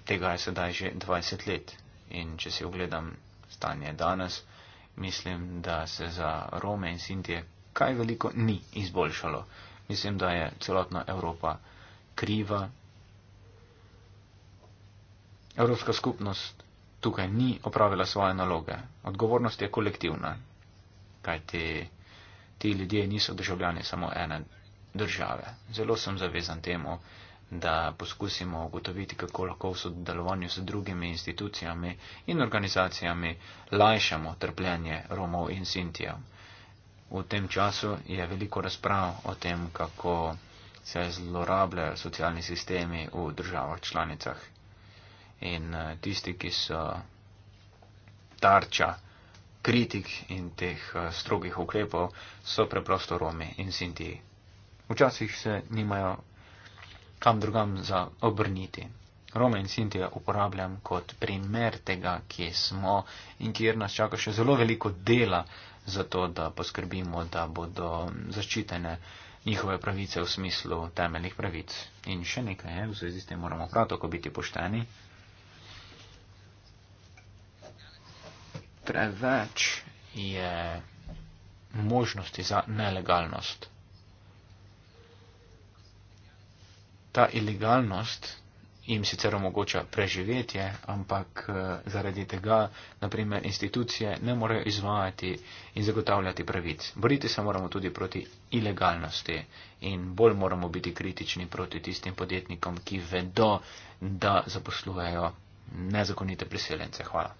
Tega je sedaj že 20 let in če si ogledam stanje danes, mislim, da se za Rome in Sintije kaj veliko ni izboljšalo. Mislim, da je celotna Evropa kriva. Evropska skupnost tukaj ni opravila svoje naloge. Odgovornost je kolektivna, kajti ti ljudje niso državljani samo ene države. Zelo sem zavezan temu, da poskusimo ugotoviti, kako lahko v sodelovanju s drugimi institucijami in organizacijami lajšamo trpljenje Romov in Sintijev. V tem času je veliko razprav o tem, kako se zlorabljajo socialni sistemi v državah članicah. In eh, tisti, ki so tarča kritik in teh eh, strogih ukrepov, so preprosto Romi in Sintiji. Včasih se nimajo kam drugam za obrniti. Roma in Sintija uporabljam kot primer tega, kje smo in kjer nas čaka še zelo veliko dela za to, da poskrbimo, da bodo zaščitene njihove pravice v smislu temeljnih pravic. In še nekaj, eh, v zvezi s tem moramo prav tako biti pošteni. Preveč je možnosti za nelegalnost. ta ilegalnost jim sicer omogoča preživetje, ampak eh, zaradi tega, naprimer, institucije ne morejo izvajati in zagotavljati pravic. Boriti se moramo tudi proti ilegalnosti in bolj moramo biti kritični proti tistim podjetnikom, ki vedo, da zaposlujejo nezakonite priseljence. Hvala.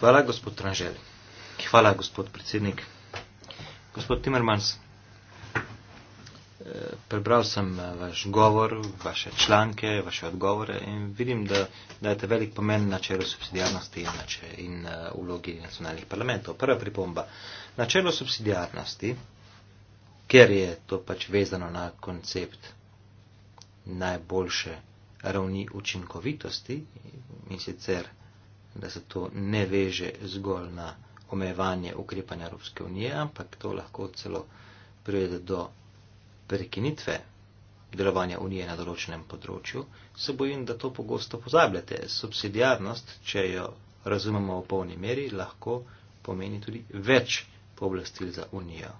Hvala, gospod Tranžel. Hvala, gospod predsednik. Gospod Timmermans prebral sem eh, vaš govor, vaše članke, vaše odgovore in vidim, da dajete velik pomen načelu subsidijarnosti in, nače, in uh, vlogi nacionalnih parlamentov. Prva pripomba. Načelo subsidijarnosti, ker je to pač vezano na koncept najboljše ravni učinkovitosti in sicer, da se to ne veže zgolj na omejevanje ukrepanja Evropske unije, ampak to lahko celo privede do prekinitve delovanja Unije na določenem področju, se bojim, da to pogosto pozabljate. Subsidijarnost, če jo razumemo v polni meri, lahko pomeni tudi več pooblastil za Unijo.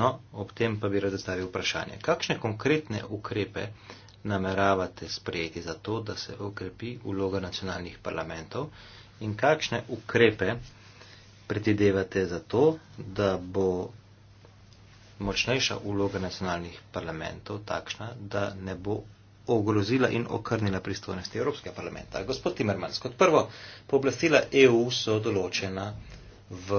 No, ob tem pa bi razdestavil vprašanje, kakšne konkretne ukrepe nameravate sprejeti za to, da se okrepi vloga nacionalnih parlamentov in kakšne ukrepe predvidevate za to, da bo močnejša uloga nacionalnih parlamentov takšna, da ne bo ogrozila in okrnila pristojnosti Evropskega parlamenta. Gospod Timmermans, kot prvo, pooblastila EU so določena v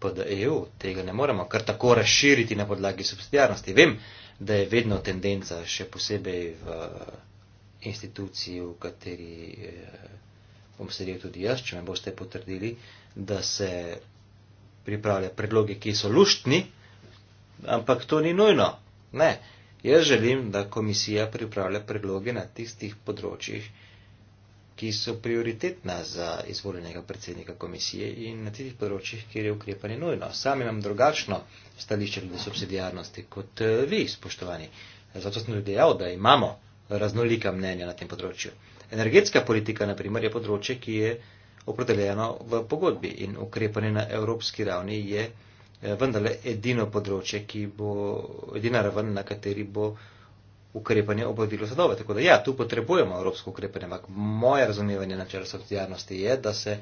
PDEU, tega ne moremo kar tako razširiti na podlagi subsidijarnosti. Vem, da je vedno tendenca, še posebej v eh, instituciji, v kateri eh, bom sedel tudi jaz, če me boste potrdili, da se pripravlja predloge, ki so luštni, Ampak to ni nujno. Ne. Jaz želim, da komisija pripravlja predloge na tistih področjih, ki so prioritetna za izvoljenega predsednika komisije in na tistih področjih, kjer je ukrepanje nujno. Sam imam drugačno stališče glede subsidijarnosti kot eh, vi, spoštovani. Zato sem dejal, da imamo raznolika mnenja na tem področju. Energetska politika, na primer, je področje, ki je opredeljeno v pogodbi in ukrepanje na evropski ravni je. Eh, vendarle edino področje, ki bo edina raven, na kateri bo ukrepanje obavilo sadove. Tako da ja, tu potrebujemo evropsko ukrepanje, ampak moje razumevanje načela subsidijarnosti je, da se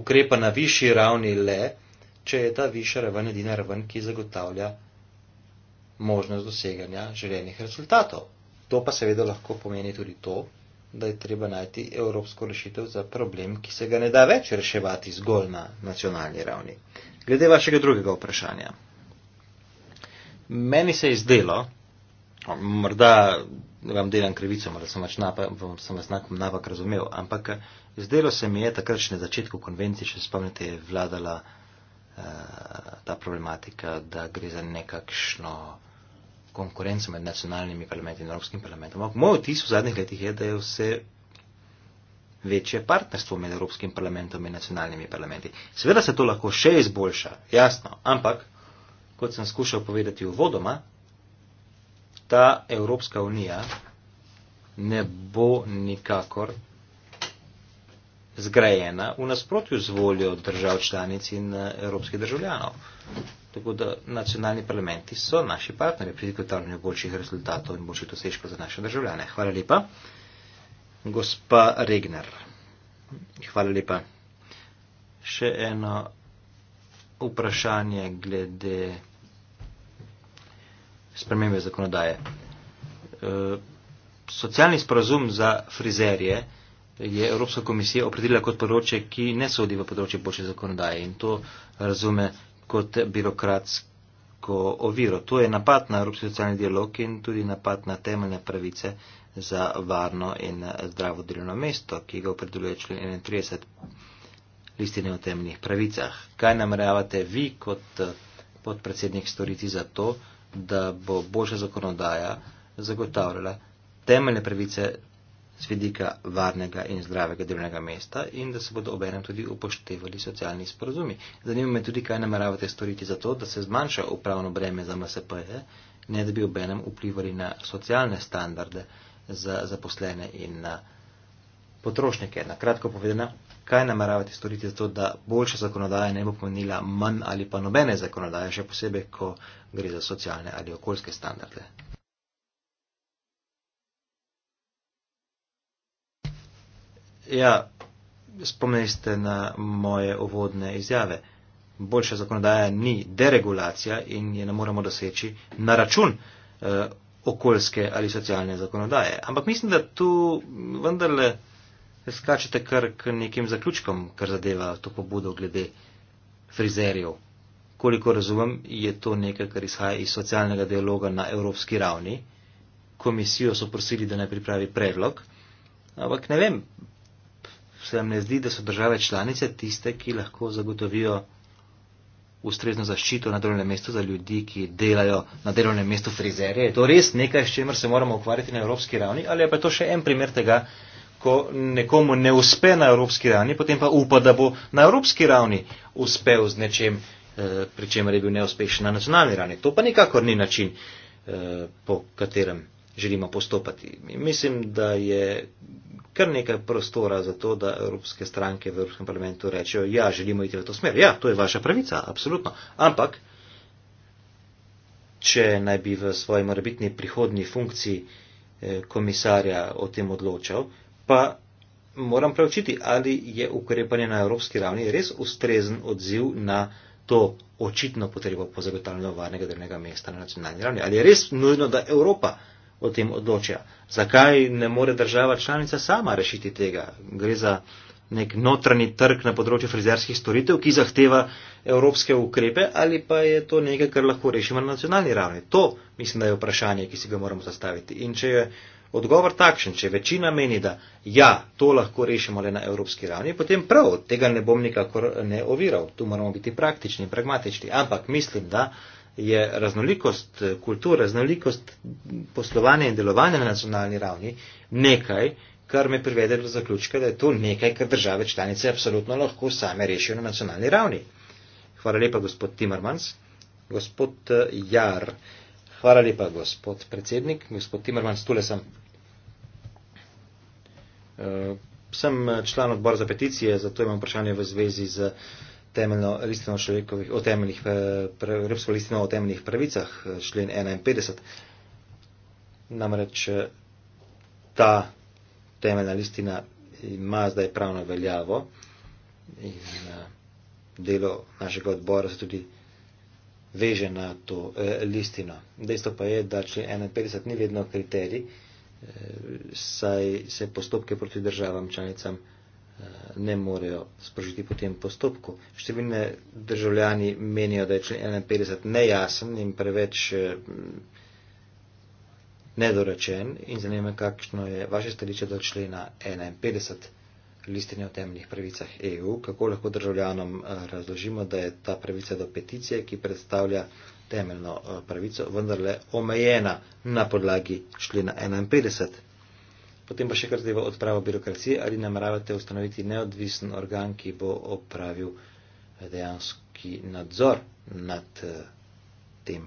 ukrepa na višji ravni le, če je ta višja raven edina raven, ki zagotavlja možnost doseganja željenih rezultatov. To pa seveda lahko pomeni tudi to, da je treba najti evropsko rešitev za problem, ki se ga ne da več reševati zgolj na nacionalni ravni. Glede vašega drugega vprašanja. Meni se je zdelo, morda vam delam krivico, morda sem vas, napak, sem vas napak razumel, ampak eh, zdelo se mi je takrat še na začetku konvencije, če spomnite, je vladala uh, ta problematika, da gre za nekakšno konkurenco med nacionalnimi parlamenti in Evropskim parlamentom. Moj vtis v zadnjih letih je, da je vse večje partnerstvo med Evropskim parlamentom in nacionalnimi parlamenti. Seveda se to lahko še izboljša, jasno, ampak, kot sem skušal povedati uvodoma, ta Evropska unija ne bo nikakor zgrajena v nasprotju z voljo držav članic in eh, evropskih državljanov. Tako da nacionalni parlamenti so naši partnerji pri zagotavljanju boljših rezultatov in boljših dosežkov za naše državljane. Hvala lepa gospa Regner. Hvala lepa. Še eno vprašanje glede spremembe zakonodaje. E, socialni sporazum za frizerje je Evropska komisija opredelila kot področje, ki ne sodi v področje boljše zakonodaje in to razume kot birokratsko oviro. To je napad na Evropski socialni dialog in tudi napad na temeljne pravice uh, za varno in zdravo delovno mesto, ki ga opredeljuje člen 31 listine o temeljnih pravicah. Kaj namerjavate vi kot eh, podpredsednik storiti za to, da bo boljša zakonodaja zagotavljala temeljne pravice z vidika varnega in zdravega delovnega mesta in da se bodo obenem tudi upoštevali socialni sporozumi. Zanima me tudi, kaj nameravate storiti za to, da se zmanjša upravno breme za MSP, ne da bi obenem vplivali na socialne standarde za zaposlene in eh, potrošnike. Na kratko povedano, kaj nameravate storiti za to, da boljša zakonodaja ne bo pomenila manj ali pa nobene zakonodaje, še posebej, ko gre za socialne ali okoljske standarde. Ja, spomnili ste na moje uvodne izjave. Boljša zakonodaja ni deregulacija in je ne moramo doseči na račun eh, okoljske ali socialne zakonodaje. Ampak mislim, da tu vendarle skačete kar k nekim zaključkom, kar zadeva to pobudo glede frizerjev. Koliko razumem, je to nekaj, kar izhaja iz socialnega dialoga na evropski ravni. Komisijo so prosili, da naj pripravi predlog. Ampak ne vem, se vam ne zdi, da so države članice tiste, ki lahko zagotovijo ustrezno zaščito na delovnem mestu za ljudi, ki delajo na delovnem mestu frizerje. Je to res nekaj, s čemer se moramo ukvarjati na evropski ravni, ali je pa to še en primer tega, ko nekomu ne uspe na evropski ravni, potem pa upa, da bo na evropski ravni uspel z nečem, eh, pri čemer je bil neuspešen na nacionalni ravni. To pa nikakor ni način, eh, po katerem želimo postopati. Mislim, da je kar nekaj prostora za to, da evropske stranke v Evropskem parlamentu rečejo, ja, želimo iti v to smer. Ja, to je vaša pravica, absolutno. Ampak, če naj bi v svoji morebitni prihodni funkciji eh, komisarja o tem odločal, pa moram preučiti, ali je ukrepanje na evropski ravni res ustrezen odziv na to očitno potrebo po zagotavljanju varnega delnega mesta na nacionalni ravni. Ali je res nujno, da Evropa o tem odločja. Zakaj ne more država članica sama rešiti tega? Gre za nek notranji trg na področju frizerskih storitev, ki zahteva evropske ukrepe ali pa je to nekaj, kar lahko rešimo na nacionalni ravni. To mislim, da je vprašanje, ki si ga moramo zastaviti. In če je odgovor takšen, če večina meni, da ja, to lahko rešimo le na evropski ravni, potem prav, tega ne bom nikakor ne oviral. Tu moramo biti praktični, pragmatični. Ampak mislim, da je raznolikost kultur, raznolikost poslovanja in delovanja na nacionalni ravni nekaj, kar me privede do zaključka, da je to nekaj, kar države članice apsolutno lahko same rešijo na nacionalni ravni. Hvala lepa, gospod Timmermans. Gospod eh, Jar. Hvala lepa, gospod predsednik. Gospod Timmermans, tule sem. Eh, sem eh, član odbora za peticije, zato imam vprašanje v zvezi z temeljno listino človekovih, o temeljnih, eh, Evropsko listino o temeljnih pravicah, eh, člen 51. Namreč eh, ta temeljna listina ima zdaj pravno veljavo in delo našega odbora se tudi veže na to listino. Dejstvo pa je, da člen 51 ni vedno kriterij, saj se postopke proti državam članicam. Eh, ne morejo sprožiti po tem postopku. Številne državljani menijo, da je člen 51 nejasen in preveč eh, nedorečen in zanima, kakšno je vaše stališče do člena 51 listine o temeljnih pravicah EU, kako lahko državljanom eh, razložimo, da je ta pravica do peticije, ki predstavlja temeljno pravico, vendarle omejena na podlagi člena 51. Potem pa še kar zdaj odpravo birokracije, ali nameravate ustanoviti neodvisen organ, ki bo opravil eh, dejanski nadzor nad eh, tem,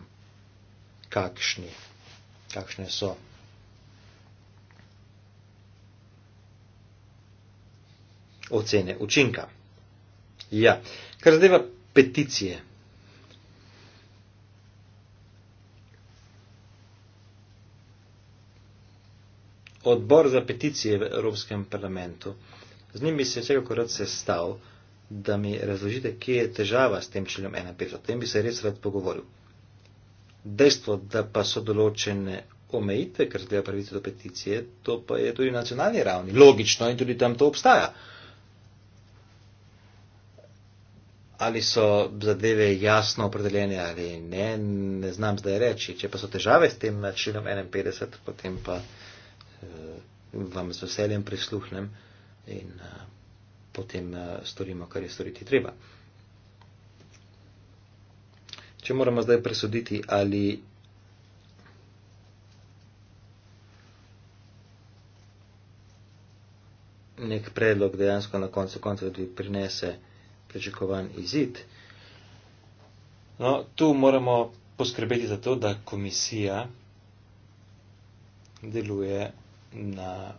kakšni, kakšne so ocene učinka. Ja, kar zdaj pa peticije. odbor za peticije v Evropskem parlamentu. Z njim bi se vsekakor rad sestal, da mi razložite, kje je težava s tem členom 1.5. O tem bi se res rad pogovoril. Dejstvo, da pa so določene omejitve, kar zadeva pravice do peticije, to pa je tudi na nacionalni ravni. Logično in tudi tam to obstaja. Ali so zadeve jasno opredeljene ali ne, ne znam zdaj reči. Če pa so težave s tem načinom 51, potem pa vam z veseljem prisluhnem in uh, potem uh, storimo, kar je storiti treba. Če moramo zdaj presuditi, ali nek predlog dejansko na koncu konca tudi prinese pričakovan izid, no, tu moramo poskrbeti za to, da komisija deluje na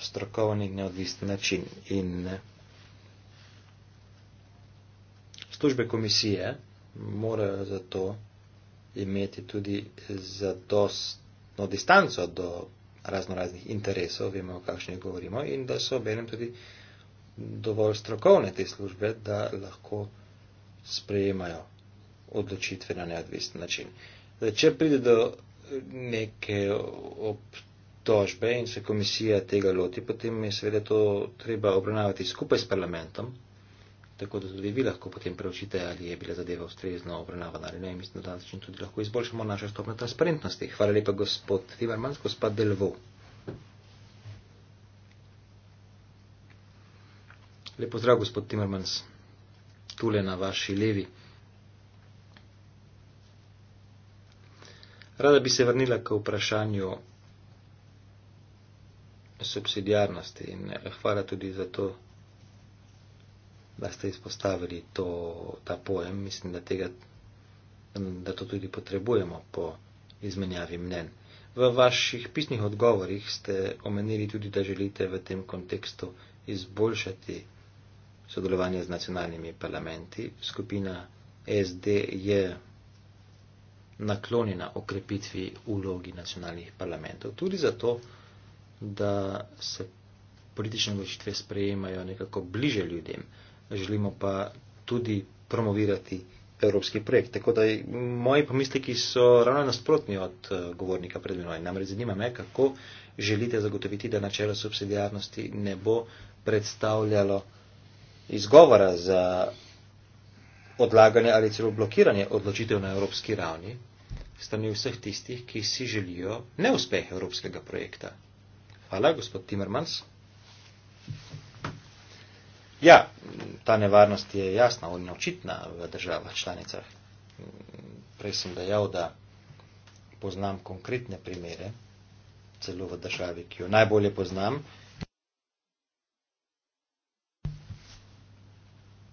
strokovni neodvisni način. In eh, službe komisije morajo zato imeti tudi zadostno distanco do raznoraznih interesov, vemo, o kakšnih govorimo, in da so obenem tudi dovolj strokovne te službe, da lahko sprejemajo odločitve na neodvisni način. Zdaj, če pride do neke obtožbe, tožbe in se komisija tega loti, potem je seveda to treba obravnavati skupaj s parlamentom, tako da tudi vi lahko potem preučite, ali je bila zadeva ustrezno obravnavana ali ne. Mislim, da na način tudi lahko izboljšamo našo stopno transparentnosti. Hvala lepa, gospod Timermans, gospod Delvo. Lep pozdrav, gospod Timermans, tule na vaši levi. Rada bi se vrnila k vprašanju subsidiarnosti in eh, hvala tudi za to, da ste izpostavili to, ta pojem. Mislim, da, tega, da to tudi potrebujemo po izmenjavi mnen. V vaših pisnih odgovorih ste omenili tudi, da želite v tem kontekstu izboljšati sodelovanje z nacionalnimi parlamenti. Skupina SD je naklonjena okrepitvi ulogi nacionalnih parlamentov. Tudi zato, da se politične odločitve sprejemajo nekako bliže ljudem. Želimo pa tudi promovirati evropski projekt. Tako da moji pomisliki so ravno nasprotni od eh, govornika pred menoj. Namreč zanima me, kako želite zagotoviti, da načelo subsidijarnosti ne bo predstavljalo izgovora za odlaganje ali celo blokiranje odločitev na evropski ravni strani vseh tistih, ki si želijo neuspeh evropskega projekta. Hvala, gospod Timmermans. Ja, ta nevarnost je jasna, on je očitna v državah članicah. Prej sem dejal, da poznam konkretne primere, celo v državi, ki jo najbolje poznam.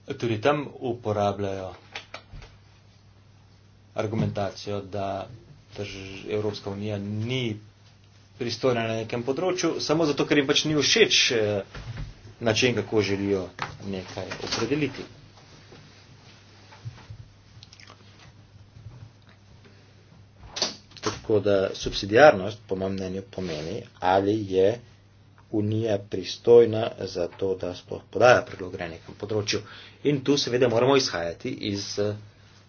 Tudi tam uporabljajo argumentacijo, da Evropska unija ni pristojna na nekem področju, samo zato, ker jim pač ni všeč eh, način, kako želijo nekaj opredeliti. Tako da subsidijarnost, po mojem mnenju, pomeni, ali je unija pristojna za to, da sploh podaja predlog na nekem področju. In tu seveda moramo izhajati iz eh,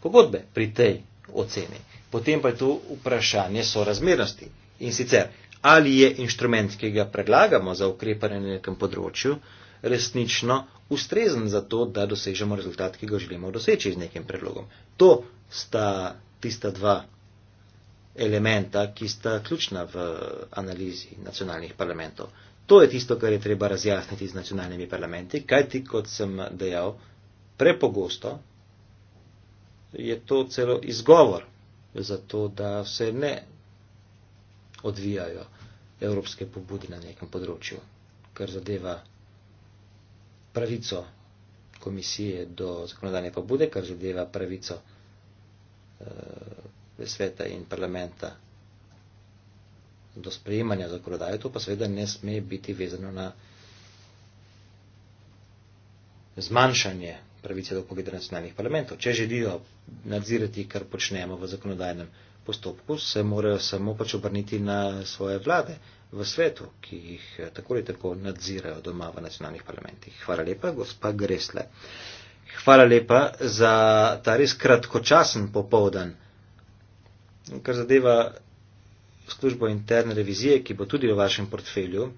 pogodbe pri tej oceni. Potem pa je tu vprašanje sorazmernosti. In sicer, ali je inštrument, ki ga predlagamo za ukrepanje na nekem področju, resnično ustrezen za to, da dosežemo rezultat, ki ga želimo doseči z nekim predlogom. To sta tista dva elementa, ki sta ključna v analizi nacionalnih parlamentov. To je tisto, kar je treba razjasniti z nacionalnimi parlamenti, kajti, kot sem dejal, prepogosto je to celo izgovor za to, da se ne odvijajo evropske pobude na nekem področju, kar zadeva pravico komisije do zakonodajne pobude, kar zadeva pravico eh, sveta in parlamenta do sprejemanja zakonodaje, to pa seveda ne sme biti vezano na zmanjšanje pravice do upogleda nacionalnih parlamentov. Če želijo nadzirati, kar počnemo v zakonodajnem postopku, se morajo samo pač obrniti na svoje vlade v svetu, ki jih eh, tako ali tako nadzirajo doma v nacionalnih parlamentih. Hvala lepa, gospa Gresle. Hvala lepa za ta res kratkočasen popovdan, kar zadeva službo interne revizije, ki bo tudi v vašem portfelju,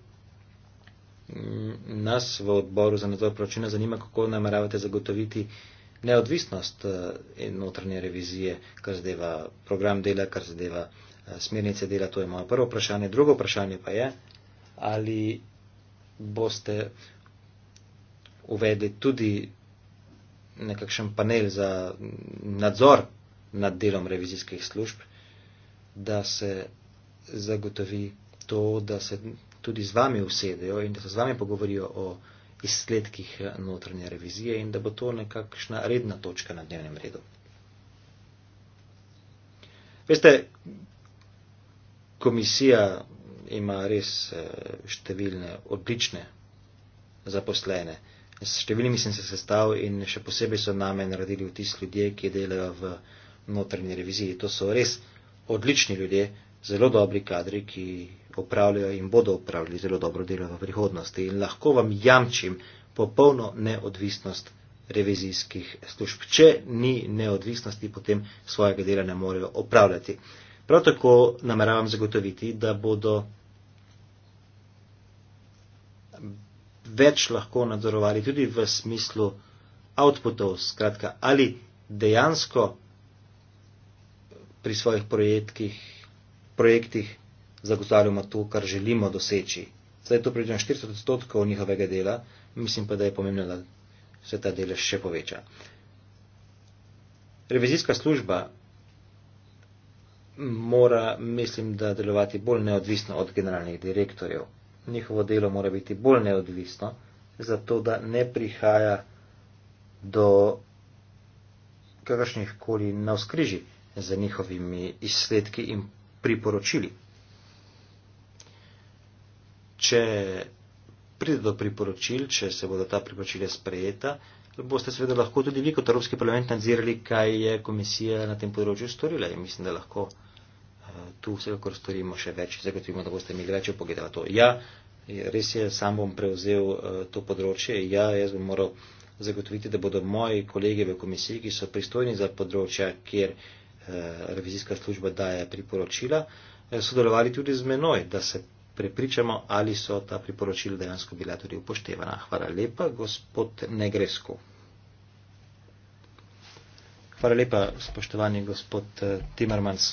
nas v odboru za nadzor proračuna zanima, kako nameravate zagotoviti neodvisnost eh, notranje revizije, kar zadeva program dela, kar zadeva eh, smernice dela. To je moje prvo vprašanje. Drugo vprašanje pa je, ali boste uvedli tudi nekakšen panel za nadzor nad delom revizijskih služb, da se zagotovi to, da se tudi z vami usedejo in da se z vami pogovorijo o izsledkih eh, notranje revizije in da bo to nekakšna redna točka na dnevnem redu. Veste, komisija ima res eh, številne odlične zaposlene. S številnimi sem se sestavil in še posebej so name naredili vtis ljudje, ki delajo v notranji reviziji. To so res odlični ljudje, zelo dobri kadri, ki opravljajo in bodo opravljali zelo dobro delo v prihodnosti. In lahko vam jamčim popolno neodvisnost revizijskih služb. Če ni neodvisnosti, potem svojega dela ne morejo opravljati. Prav tako nameravam zagotoviti, da bodo več lahko nadzorovali tudi v smislu outputov, skratka, ali dejansko pri svojih projektih, projektih zagotavljamo to, kar želimo doseči. Zdaj to pridem 40 odstotkov njihovega dela, mislim pa, da je pomembno, da se ta delež še poveča. Revizijska služba mora, mislim, da delovati bolj neodvisno od generalnih direktorjev. Njihovo delo mora biti bolj neodvisno, zato da ne prihaja do kakršnih koli navskriži za njihovimi izsledki in priporočili če pride do priporočil, če se bodo ta priporočila sprejeta, boste seveda lahko tudi vi kot Evropski parlament nadzirali, kaj je komisija na tem področju storila. In mislim, da lahko eh, tu vsekakor storimo še več, zagotovimo, da boste imeli več pogledov na to. Ja, res je, sam bom prevzel eh, to področje. Ja, jaz bom moral zagotoviti, da bodo moji kolege v komisiji, ki so pristojni za področja, kjer eh, revizijska služba daje priporočila, sodelovali tudi z menoj, da se prepričamo, ali so ta priporočila dejansko bila tudi upoštevana. Hvala lepa, gospod Negresko. Hvala lepa, spoštovani gospod eh, Timmermans.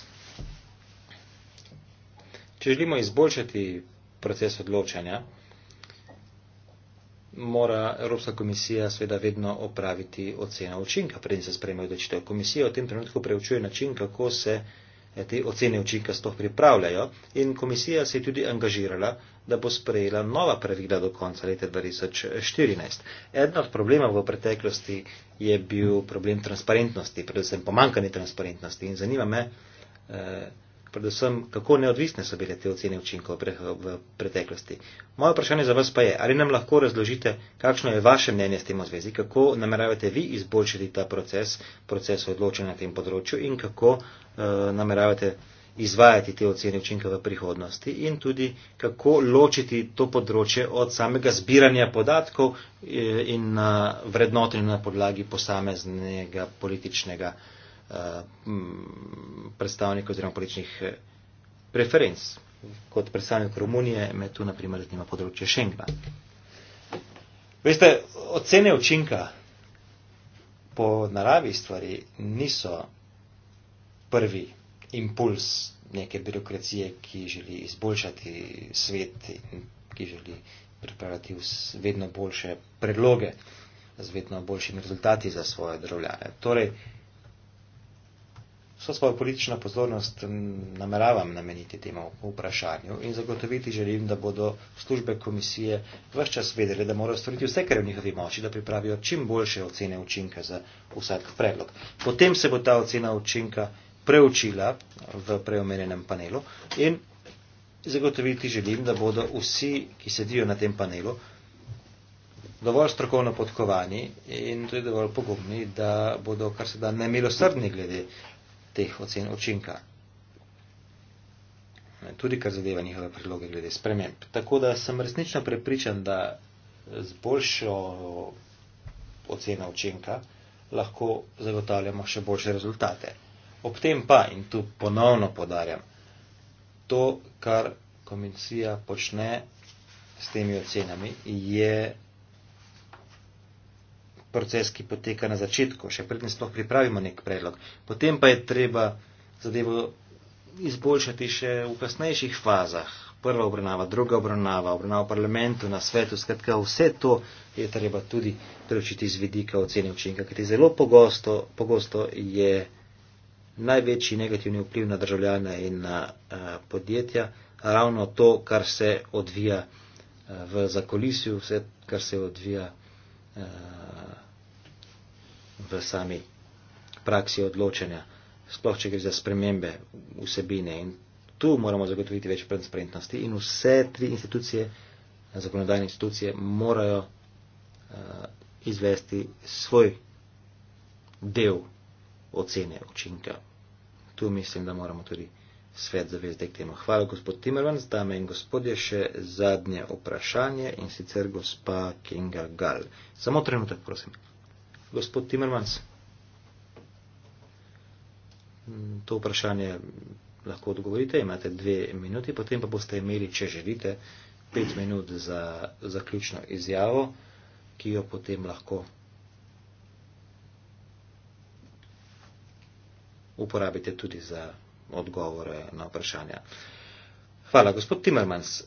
Če želimo izboljšati proces odločanja, mora Evropska komisija seveda vedno opraviti oceno učinka, preden se sprejme odločitev. Komisija v tem trenutku preučuje način, kako se Eh, te ocene učinka sploh pripravljajo in komisija se je tudi angažirala, da bo sprejela nova pravila do konca leta 2014. Eden od problemov v preteklosti je bil problem transparentnosti, predvsem pomankanje transparentnosti in zanima me, eh, predvsem, kako neodvisne so bile te ocene učinkov v preteklosti. Moje vprašanje za vas pa je, ali nam lahko razložite, kakšno je vaše mnenje s tem v zvezi, kako nameravate vi izboljšati ta proces, proces odločanja na tem področju in kako uh, nameravate izvajati te ocene učinkov v prihodnosti in tudi kako ločiti to področje od samega zbiranja podatkov eh, in uh, vrednotenja na podlagi posameznega političnega. Eh, predstavnikov oziroma političnih eh, preferenc. Kot predstavnik Romunije me tu naprimer zanima področje Schengena. Veste, ocene učinka po naravi stvari niso prvi impuls neke birokracije, ki želi izboljšati svet in ki želi pripravljati vedno boljše predloge z vedno boljšimi rezultati za svoje državljane. Torej, Vso svojo politično pozornost mm, nameravam nameniti temu vprašanju in zagotoviti želim, da bodo službe komisije vse čas vedele, da morajo storiti vse, kar je v njihovi moči, da pripravijo čim boljše ocene učinka za vsak predlog. Potem se bo ta ocena učinka preučila v preomenjenem panelu in zagotoviti želim, da bodo vsi, ki sedijo na tem panelu, dovolj strokovno podkovani in tudi dovolj pogumni, da bodo kar se da nemilosrdni glede teh ocen učinka. Tudi kar zadeva njihove predloge glede sprememb. Tako da sem resnično prepričan, da z boljšo oceno učinka lahko zagotavljamo še boljše rezultate. Ob tem pa, in tu ponovno podarjam, to, kar komisija počne s temi ocenami, je proces, ki poteka na začetku, še predtem sploh pripravimo nek predlog. Potem pa je treba zadevo izboljšati še v kasnejših fazah. Prva obravnava, druga obravnava, obravnava v parlamentu, na svetu, skratka vse to je treba tudi preučiti z vidika ocene učinka, ker je zelo pogosto, pogosto je največji negativni vpliv na državljane in na a, eh, podjetja ravno to, kar se odvija a, eh, v zakolisju, vse, kar se odvija. A, eh, v sami praksi odločanja, sploh če gre za spremembe vsebine. In tu moramo zagotoviti več transparentnosti in vse tri institucije, zakonodajne institucije, morajo uh, izvesti svoj del ocene učinka. Tu mislim, da moramo tudi svet zavezati k temu. Hvala, gospod Timerman. Zdame in gospodje, še zadnje vprašanje in sicer gospa Kinga Gal. Samo trenutek, prosim gospod Timmermans? Mm, to vprašanje lahko odgovorite, imate dve minuti, potem pa boste imeli, če želite, pet minut za zaključno izjavo, ki jo potem lahko uporabite tudi za odgovore na vprašanja. Hvala, gospod Timmermans.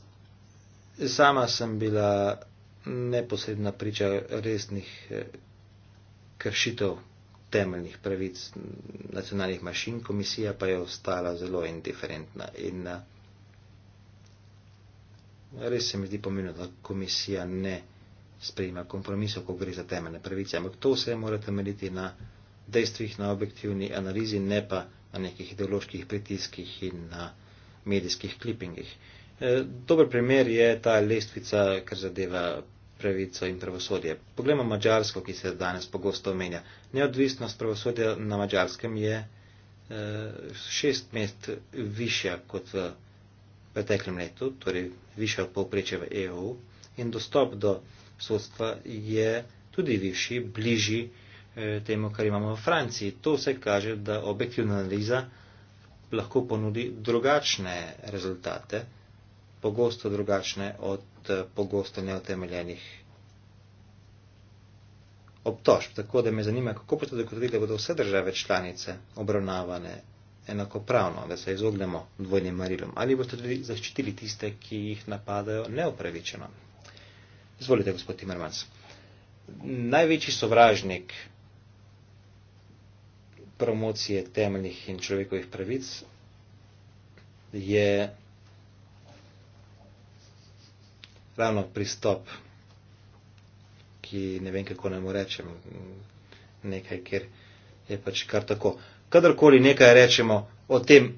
Sama sem bila neposredna priča resnih eh, kršitev temeljnih pravic nacionalnih mašin, komisija pa je ostala zelo indiferentna. In eh, res se mi zdi pomembno, da komisija ne sprejima kompromisov, ko gre za temeljne pravice, ampak to vse mora temeljiti na dejstvih, na objektivni analizi, ne pa na nekih ideoloških pritiskih in na medijskih klipingih. Eh, dober primer je ta lestvica, kar zadeva pravico in pravosodje. Poglejmo Mačarsko, ki se danes pogosto omenja. Neodvisnost pravosodja na Mačarskem je eh, šest mest višja kot v preteklem letu, torej višja od povprečja v EU in dostop do sodstva je tudi višji, bližji eh, temu, kar imamo v Franciji. To vse kaže, da objektivna analiza lahko ponudi drugačne rezultate, pogosto drugačne od Eh, pogosto neotemeljenih obtožb. Tako da me zanima, kako boste zagotovili, da bodo vse države članice obravnavane enakopravno, da se izognemo dvojnim marilom. Ali boste tudi zaščitili tiste, ki jih napadajo neopravičeno? Izvolite, gospod Timmermans. Največji sovražnik promocije temeljnih in človekovih pravic je ravno pristop, ki ne vem, kako naj mu rečemo, nekaj, ker je pač kar tako. Kadarkoli nekaj rečemo o tem,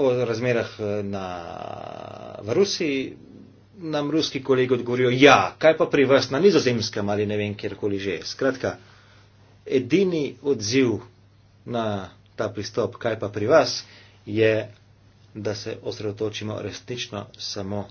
o razmerah eh, na, v Rusiji, nam ruski kolegi odgovorijo, ja, kaj pa pri vas na nizozemskem ali ne vem, kjerkoli že. Skratka, edini odziv na ta pristop, kaj pa pri vas, je, da se osredotočimo resnično samo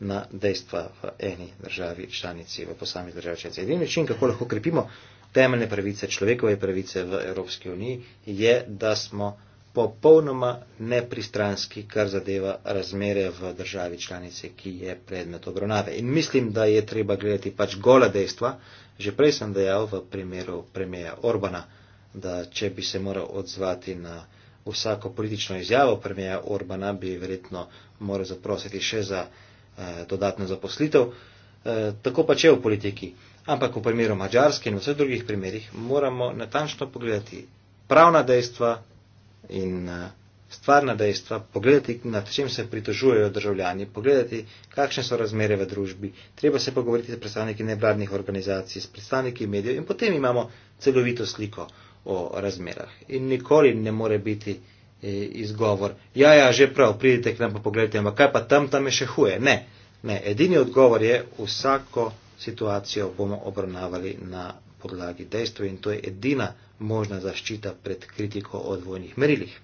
na dejstva v eni državi članici, v posamezni državi članici. Edini način, kako lahko krepimo temeljne pravice, človekove pravice v Evropski uniji, je, da smo popolnoma nepristranski, kar zadeva razmere v državi članice, ki je predmet obravnave. In mislim, da je treba gledati pač gola dejstva. Že prej sem dejal v primeru premijeja Orbana, da če bi se moral odzvati na vsako politično izjavo premijeja Orbana, bi verjetno moral zaprositi še za Eh, dodatno zaposlitev. Eh, tako pa če v politiki, ampak v primeru Mačarske in v vseh drugih primerih moramo natančno pogledati pravna dejstva in eh, stvarna dejstva, pogledati, nad čem se pritožujejo državljani, pogledati, kakšne so razmere v družbi. Treba se pogovoriti s predstavniki nevladnih organizacij, s predstavniki medijev in potem imamo celovito sliko o razmerah. In nikoli ne more biti. E, izgovor, ja, ja, že prav, pridite k nam pa pogledajte, ampak kaj pa tam, tam je še huje. Ne, ne, edini odgovor je, vsako situacijo bomo obravnavali na podlagi dejstva in to je edina možna zaščita pred kritiko o dvojnih merilih.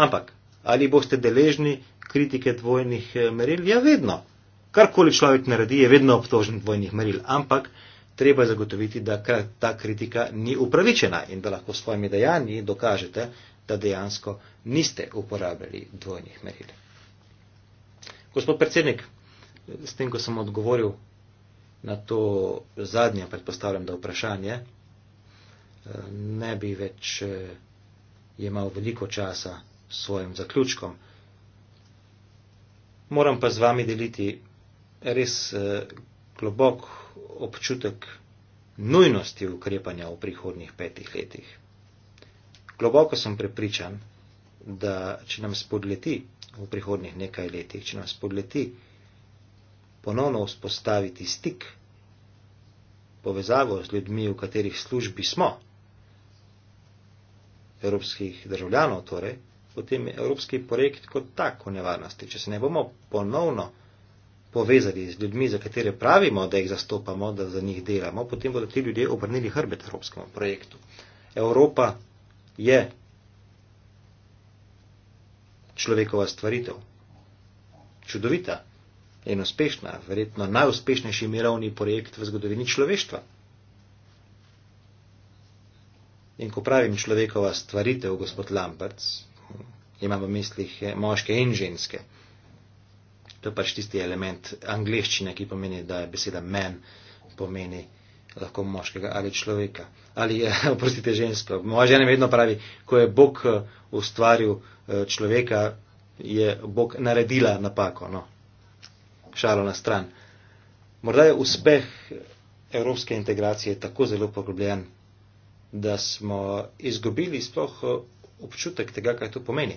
Ampak, ali boste deležni kritike dvojnih e, meril? Ja, vedno. Karkoli človek naredi, je vedno obtožen dvojnih meril. Ampak, treba zagotoviti, da ta kritika ni upravičena in da lahko s svojimi dejanji dokažete, da dejansko niste uporabljali dvojnih meril. Gospod predsednik, s tem, ko sem odgovoril na to zadnje, predpostavljam, da vprašanje, ne bi več imel eh, veliko časa s svojim zaključkom. Moram pa z vami deliti res eh, globok občutek nujnosti ukrepanja v prihodnjih petih letih. Globoko sem prepričan, da če nam spodleti v prihodnih nekaj letih, če nam spodleti ponovno vzpostaviti stik, povezavo z ljudmi, v katerih službi smo, evropskih državljanov torej, potem je evropski projekt kot tako nevarnosti. Če se ne bomo ponovno povezali z ljudmi, za katere pravimo, da jih zastopamo, da za njih delamo, potem bodo ti ljudje obrnili hrbet evropskemu projektu. Evropa je človekova stvaritev. Čudovita in uspešna, verjetno najuspešnejši mirovni projekt v zgodovini človeštva. In ko pravim človekova stvaritev, gospod Lamberts, imam v mislih eh, moške in ženske. To je pač tisti element angleščine, ki pomeni, da je beseda men, pomeni lahko moškega ali človeka. Ali, oprostite, žensko. Moja žena vedno pravi, ko je Bog eh, ustvaril eh, človeka, je Bog naredila napako. No. Šalo na stran. Morda je uspeh eh, evropske integracije tako zelo poglobljen, da smo izgubili sploh občutek tega, kaj to pomeni.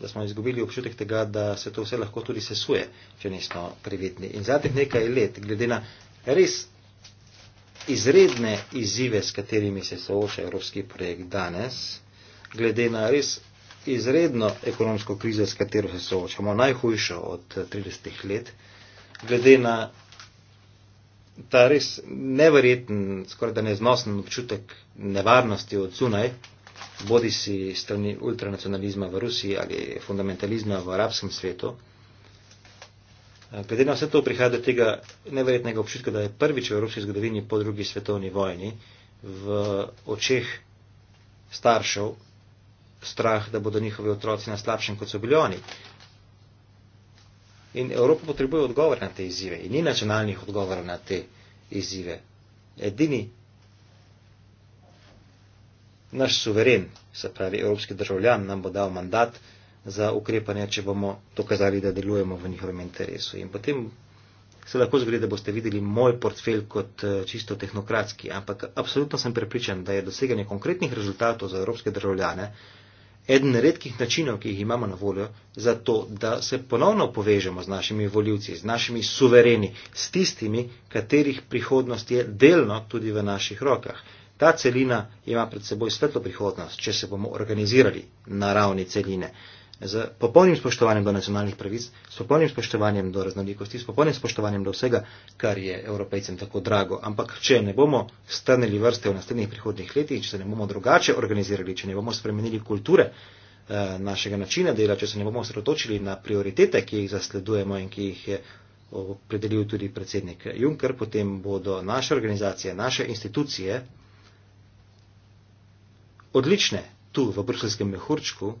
Da smo izgubili občutek tega, da se to vse lahko tudi sesuje, če nismo previdni. In zadnjih nekaj let, glede na res izredne izzive, s katerimi se sooča evropski projekt danes, glede na res izredno ekonomsko krizo, s katero se soočamo, najhujšo od 30 let, glede na ta res neverjeten, skoraj da neznosen občutek nevarnosti od zunaj, bodi si strani ultranacionalizma v Rusiji ali fundamentalizma v arabskem svetu, Glede na vse to prihaja do tega neverjetnega občutka, da je prvič v evropski zgodovini po drugi svetovni vojni v očeh staršev strah, da bodo njihovi otroci na slabšem, kot so bili oni. In Evropa potrebuje odgovor na te izzive in ni nacionalnih odgovorov na te izzive. Edini naš suveren, se pravi evropski državljan, nam bo dal mandat, za ukrepanje, če bomo dokazali, da delujemo v njihovem interesu. In potem se lahko zgodi, da boste videli moj portfelj kot eh, čisto tehnokratski, ampak absolutno sem prepričan, da je doseganje konkretnih rezultatov za evropske državljane eden redkih načinov, ki jih imamo na voljo, za to, da se ponovno povežemo z našimi voljivci, z našimi suvereni, s tistimi, katerih prihodnost je delno tudi v naših rokah. Ta celina ima pred seboj svetlo prihodnost, če se bomo organizirali na ravni celine z popolnim spoštovanjem do nacionalnih pravic, s popolnim spoštovanjem do raznolikosti, s popolnim spoštovanjem do vsega, kar je evropejcem tako drago. Ampak, če ne bomo strnili vrste v naslednjih prihodnih letih, če se ne bomo drugače organizirali, če ne bomo spremenili kulture eh, našega načina dela, če se ne bomo osredotočili na prioritete, ki jih zasledujemo in ki jih je opredelil tudi predsednik Juncker, potem bodo naše organizacije, naše institucije odlične tu v bruselskem mehurčku,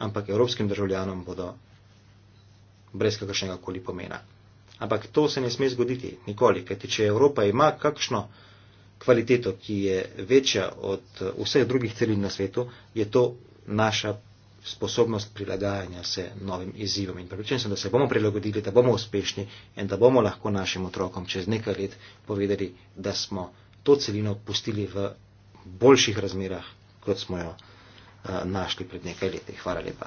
ampak evropskim državljanom bodo brez kakršnega koli pomena. Ampak to se ne sme zgoditi nikoli, kajti če Evropa ima kakšno kvaliteto, ki je večja od uh, vseh drugih celin na svetu, je to naša sposobnost prilagajanja se novim izzivom. In pripričan sem, da se bomo prilagodili, da bomo uspešni in da bomo lahko našim otrokom čez nekaj let povedali, da smo to celino pustili v boljših razmerah, kot smo jo. Eh, našli pred nekaj leti. Hvala lepa.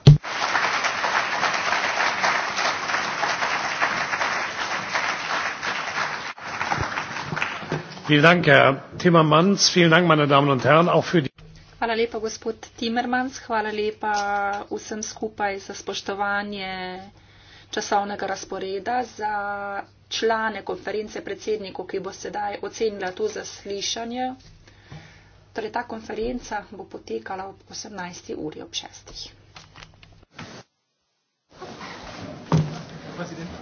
Hvala lepa, gospod Timmermans. Hvala lepa vsem skupaj za spoštovanje časovnega razporeda, za člane konference predsedniku, ki bo sedaj ocenila to zaslišanje. Torej, ta konferenca bo potekala ob 18. uri ob 6. Presidente.